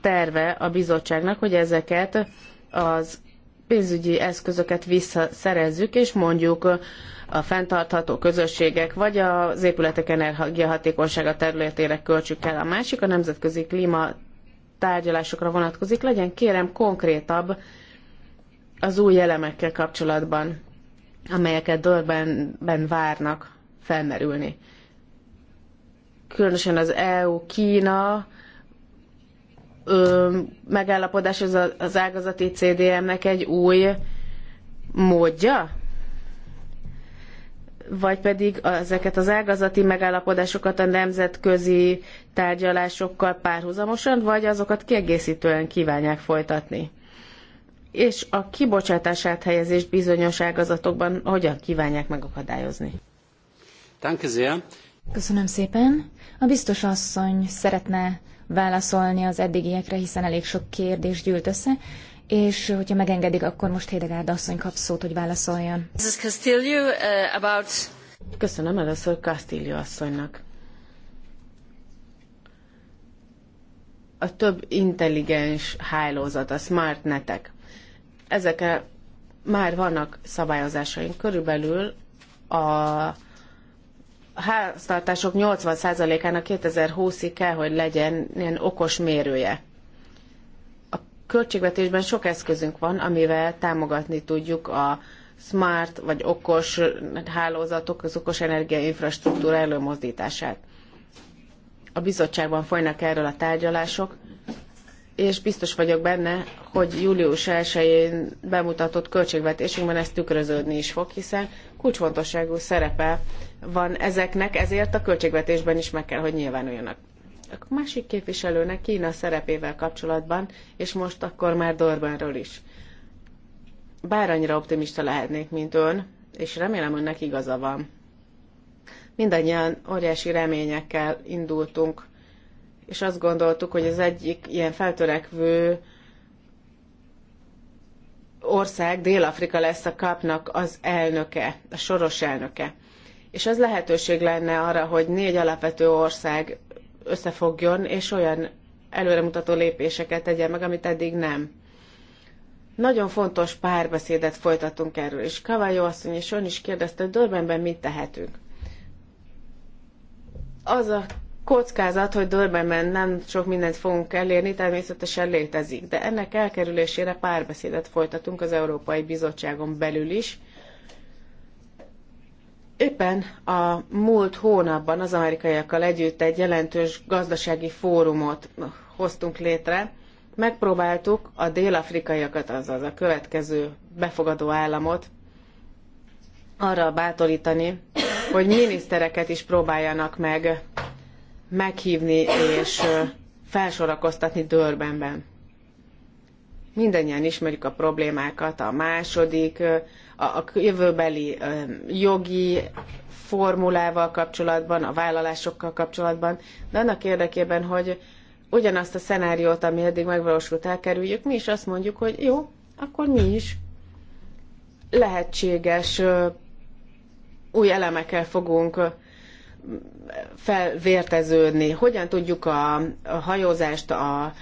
terve a bizottságnak, hogy ezeket az pénzügyi eszközöket visszaszerezzük, és mondjuk a fenntartható közösségek, vagy az épületek energiahatékonysága területére költsük el. A másik a nemzetközi klíma tárgyalásokra vonatkozik. Legyen kérem konkrétabb az új elemekkel kapcsolatban, amelyeket Dörbenben várnak felmerülni. Különösen az EU-Kína megállapodás az ágazati CDM-nek egy új módja, vagy pedig ezeket az ágazati megállapodásokat a nemzetközi tárgyalásokkal párhuzamosan, vagy azokat kiegészítően kívánják folytatni? És a kibocsátás áthelyezést bizonyos ágazatokban hogyan kívánják megakadályozni? Köszönöm szépen. A biztos
asszony szeretne válaszolni az eddigiekre, hiszen elég sok kérdés gyűlt össze. És hogyha megengedik, akkor most Hédegárd asszony kap szót, hogy válaszoljon.
Mrs. Castillo, uh, about... Köszönöm először Castillo asszonynak. A több intelligens hálózat, a smart netek. ezek már vannak szabályozásaink. Körülbelül a háztartások 80%-ának 2020-ig kell, hogy legyen ilyen okos mérője költségvetésben sok eszközünk van, amivel támogatni tudjuk a smart vagy okos hálózatok, az okos energiainfrastruktúra előmozdítását. A bizottságban folynak erről a tárgyalások, és biztos vagyok benne, hogy július 1-én bemutatott költségvetésünkben ez tükröződni is fog, hiszen kulcsfontosságú szerepe van ezeknek, ezért a költségvetésben is meg kell, hogy nyilvánuljanak a másik képviselőnek Kína szerepével kapcsolatban, és most akkor már Dorbanról is. Bár annyira optimista lehetnék, mint ön, és remélem önnek igaza van. Mindannyian óriási reményekkel indultunk, és azt gondoltuk, hogy az egyik ilyen feltörekvő ország, Dél-Afrika lesz a kapnak az elnöke, a soros elnöke és az lehetőség lenne arra, hogy négy alapvető ország összefogjon, és olyan előremutató lépéseket tegye meg, amit eddig nem. Nagyon fontos párbeszédet folytatunk erről, és Kavályó asszony és ön is kérdezte, hogy Dörbenben mit tehetünk. Az a kockázat, hogy Dörbenben nem sok mindent fogunk elérni, természetesen létezik, de ennek elkerülésére párbeszédet folytatunk az Európai Bizottságon belül is, Éppen a múlt hónapban az amerikaiakkal együtt egy jelentős gazdasági fórumot hoztunk létre. Megpróbáltuk a dél-afrikaiakat, azaz a következő befogadó államot arra bátorítani, hogy minisztereket is próbáljanak meg meghívni és felsorakoztatni Dörbenben. Mindennyian ismerjük a problémákat, a második a jövőbeli jogi formulával kapcsolatban, a vállalásokkal kapcsolatban, de annak érdekében, hogy ugyanazt a szenáriót, ami eddig megvalósult, elkerüljük, mi is azt mondjuk, hogy jó, akkor mi is lehetséges új elemekkel fogunk felvérteződni. Hogyan tudjuk a, hajózást, a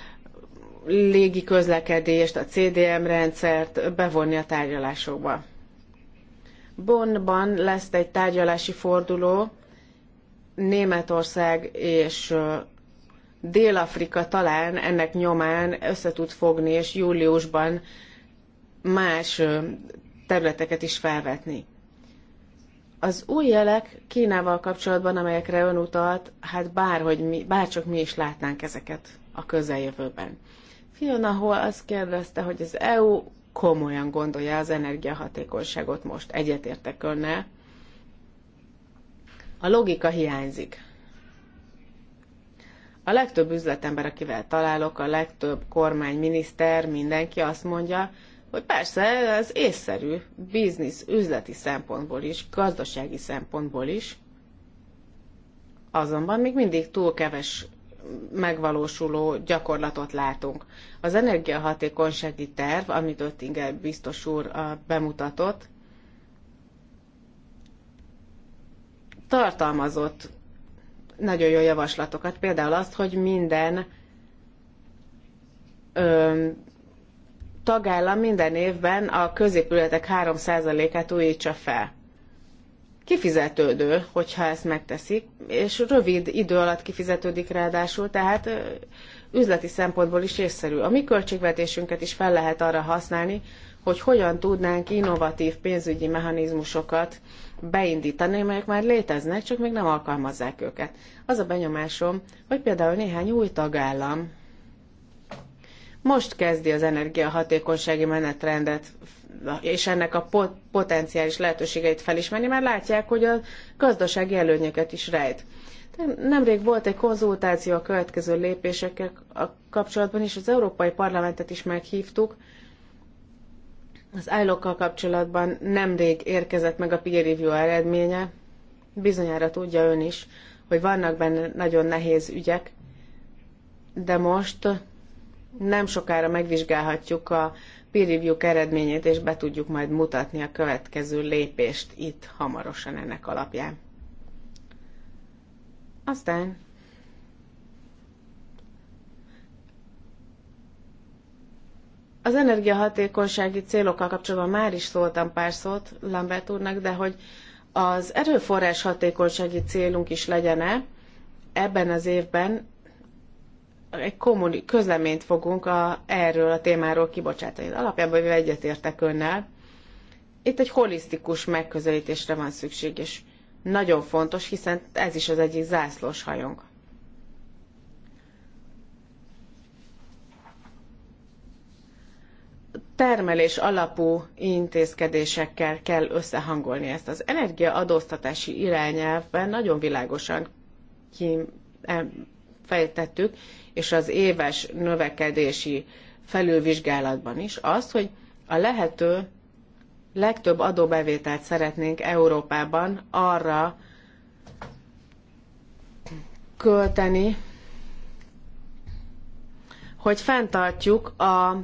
légi közlekedést, a CDM rendszert bevonni a tárgyalásokba? Bonnban lesz egy tárgyalási forduló Németország és Dél-Afrika talán ennek nyomán össze tud fogni, és júliusban más területeket is felvetni. Az új jelek Kínával kapcsolatban, amelyekre ön utalt, hát bárhogy mi, bárcsak mi is látnánk ezeket a közeljövőben. Fiona Hall azt kérdezte, hogy az EU komolyan gondolja az energiahatékonyságot most. Egyetértek önnel. A logika hiányzik. A legtöbb üzletember, akivel találok, a legtöbb kormány, miniszter, mindenki azt mondja, hogy persze ez észszerű biznisz, üzleti szempontból is, gazdasági szempontból is, azonban még mindig túl keves megvalósuló gyakorlatot látunk. Az energiahatékonysági terv, amit Öttinger biztos úr bemutatott, tartalmazott nagyon jó javaslatokat, például azt, hogy minden ö, tagállam minden évben a középületek 3%-át újítsa fel kifizetődő, hogyha ezt megteszik, és rövid idő alatt kifizetődik ráadásul, tehát üzleti szempontból is észszerű. A mi költségvetésünket is fel lehet arra használni, hogy hogyan tudnánk innovatív pénzügyi mechanizmusokat beindítani, melyek már léteznek, csak még nem alkalmazzák őket. Az a benyomásom, hogy például néhány új tagállam most kezdi az energiahatékonysági menetrendet és ennek a pot- potenciális lehetőségeit felismerni, mert látják, hogy a gazdasági előnyeket is rejt. Nemrég volt egy konzultáció a következő lépésekkel a kapcsolatban, és az Európai Parlamentet is meghívtuk. Az állókkal kal kapcsolatban nemrég érkezett meg a peer review eredménye. Bizonyára tudja ön is, hogy vannak benne nagyon nehéz ügyek, de most nem sokára megvizsgálhatjuk a peer review eredményét, és be tudjuk majd mutatni a következő lépést itt hamarosan ennek alapján. Aztán Az energiahatékonysági célokkal kapcsolatban már is szóltam pár szót Lambert úrnak, de hogy az erőforrás hatékonysági célunk is legyen -e, ebben az évben egy kommuni, közleményt fogunk a, erről a témáról kibocsátani. Alapjában egyetértek önnel. Itt egy holisztikus megközelítésre van szükség, és nagyon fontos, hiszen ez is az egyik zászlós hajunk. termelés alapú intézkedésekkel kell összehangolni ezt. Az energiaadóztatási irányelvben nagyon világosan kifejtettük, és az éves növekedési felülvizsgálatban is az, hogy a lehető legtöbb adóbevételt szeretnénk Európában arra költeni, hogy fenntartjuk a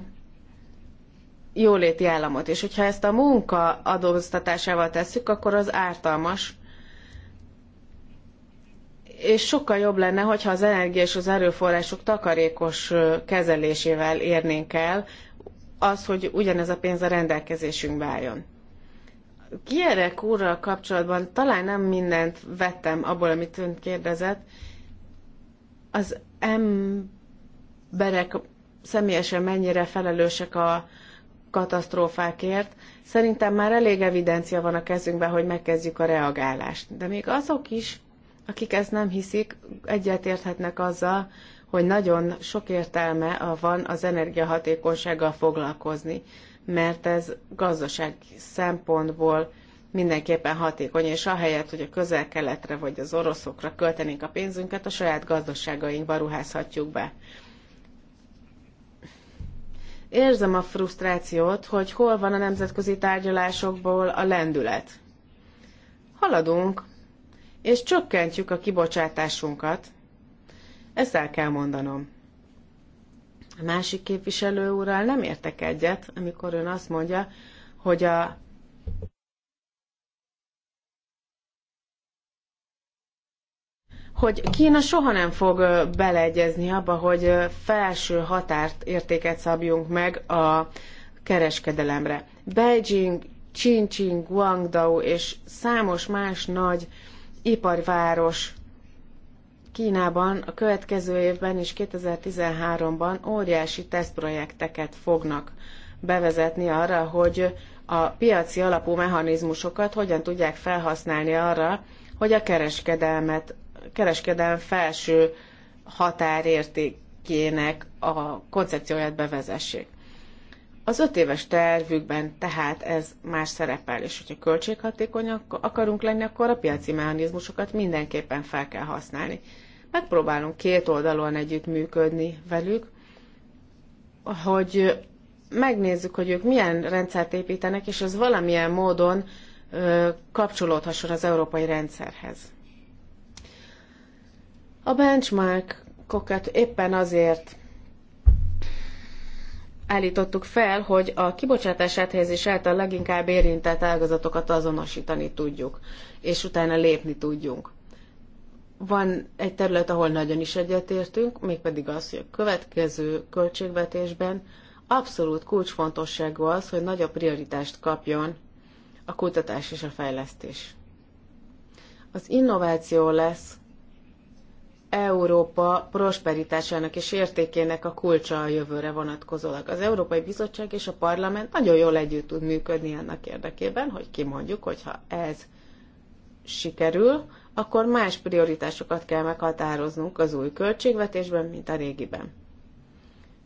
jóléti államot. És hogyha ezt a munka adóztatásával tesszük, akkor az ártalmas és sokkal jobb lenne, hogyha az energia és az erőforrások takarékos kezelésével érnénk el az, hogy ugyanez a pénz a rendelkezésünkbe álljon. Kierek úrral kapcsolatban talán nem mindent vettem abból, amit ön kérdezett. Az emberek személyesen mennyire felelősek a katasztrófákért. Szerintem már elég evidencia van a kezünkben, hogy megkezdjük a reagálást. De még azok is, akik ezt nem hiszik, egyetérthetnek azzal, hogy nagyon sok értelme van az energiahatékonysággal foglalkozni, mert ez gazdaság szempontból mindenképpen hatékony, és ahelyett, hogy a közel-keletre vagy az oroszokra költenénk a pénzünket, a saját gazdaságainkba ruházhatjuk be. Érzem a frusztrációt, hogy hol van a nemzetközi tárgyalásokból a lendület. Haladunk, és csökkentjük a kibocsátásunkat. Ezt el kell mondanom. A másik képviselő úrral nem értek egyet, amikor ön azt mondja, hogy a hogy Kína soha nem fog beleegyezni abba, hogy felső határt értéket szabjunk meg a kereskedelemre. Beijing, Qingqing, Guangdao és számos más nagy uh, iparváros. Kínában a következő évben és 2013-ban óriási tesztprojekteket fognak bevezetni arra, hogy a piaci alapú mechanizmusokat hogyan tudják felhasználni arra, hogy a kereskedelmet, kereskedelm felső határértékének a koncepcióját bevezessék. Az öt éves tervükben tehát ez más szerepel, és hogyha költséghatékonyak akarunk lenni, akkor a piaci mechanizmusokat mindenképpen fel kell használni. Megpróbálunk két oldalon együtt működni velük, hogy megnézzük, hogy ők milyen rendszert építenek, és ez valamilyen módon kapcsolódhasson az európai rendszerhez. A benchmarkokat éppen azért állítottuk fel, hogy a kibocsátás áthelyezés által leginkább érintett ágazatokat azonosítani tudjuk, és utána lépni tudjunk. Van egy terület, ahol nagyon is egyetértünk, mégpedig az, hogy a következő költségvetésben abszolút kulcsfontosságú az, hogy nagyobb prioritást kapjon a kutatás és a fejlesztés. Az innováció lesz Európa prosperitásának és értékének a kulcsa a jövőre vonatkozólag. Az Európai Bizottság és a Parlament nagyon jól együtt tud működni annak érdekében, hogy kimondjuk, hogyha ez sikerül, akkor más prioritásokat kell meghatároznunk az új költségvetésben, mint a régiben.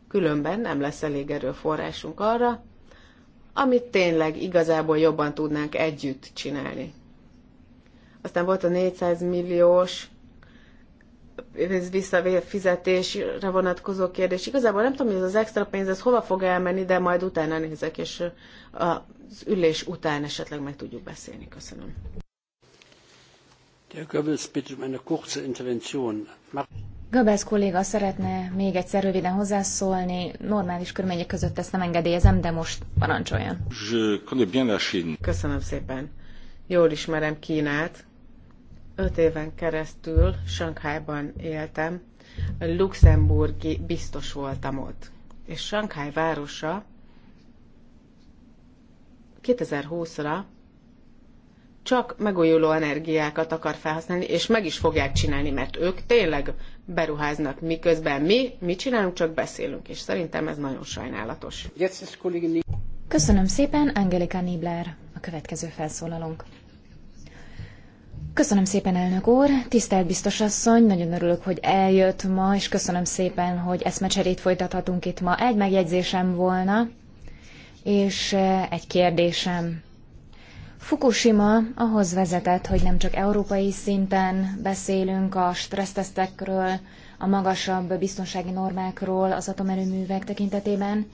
Különben nem lesz elég erőforrásunk arra, amit tényleg igazából jobban tudnánk együtt csinálni. Aztán volt a 400 milliós visszafizetésre vonatkozó kérdés. Igazából nem tudom, hogy ez az extra pénz, ez hova fog elmenni, de majd utána nézek, és az ülés után esetleg meg tudjuk beszélni. Köszönöm. Der um
kolléga szeretne még egyszer röviden hozzászólni. Normális körmények között ezt nem engedélyezem, de
most parancsoljon. Köszönöm szépen. Jól ismerem Kínát, Öt éven keresztül Sankhájban éltem, luxemburgi biztos voltam ott. És Sankháj városa 2020-ra csak megújuló energiákat akar felhasználni, és meg is fogják csinálni, mert ők tényleg beruháznak, miközben mi, mi csinálunk, csak beszélünk, és szerintem ez nagyon sajnálatos.
Köszönöm szépen, Angelika Nibler, a következő felszólalónk. Köszönöm szépen, elnök úr, tisztelt biztos asszony, nagyon örülök, hogy eljött ma, és köszönöm szépen, hogy eszmecserét folytathatunk itt ma. Egy megjegyzésem volna, és eh, egy kérdésem. Fukushima ahhoz vezetett, hogy nem csak európai szinten beszélünk a stressztesztekről, a magasabb biztonsági normákról az atomerőművek tekintetében,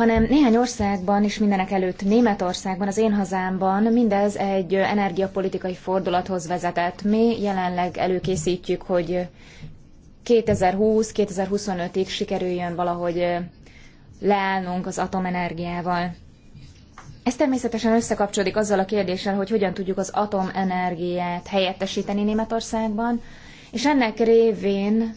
hanem néhány országban, és mindenek előtt Németországban, az én hazámban mindez egy energiapolitikai fordulathoz vezetett. Mi jelenleg előkészítjük, hogy 2020-2025-ig sikerüljön valahogy leállnunk az atomenergiával. Ez természetesen összekapcsolódik azzal a kérdéssel, hogy hogyan tudjuk az atomenergiát helyettesíteni Németországban, és ennek révén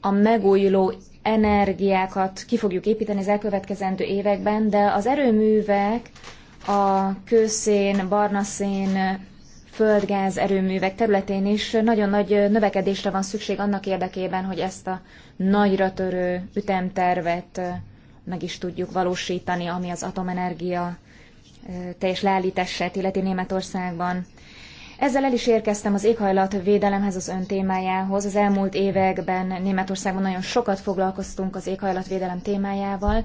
a megújuló energiákat ki fogjuk építeni az elkövetkezendő években, de az erőművek, a kőszén, barnaszén, földgáz erőművek területén is nagyon nagy növekedésre van szükség annak érdekében, hogy ezt a nagyra törő ütemtervet meg is tudjuk valósítani, ami az atomenergia teljes leállítását illeti Németországban. Ezzel el is érkeztem az éghajlatvédelemhez, az ön témájához. Az elmúlt években Németországban nagyon sokat foglalkoztunk az éghajlatvédelem témájával,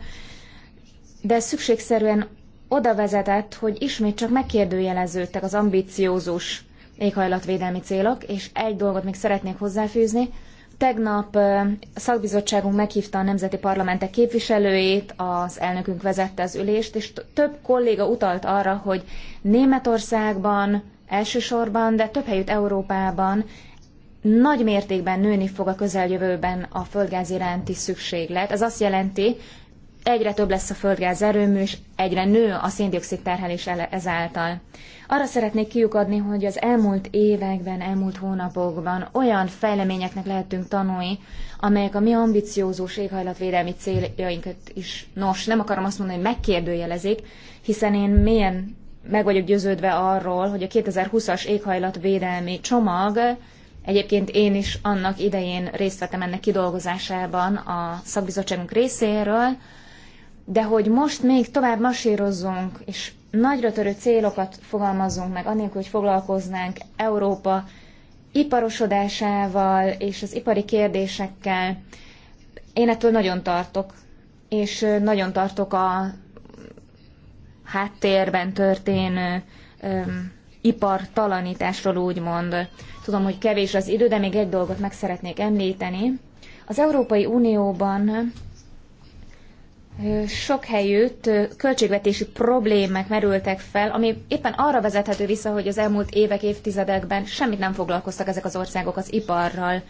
de ez szükségszerűen oda vezetett, hogy ismét csak megkérdőjeleződtek az ambiciózus éghajlatvédelmi célok, és egy dolgot még szeretnék hozzáfűzni. Tegnap a szakbizottságunk meghívta a nemzeti parlamentek képviselőjét, az elnökünk vezette az ülést, és több kolléga utalt arra, hogy Németországban elsősorban, de több helyütt Európában nagy mértékben nőni fog a közeljövőben a földgáz iránti szükséglet. Ez azt jelenti, egyre több lesz a földgáz erőmű, és egyre nő a széndiokszid terhelés ezáltal. Arra szeretnék kiukadni, hogy az elmúlt években, elmúlt hónapokban olyan fejleményeknek lehetünk tanulni, amelyek a mi ambiciózus éghajlatvédelmi céljainkat is, nos, nem akarom azt mondani, hogy megkérdőjelezik, hiszen én milyen meg vagyok győződve arról, hogy a 2020-as éghajlatvédelmi csomag, egyébként én is annak idején részt vettem ennek kidolgozásában a szakbizottságunk részéről, de hogy most még tovább masírozzunk, és nagyra törő célokat fogalmazzunk meg, anélkül, hogy foglalkoznánk Európa iparosodásával és az ipari kérdésekkel, én ettől nagyon tartok, és nagyon tartok a háttérben történő öm, ipartalanításról mond, Tudom, hogy kevés az idő, de még egy dolgot meg szeretnék említeni. Az Európai Unióban sok helyütt költségvetési problémák merültek fel, ami éppen arra vezethető vissza, hogy az elmúlt évek, évtizedekben semmit nem foglalkoztak ezek az országok az iparral.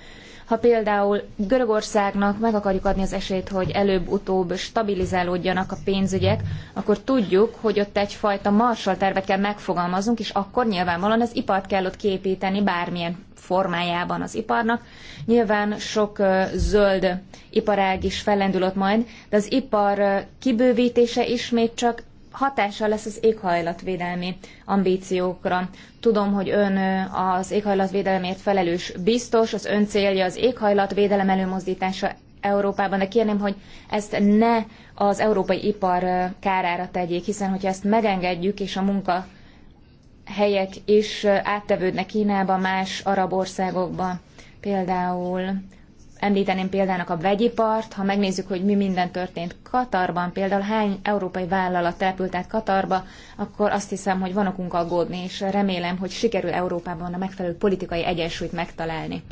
Ha például Görögországnak meg akarjuk adni az esélyt, hogy előbb-utóbb stabilizálódjanak a pénzügyek, akkor tudjuk, hogy ott egyfajta marsal tervet kell megfogalmaznunk, és akkor nyilvánvalóan az ipart kell ott képíteni bármilyen formájában az iparnak. Nyilván sok zöld iparág is fellendülött majd, de az ipar kibővítése is még csak hatással lesz az éghajlatvédelmi ambíciókra. Tudom, hogy ön az éghajlatvédelemért felelős biztos, az ön célja az éghajlatvédelem előmozdítása Európában, de kérném, hogy ezt ne az európai ipar kárára tegyék, hiszen hogyha ezt megengedjük, és a munka helyek is áttevődnek Kínába, más arab országokba, például Említeném példának a vegyipart, ha megnézzük, hogy mi minden történt Katarban, például hány európai vállalat települt át Katarba, akkor azt hiszem, hogy van okunk aggódni, és remélem, hogy sikerül Európában a megfelelő politikai egyensúlyt megtalálni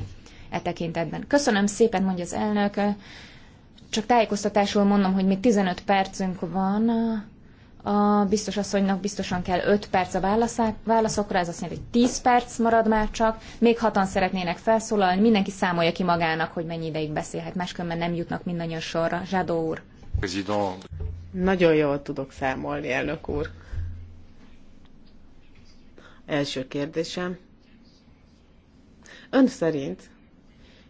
e tekintetben. Köszönöm szépen, mondja az elnök. Csak tájékoztatásul mondom, hogy még 15 percünk van a biztos asszonynak biztosan kell 5 perc a válaszokra, ez azt jelenti, hogy 10 perc marad már csak. Még hatan szeretnének felszólalni, mindenki számolja ki magának, hogy mennyi ideig beszélhet, máskülönben nem jutnak mindannyian sorra. Zsadó úr.
President. Nagyon jól tudok számolni, elnök úr. Első kérdésem. Ön szerint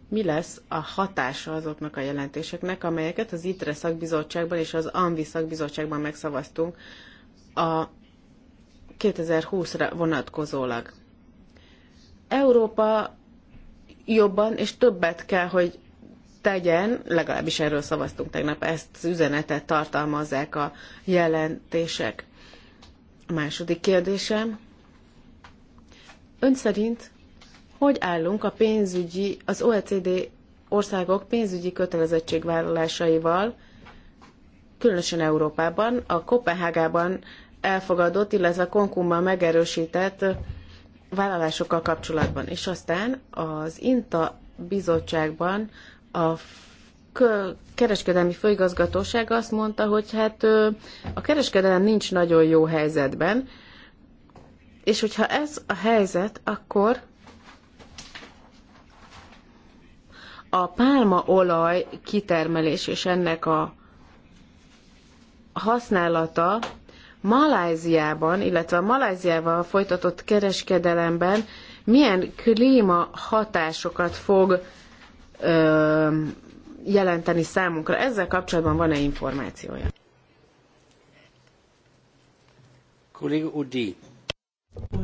mi lesz a hatása azoknak a jelentéseknek, amelyeket az ITRE szakbizottságban és az ANVI szakbizottságban megszavaztunk a 2020-ra vonatkozólag. Európa jobban és többet kell, hogy tegyen, legalábbis erről szavaztunk tegnap, ezt az üzenetet tartalmazzák a jelentések. A második kérdésem. Ön szerint hogy állunk a pénzügyi, az OECD országok pénzügyi kötelezettségvállalásaival, különösen Európában, a Kopenhágában elfogadott, illetve Konkumban megerősített vállalásokkal kapcsolatban. És aztán az INTA bizottságban a kereskedelmi főigazgatóság azt mondta, hogy hát a kereskedelem nincs nagyon jó helyzetben, és hogyha ez a helyzet, akkor A pálmaolaj kitermelés és ennek a használata Malajziában, illetve a Malajziával folytatott kereskedelemben milyen klíma hatásokat fog ö, jelenteni számunkra. Ezzel kapcsolatban van-e információja?
Kolléga Udi.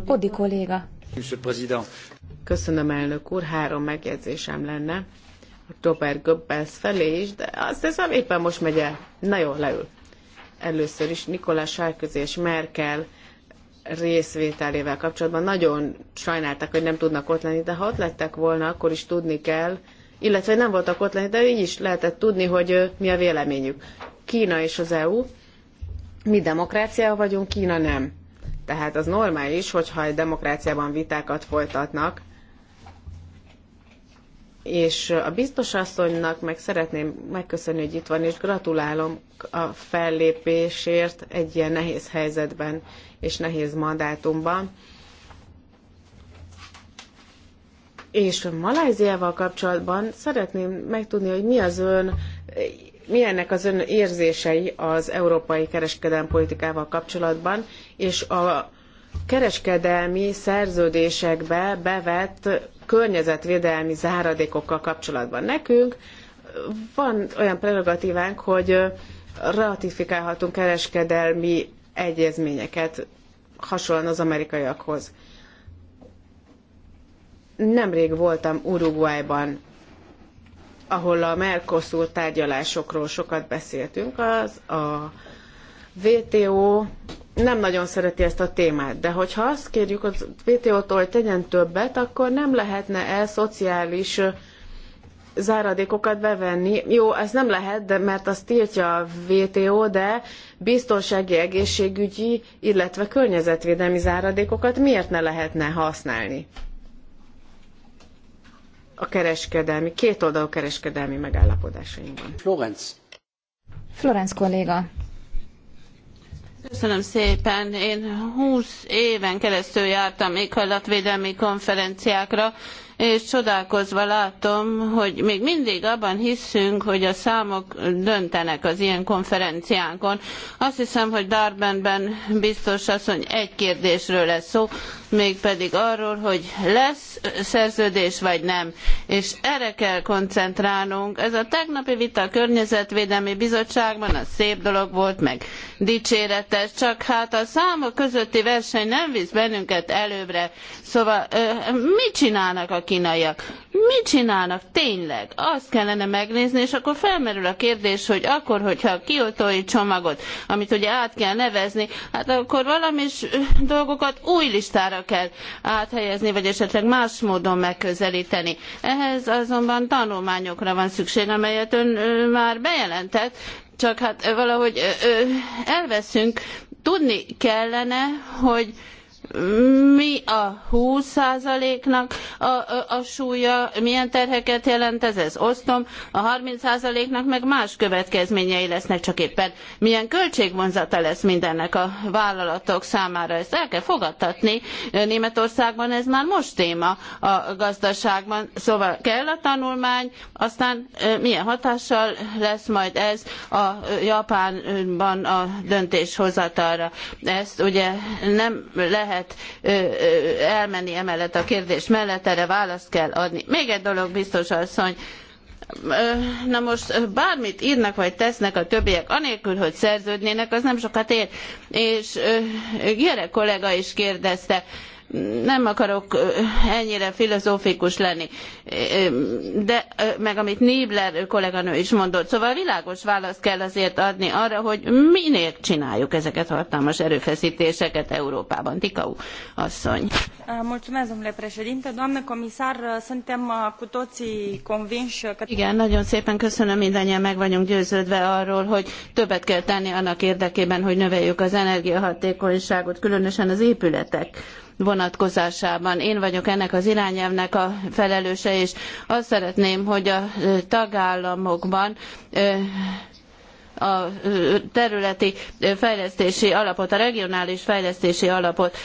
Udi kolléga. Köszönöm, elnök úr. Három megjegyzésem lenne. Robert Goebbels felé is, de azt hiszem éppen most megy el. Na jó, leül. Először is Nikolás Sárközi és Merkel részvételével kapcsolatban nagyon sajnáltak, hogy nem tudnak ott lenni, de ha ott lettek volna, akkor is tudni kell, illetve nem voltak ott lenni, de így is lehetett tudni, hogy mi a véleményük. Kína és az EU, mi demokrácia vagyunk, Kína nem. Tehát az normális, hogyha egy demokráciában vitákat folytatnak, és a biztos asszonynak meg szeretném megköszönni, hogy itt van, és gratulálom a fellépésért egy ilyen nehéz helyzetben és nehéz mandátumban. És Malajziával kapcsolatban szeretném megtudni, hogy mi az ön, milyennek az ön érzései az európai kereskedelmi politikával kapcsolatban, és a kereskedelmi szerződésekbe bevett környezetvédelmi záradékokkal kapcsolatban. Nekünk van olyan prerogatívánk, hogy ratifikálhatunk kereskedelmi egyezményeket, hasonlóan az amerikaiakhoz. Nemrég voltam Uruguayban, ahol a Mercosur tárgyalásokról sokat beszéltünk, az a WTO nem nagyon szereti ezt a témát, de hogyha azt kérjük a WTO-tól, hogy tegyen többet, akkor nem lehetne el szociális záradékokat bevenni. Jó, ez nem lehet, de mert azt tiltja a WTO, de biztonsági, egészségügyi, illetve környezetvédelmi záradékokat miért ne lehetne használni? A kereskedelmi, kétoldalú kereskedelmi megállapodásainkban. Florence.
Florence kolléga.
Köszönöm szépen. Én 20 éven keresztül jártam éghajlatvédelmi konferenciákra, és csodálkozva látom, hogy még mindig abban hiszünk, hogy a számok döntenek az ilyen konferenciánkon. Azt hiszem, hogy Darbenben biztos asszony egy kérdésről lesz szó, mégpedig arról, hogy lesz szerződés vagy nem. És erre kell koncentrálnunk. Ez a tegnapi vita a Környezetvédelmi Bizottságban az szép dolog volt, meg dicséretes, csak hát a számok közötti verseny nem visz bennünket előbbre. Szóval mit csinálnak a kínaiak? Mit csinálnak tényleg? Azt kellene megnézni, és akkor felmerül a kérdés, hogy akkor, hogyha a kiotói csomagot, amit ugye át kell nevezni, hát akkor valami dolgokat új listára kell áthelyezni, vagy esetleg más módon megközelíteni. Ehhez azonban tanulmányokra van szükség, amelyet ön már bejelentett, csak hát valahogy elveszünk. Tudni kellene, hogy mi a 20%-nak a, a, a súlya, milyen terheket jelent ez, ez osztom, a 30%-nak meg más következményei lesznek, csak éppen milyen költségvonzata lesz mindennek a vállalatok számára. Ezt el kell fogadtatni. Németországban ez már most téma a gazdaságban, szóval kell a tanulmány, aztán milyen hatással lesz majd ez a Japánban a döntéshozatalra. Ezt ugye nem lehet lehet elmenni emellett a kérdés mellett, erre választ kell adni. Még egy dolog biztos asszony, na most bármit írnak vagy tesznek a többiek, anélkül, hogy szerződnének, az nem sokat ér. És Gyere kollega is kérdezte, nem akarok ennyire filozófikus lenni, de meg amit Nibler kolléganő is mondott, szóval világos választ kell azért adni arra, hogy minél csináljuk ezeket a hatalmas erőfeszítéseket Európában. Tikau asszony.
Mulțumesc, domnule președinte. Doamnă comisar, suntem uh, cu toții convinși că... Igen, nagyon
szépen köszönöm, mindannyian meg vagyunk győződve arról, hogy többet kell tenni annak érdekében, hogy növeljük az energiahatékonyságot, különösen az épületek vonatkozásában. Én vagyok ennek az irányelvnek a felelőse, és azt szeretném, hogy a tagállamokban a területi fejlesztési alapot, a regionális fejlesztési alapot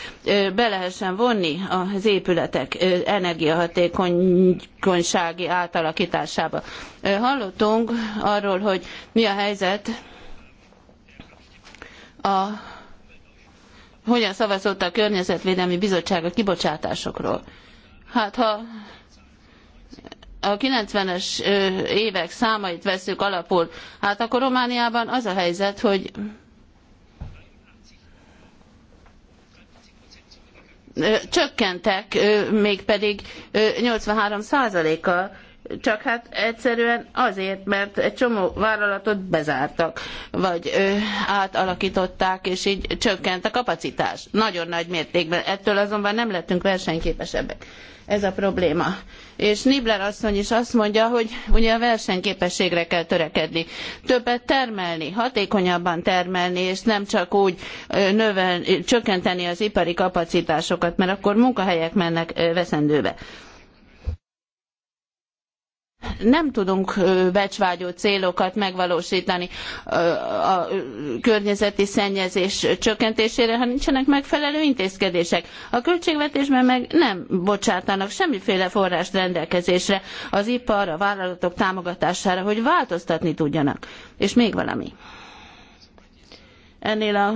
be lehessen vonni az épületek energiahatékonysági átalakításába. Hallottunk arról, hogy mi a helyzet a hogyan szavazott a Környezetvédelmi Bizottság a kibocsátásokról. Hát ha a 90-es évek számait veszük alapul, hát akkor Romániában az a helyzet, hogy csökkentek, mégpedig 83 százalékkal csak hát egyszerűen azért, mert egy csomó vállalatot bezártak, vagy ö, átalakították, és így csökkent a kapacitás. Nagyon nagy mértékben. Ettől azonban nem lettünk versenyképesebbek. Ez a probléma. És Nibler asszony is azt mondja, hogy ugye a versenyképességre kell törekedni. Többet termelni, hatékonyabban termelni, és nem csak úgy növel, csökkenteni az ipari kapacitásokat, mert akkor munkahelyek mennek veszendőbe nem tudunk becsvágyó célokat megvalósítani a környezeti szennyezés csökkentésére, ha nincsenek megfelelő intézkedések. A költségvetésben meg nem bocsátanak semmiféle forrást rendelkezésre az ipar, a vállalatok támogatására, hogy változtatni tudjanak. És még valami. Ennél a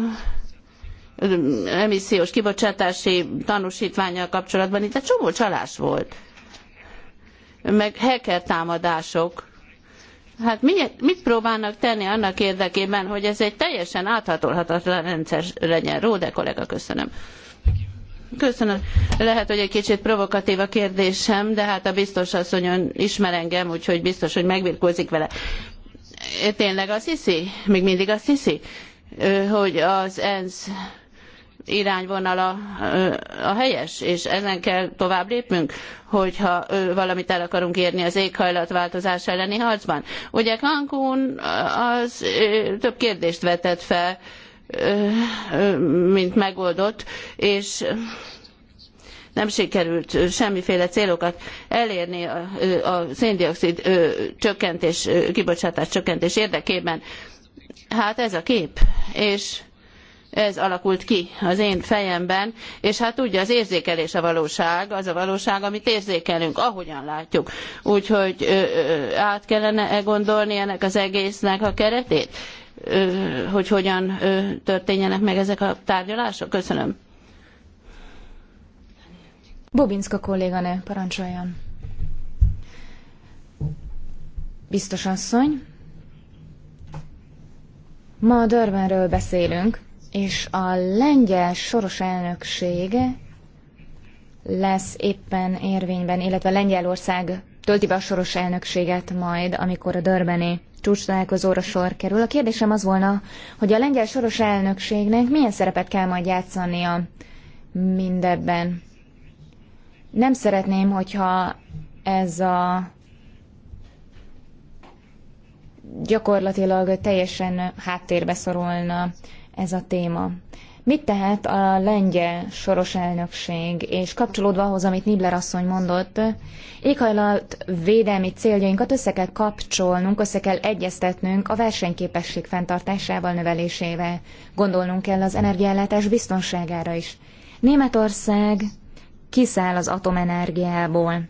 emissziós kibocsátási tanúsítványjal kapcsolatban itt egy csomó csalás volt meg hacker támadások. Hát mit, mit próbálnak tenni annak érdekében, hogy ez egy teljesen áthatolhatatlan rendszer legyen? Róde kollega, köszönöm. Köszönöm. Lehet, hogy egy kicsit provokatív a kérdésem, de hát a biztos ön ismer engem, úgyhogy biztos, hogy megbirkózik vele. Tényleg azt hiszi? Még mindig azt hiszi? Hogy az ENSZ irányvonala a helyes, és ezen kell tovább lépnünk, hogyha valamit el akarunk érni az éghajlatváltozás elleni harcban. Ugye Cancún az több kérdést vetett fel, mint megoldott, és nem sikerült semmiféle célokat elérni a, a széndiokszid csökkentés, kibocsátás csökkentés érdekében. Hát ez a kép, és ez alakult ki az én fejemben, és hát tudja, az érzékelés a valóság, az a valóság, amit érzékelünk, ahogyan látjuk. Úgyhogy ö, ö, át kellene -e gondolni ennek az egésznek a keretét, ö, hogy hogyan ö, történjenek meg ezek a tárgyalások? Köszönöm.
Bobinska kolléganő, parancsoljon. Biztos asszony, ma a Dörbenről beszélünk, és a lengyel soros elnökség lesz éppen érvényben, illetve Lengyelország tölti be a soros elnökséget majd, amikor a Dörbeni találkozóra sor kerül. A kérdésem az volna, hogy a lengyel soros elnökségnek milyen szerepet kell majd játszania mindebben. Nem szeretném, hogyha ez a gyakorlatilag teljesen háttérbe szorulna ez a téma. Mit tehet a lengyel soros elnökség, és kapcsolódva ahhoz, amit Nibler asszony mondott, éghajlat védelmi céljainkat össze kell kapcsolnunk, össze kell egyeztetnünk a versenyképesség fenntartásával, növelésével. Gondolnunk kell az energiállátás biztonságára is. Németország kiszáll az atomenergiából.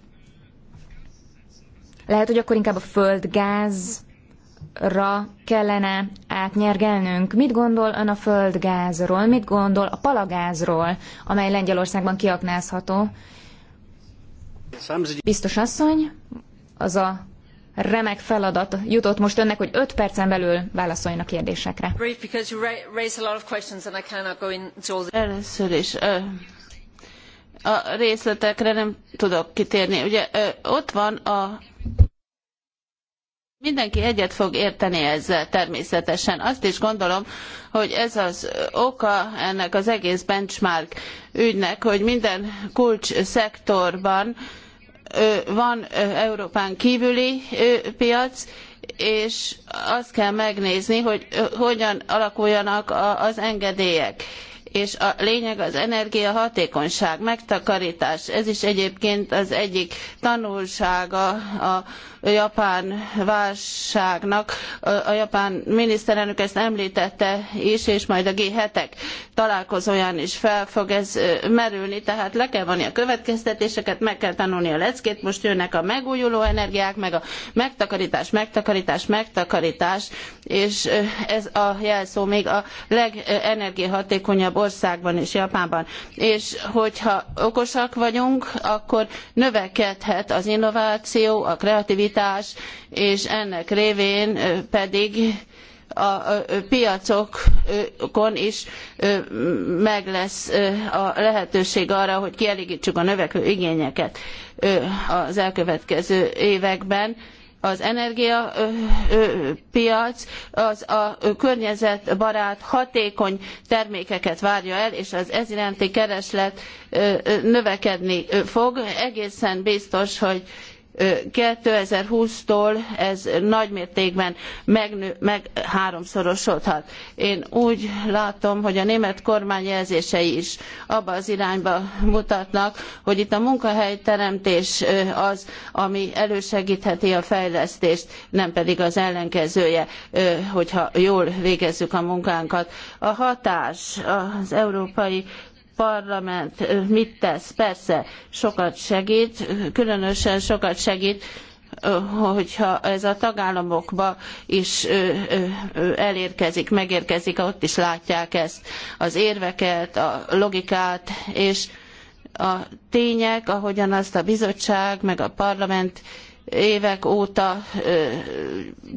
Lehet, hogy akkor inkább a földgáz ra kellene átnyergelnünk? Mit gondol ön a földgázról, mit gondol a palagázról, amely Lengyelországban kiaknázható? Biztos asszony, az a remek feladat jutott most önnek, hogy öt percen belül válaszoljon a kérdésekre.
Először
is a részletekre
nem tudok kitérni. Ugye ott van a Mindenki egyet fog érteni ezzel természetesen. Azt is gondolom, hogy ez az oka ennek az egész benchmark ügynek, hogy minden kulcs szektorban van Európán kívüli piac, és azt kell megnézni, hogy hogyan alakuljanak az engedélyek és a lényeg az energiahatékonyság, megtakarítás. Ez is egyébként az egyik tanulsága a japán válságnak. A japán miniszterelnök ezt említette is, és majd a G7-ek találkozóján is fel fog ez merülni, tehát le kell vonni a következtetéseket, meg kell tanulni a leckét, most jönnek a megújuló energiák, meg a megtakarítás, megtakarítás, megtakarítás, és ez a jelszó még a legenergiahatékonyabb Országban és Japánban. És hogyha okosak vagyunk, akkor növekedhet az innováció, a kreativitás, és ennek révén pedig a piacokon is meg lesz a lehetőség arra, hogy kielégítsük a növekvő igényeket az elkövetkező években az energiapiac az a környezetbarát, hatékony termékeket várja el, és az ez iránti kereslet növekedni fog. Egészen biztos, hogy 2020-tól ez nagy mértékben megnő, meg háromszorosodhat. Én úgy látom, hogy a német kormány jelzései is abba az irányba mutatnak, hogy itt a munkahelyteremtés az, ami elősegítheti a fejlesztést, nem pedig az ellenkezője, hogyha jól végezzük a munkánkat. A hatás az európai parlament mit tesz? Persze, sokat segít, különösen sokat segít, hogyha ez a tagállamokba is elérkezik, megérkezik, ott is látják ezt, az érveket, a logikát, és a tények, ahogyan azt a bizottság meg a parlament évek óta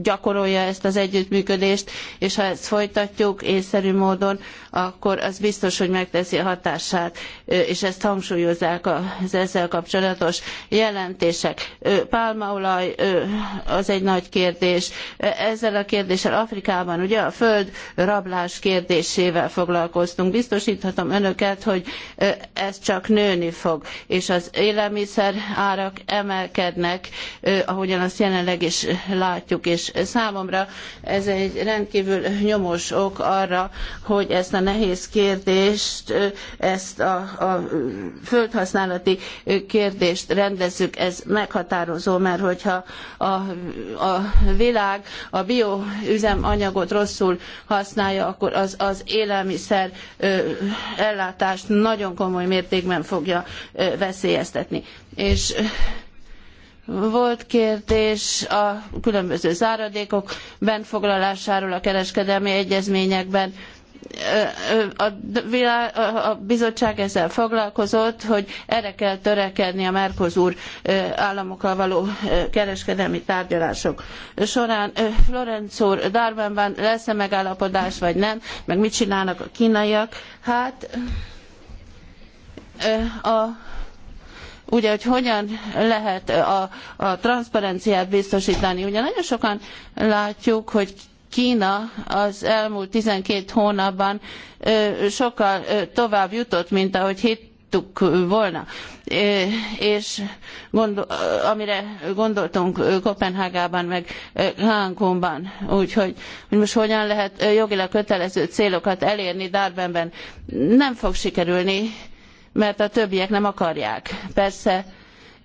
gyakorolja ezt az együttműködést, és ha ezt folytatjuk észszerű módon, akkor az biztos, hogy megteszi a hatását, és ezt hangsúlyozzák az ezzel kapcsolatos jelentések. Pálmaolaj az egy nagy kérdés. Ezzel a kérdéssel Afrikában ugye a föld rablás kérdésével foglalkoztunk. Biztosíthatom önöket, hogy ez csak nőni fog, és az élelmiszer árak emelkednek, ahogyan azt jelenleg is látjuk, és számomra ez egy rendkívül nyomos ok arra, hogy ezt a nehéz kérdést, ezt a, a földhasználati kérdést rendezzük, ez meghatározó, mert hogyha a, a világ a bioüzemanyagot rosszul használja, akkor az, az élelmiszer ellátást nagyon komoly mértékben fogja veszélyeztetni. És volt kérdés a különböző záradékok benfoglalásáról a kereskedelmi egyezményekben a, bizottság ezzel foglalkozott, hogy erre kell törekedni a Mercosur államokkal való kereskedelmi tárgyalások során. Florenc úr, Darbenben lesz-e megállapodás, vagy nem, meg mit csinálnak a kínaiak? Hát a ugye, hogy hogyan lehet a, a transzparenciát biztosítani. Ugye nagyon sokan látjuk, hogy Kína az elmúlt 12 hónapban sokkal tovább jutott, mint ahogy hittük volna. és gondol, amire gondoltunk Kopenhágában, meg Cancúnban, úgyhogy hogy most hogyan lehet jogilag kötelező célokat elérni Darbenben, nem fog sikerülni mert a többiek nem akarják. Persze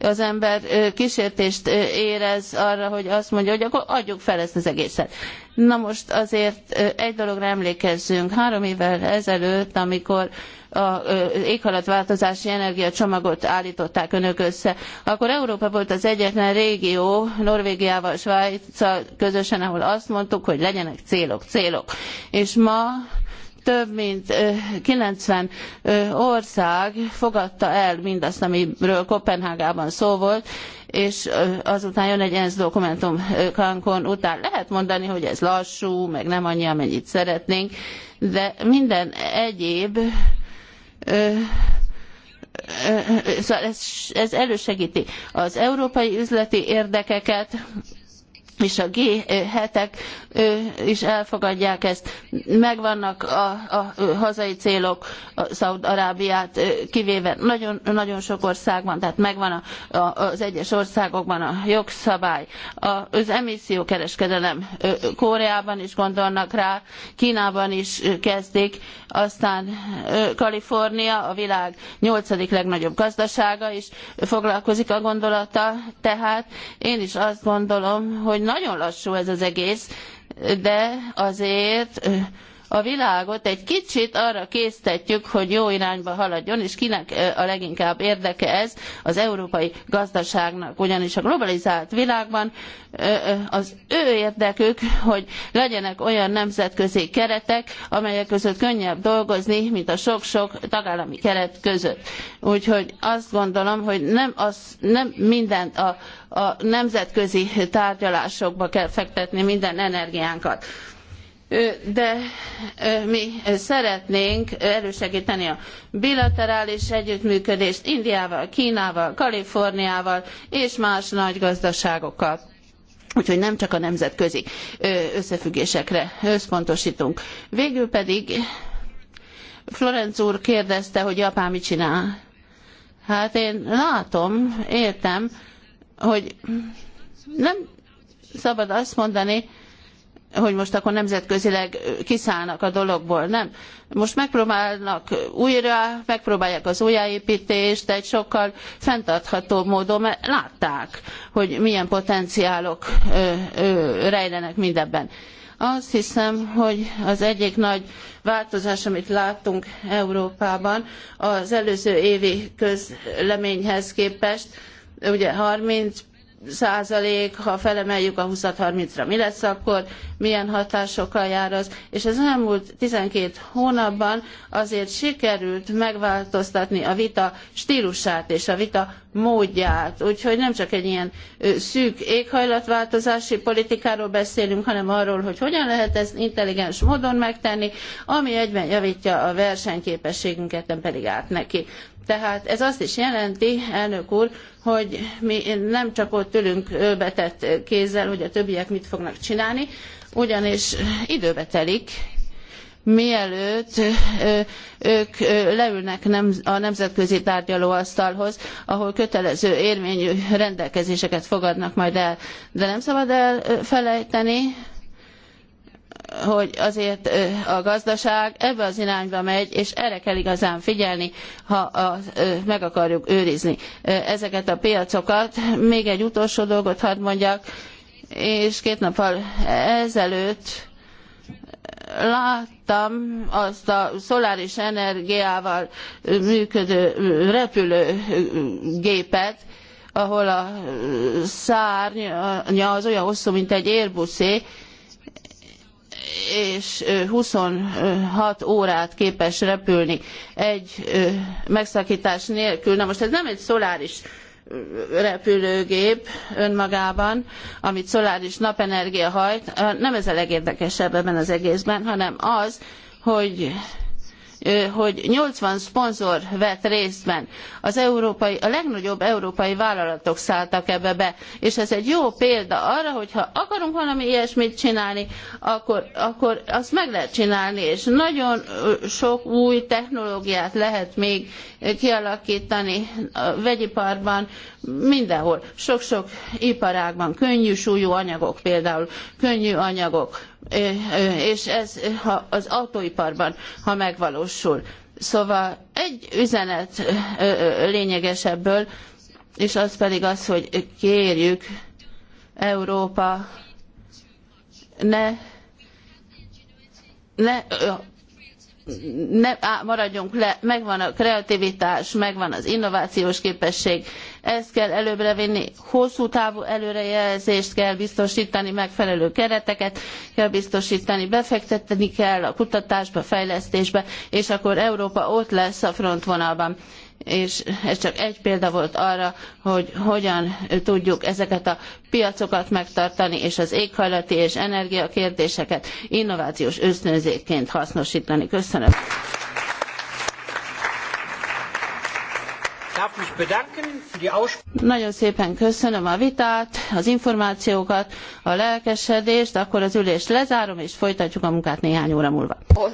az ember kísértést érez arra, hogy azt mondja, hogy akkor adjuk fel ezt az egészet. Na most azért egy dologra emlékezzünk. Három évvel ezelőtt, amikor az éghajlatváltozási energiacsomagot állították önök össze, akkor Európa volt az egyetlen régió, Norvégiával, Svájccal közösen, ahol azt mondtuk, hogy legyenek célok, célok. És ma több mint 90 ország fogadta el mindazt, amiről Kopenhágában szó volt, és azután jön egy ENSZ dokumentum Cancun után. Lehet mondani, hogy ez lassú, meg nem annyi, amennyit szeretnénk, de minden egyéb Szóval ez, ez elősegíti az európai üzleti érdekeket, és a G7-ek is elfogadják ezt. Megvannak a, a hazai célok, a Szaud-Arábiát kivéve nagyon, nagyon sok országban, tehát megvan a, a, az egyes országokban a jogszabály. A, az emissziókereskedelem Koreában is gondolnak rá, Kínában is kezdik, aztán Kalifornia, a világ nyolcadik legnagyobb gazdasága is foglalkozik a gondolattal, tehát én is azt gondolom, hogy nagyon lassú ez az egész, de azért a világot egy kicsit arra késztetjük, hogy jó irányba haladjon, és kinek a leginkább érdeke ez az európai gazdaságnak, ugyanis a globalizált világban az ő érdekük, hogy legyenek olyan nemzetközi keretek, amelyek között könnyebb dolgozni, mint a sok-sok tagállami keret között. Úgyhogy azt gondolom, hogy nem, az, nem mindent a, a nemzetközi tárgyalásokba kell fektetni, minden energiánkat de mi szeretnénk elősegíteni a bilaterális együttműködést Indiával, Kínával, Kaliforniával és más nagy gazdaságokkal. Úgyhogy nem csak a nemzetközi összefüggésekre összpontosítunk. Végül pedig Florenc úr kérdezte, hogy Japán mit csinál. Hát én látom, értem, hogy nem szabad azt mondani, hogy most akkor nemzetközileg kiszállnak a dologból, nem. Most megpróbálnak újra, megpróbálják az újjáépítést egy sokkal fenntarthatóbb módon, mert látták, hogy milyen potenciálok ö, ö, rejlenek mindebben. Azt hiszem, hogy az egyik nagy változás, amit láttunk Európában az előző évi közleményhez képest, ugye 30 százalék, ha felemeljük a 20-30-ra, mi lesz akkor, milyen hatásokkal jár az. És az elmúlt 12 hónapban azért sikerült megváltoztatni a vita stílusát és a vita módját. Úgyhogy nem csak egy ilyen szűk éghajlatváltozási politikáról beszélünk, hanem arról, hogy hogyan lehet ezt intelligens módon megtenni, ami egyben javítja a versenyképességünket, nem pedig árt neki. Tehát ez azt is jelenti, elnök úr, hogy mi nem csak ott ülünk betett kézzel, hogy a többiek mit fognak csinálni, ugyanis időbe telik, mielőtt ők leülnek a nemzetközi tárgyalóasztalhoz, ahol kötelező érvényű rendelkezéseket fogadnak majd el. De nem szabad elfelejteni, hogy azért a gazdaság ebbe az irányba megy, és erre kell igazán figyelni, ha a, meg akarjuk őrizni ezeket a piacokat. Még egy utolsó dolgot hadd mondjak, és két nappal ezelőtt láttam azt a szoláris energiával működő repülőgépet, ahol a szárnya az olyan hosszú, mint egy érbuszé, és 26 órát képes repülni egy megszakítás nélkül. Na most ez nem egy szoláris repülőgép önmagában, amit szoláris napenergia hajt, nem ez a legérdekesebb ebben az egészben, hanem az, hogy hogy 80 szponzor vett részben. Az európai, a legnagyobb európai vállalatok szálltak ebbe be, és ez egy jó példa arra, hogy ha akarunk valami ilyesmit csinálni, akkor, akkor azt meg lehet csinálni, és nagyon sok új technológiát lehet még kialakítani a vegyiparban, mindenhol, sok-sok iparágban, könnyű súlyú anyagok például, könnyű anyagok, és ez ha az autóiparban, ha megvalósul. Szóval egy üzenet lényegesebből, és az pedig az, hogy kérjük Európa ne ne ne maradjunk le, megvan a kreativitás, megvan az innovációs képesség, ezt kell előbbre vinni, hosszú távú előrejelzést kell biztosítani, megfelelő kereteket kell biztosítani, befektetni kell a kutatásba, fejlesztésbe, és akkor Európa ott lesz a frontvonalban és ez csak egy példa volt arra, hogy hogyan tudjuk ezeket a piacokat megtartani, és az éghajlati és energiakérdéseket innovációs ösztönzékként hasznosítani. Köszönöm. Nagyon szépen köszönöm a vitát, az információkat, a lelkesedést, akkor az ülést lezárom, és folytatjuk a munkát néhány óra múlva.
Oh,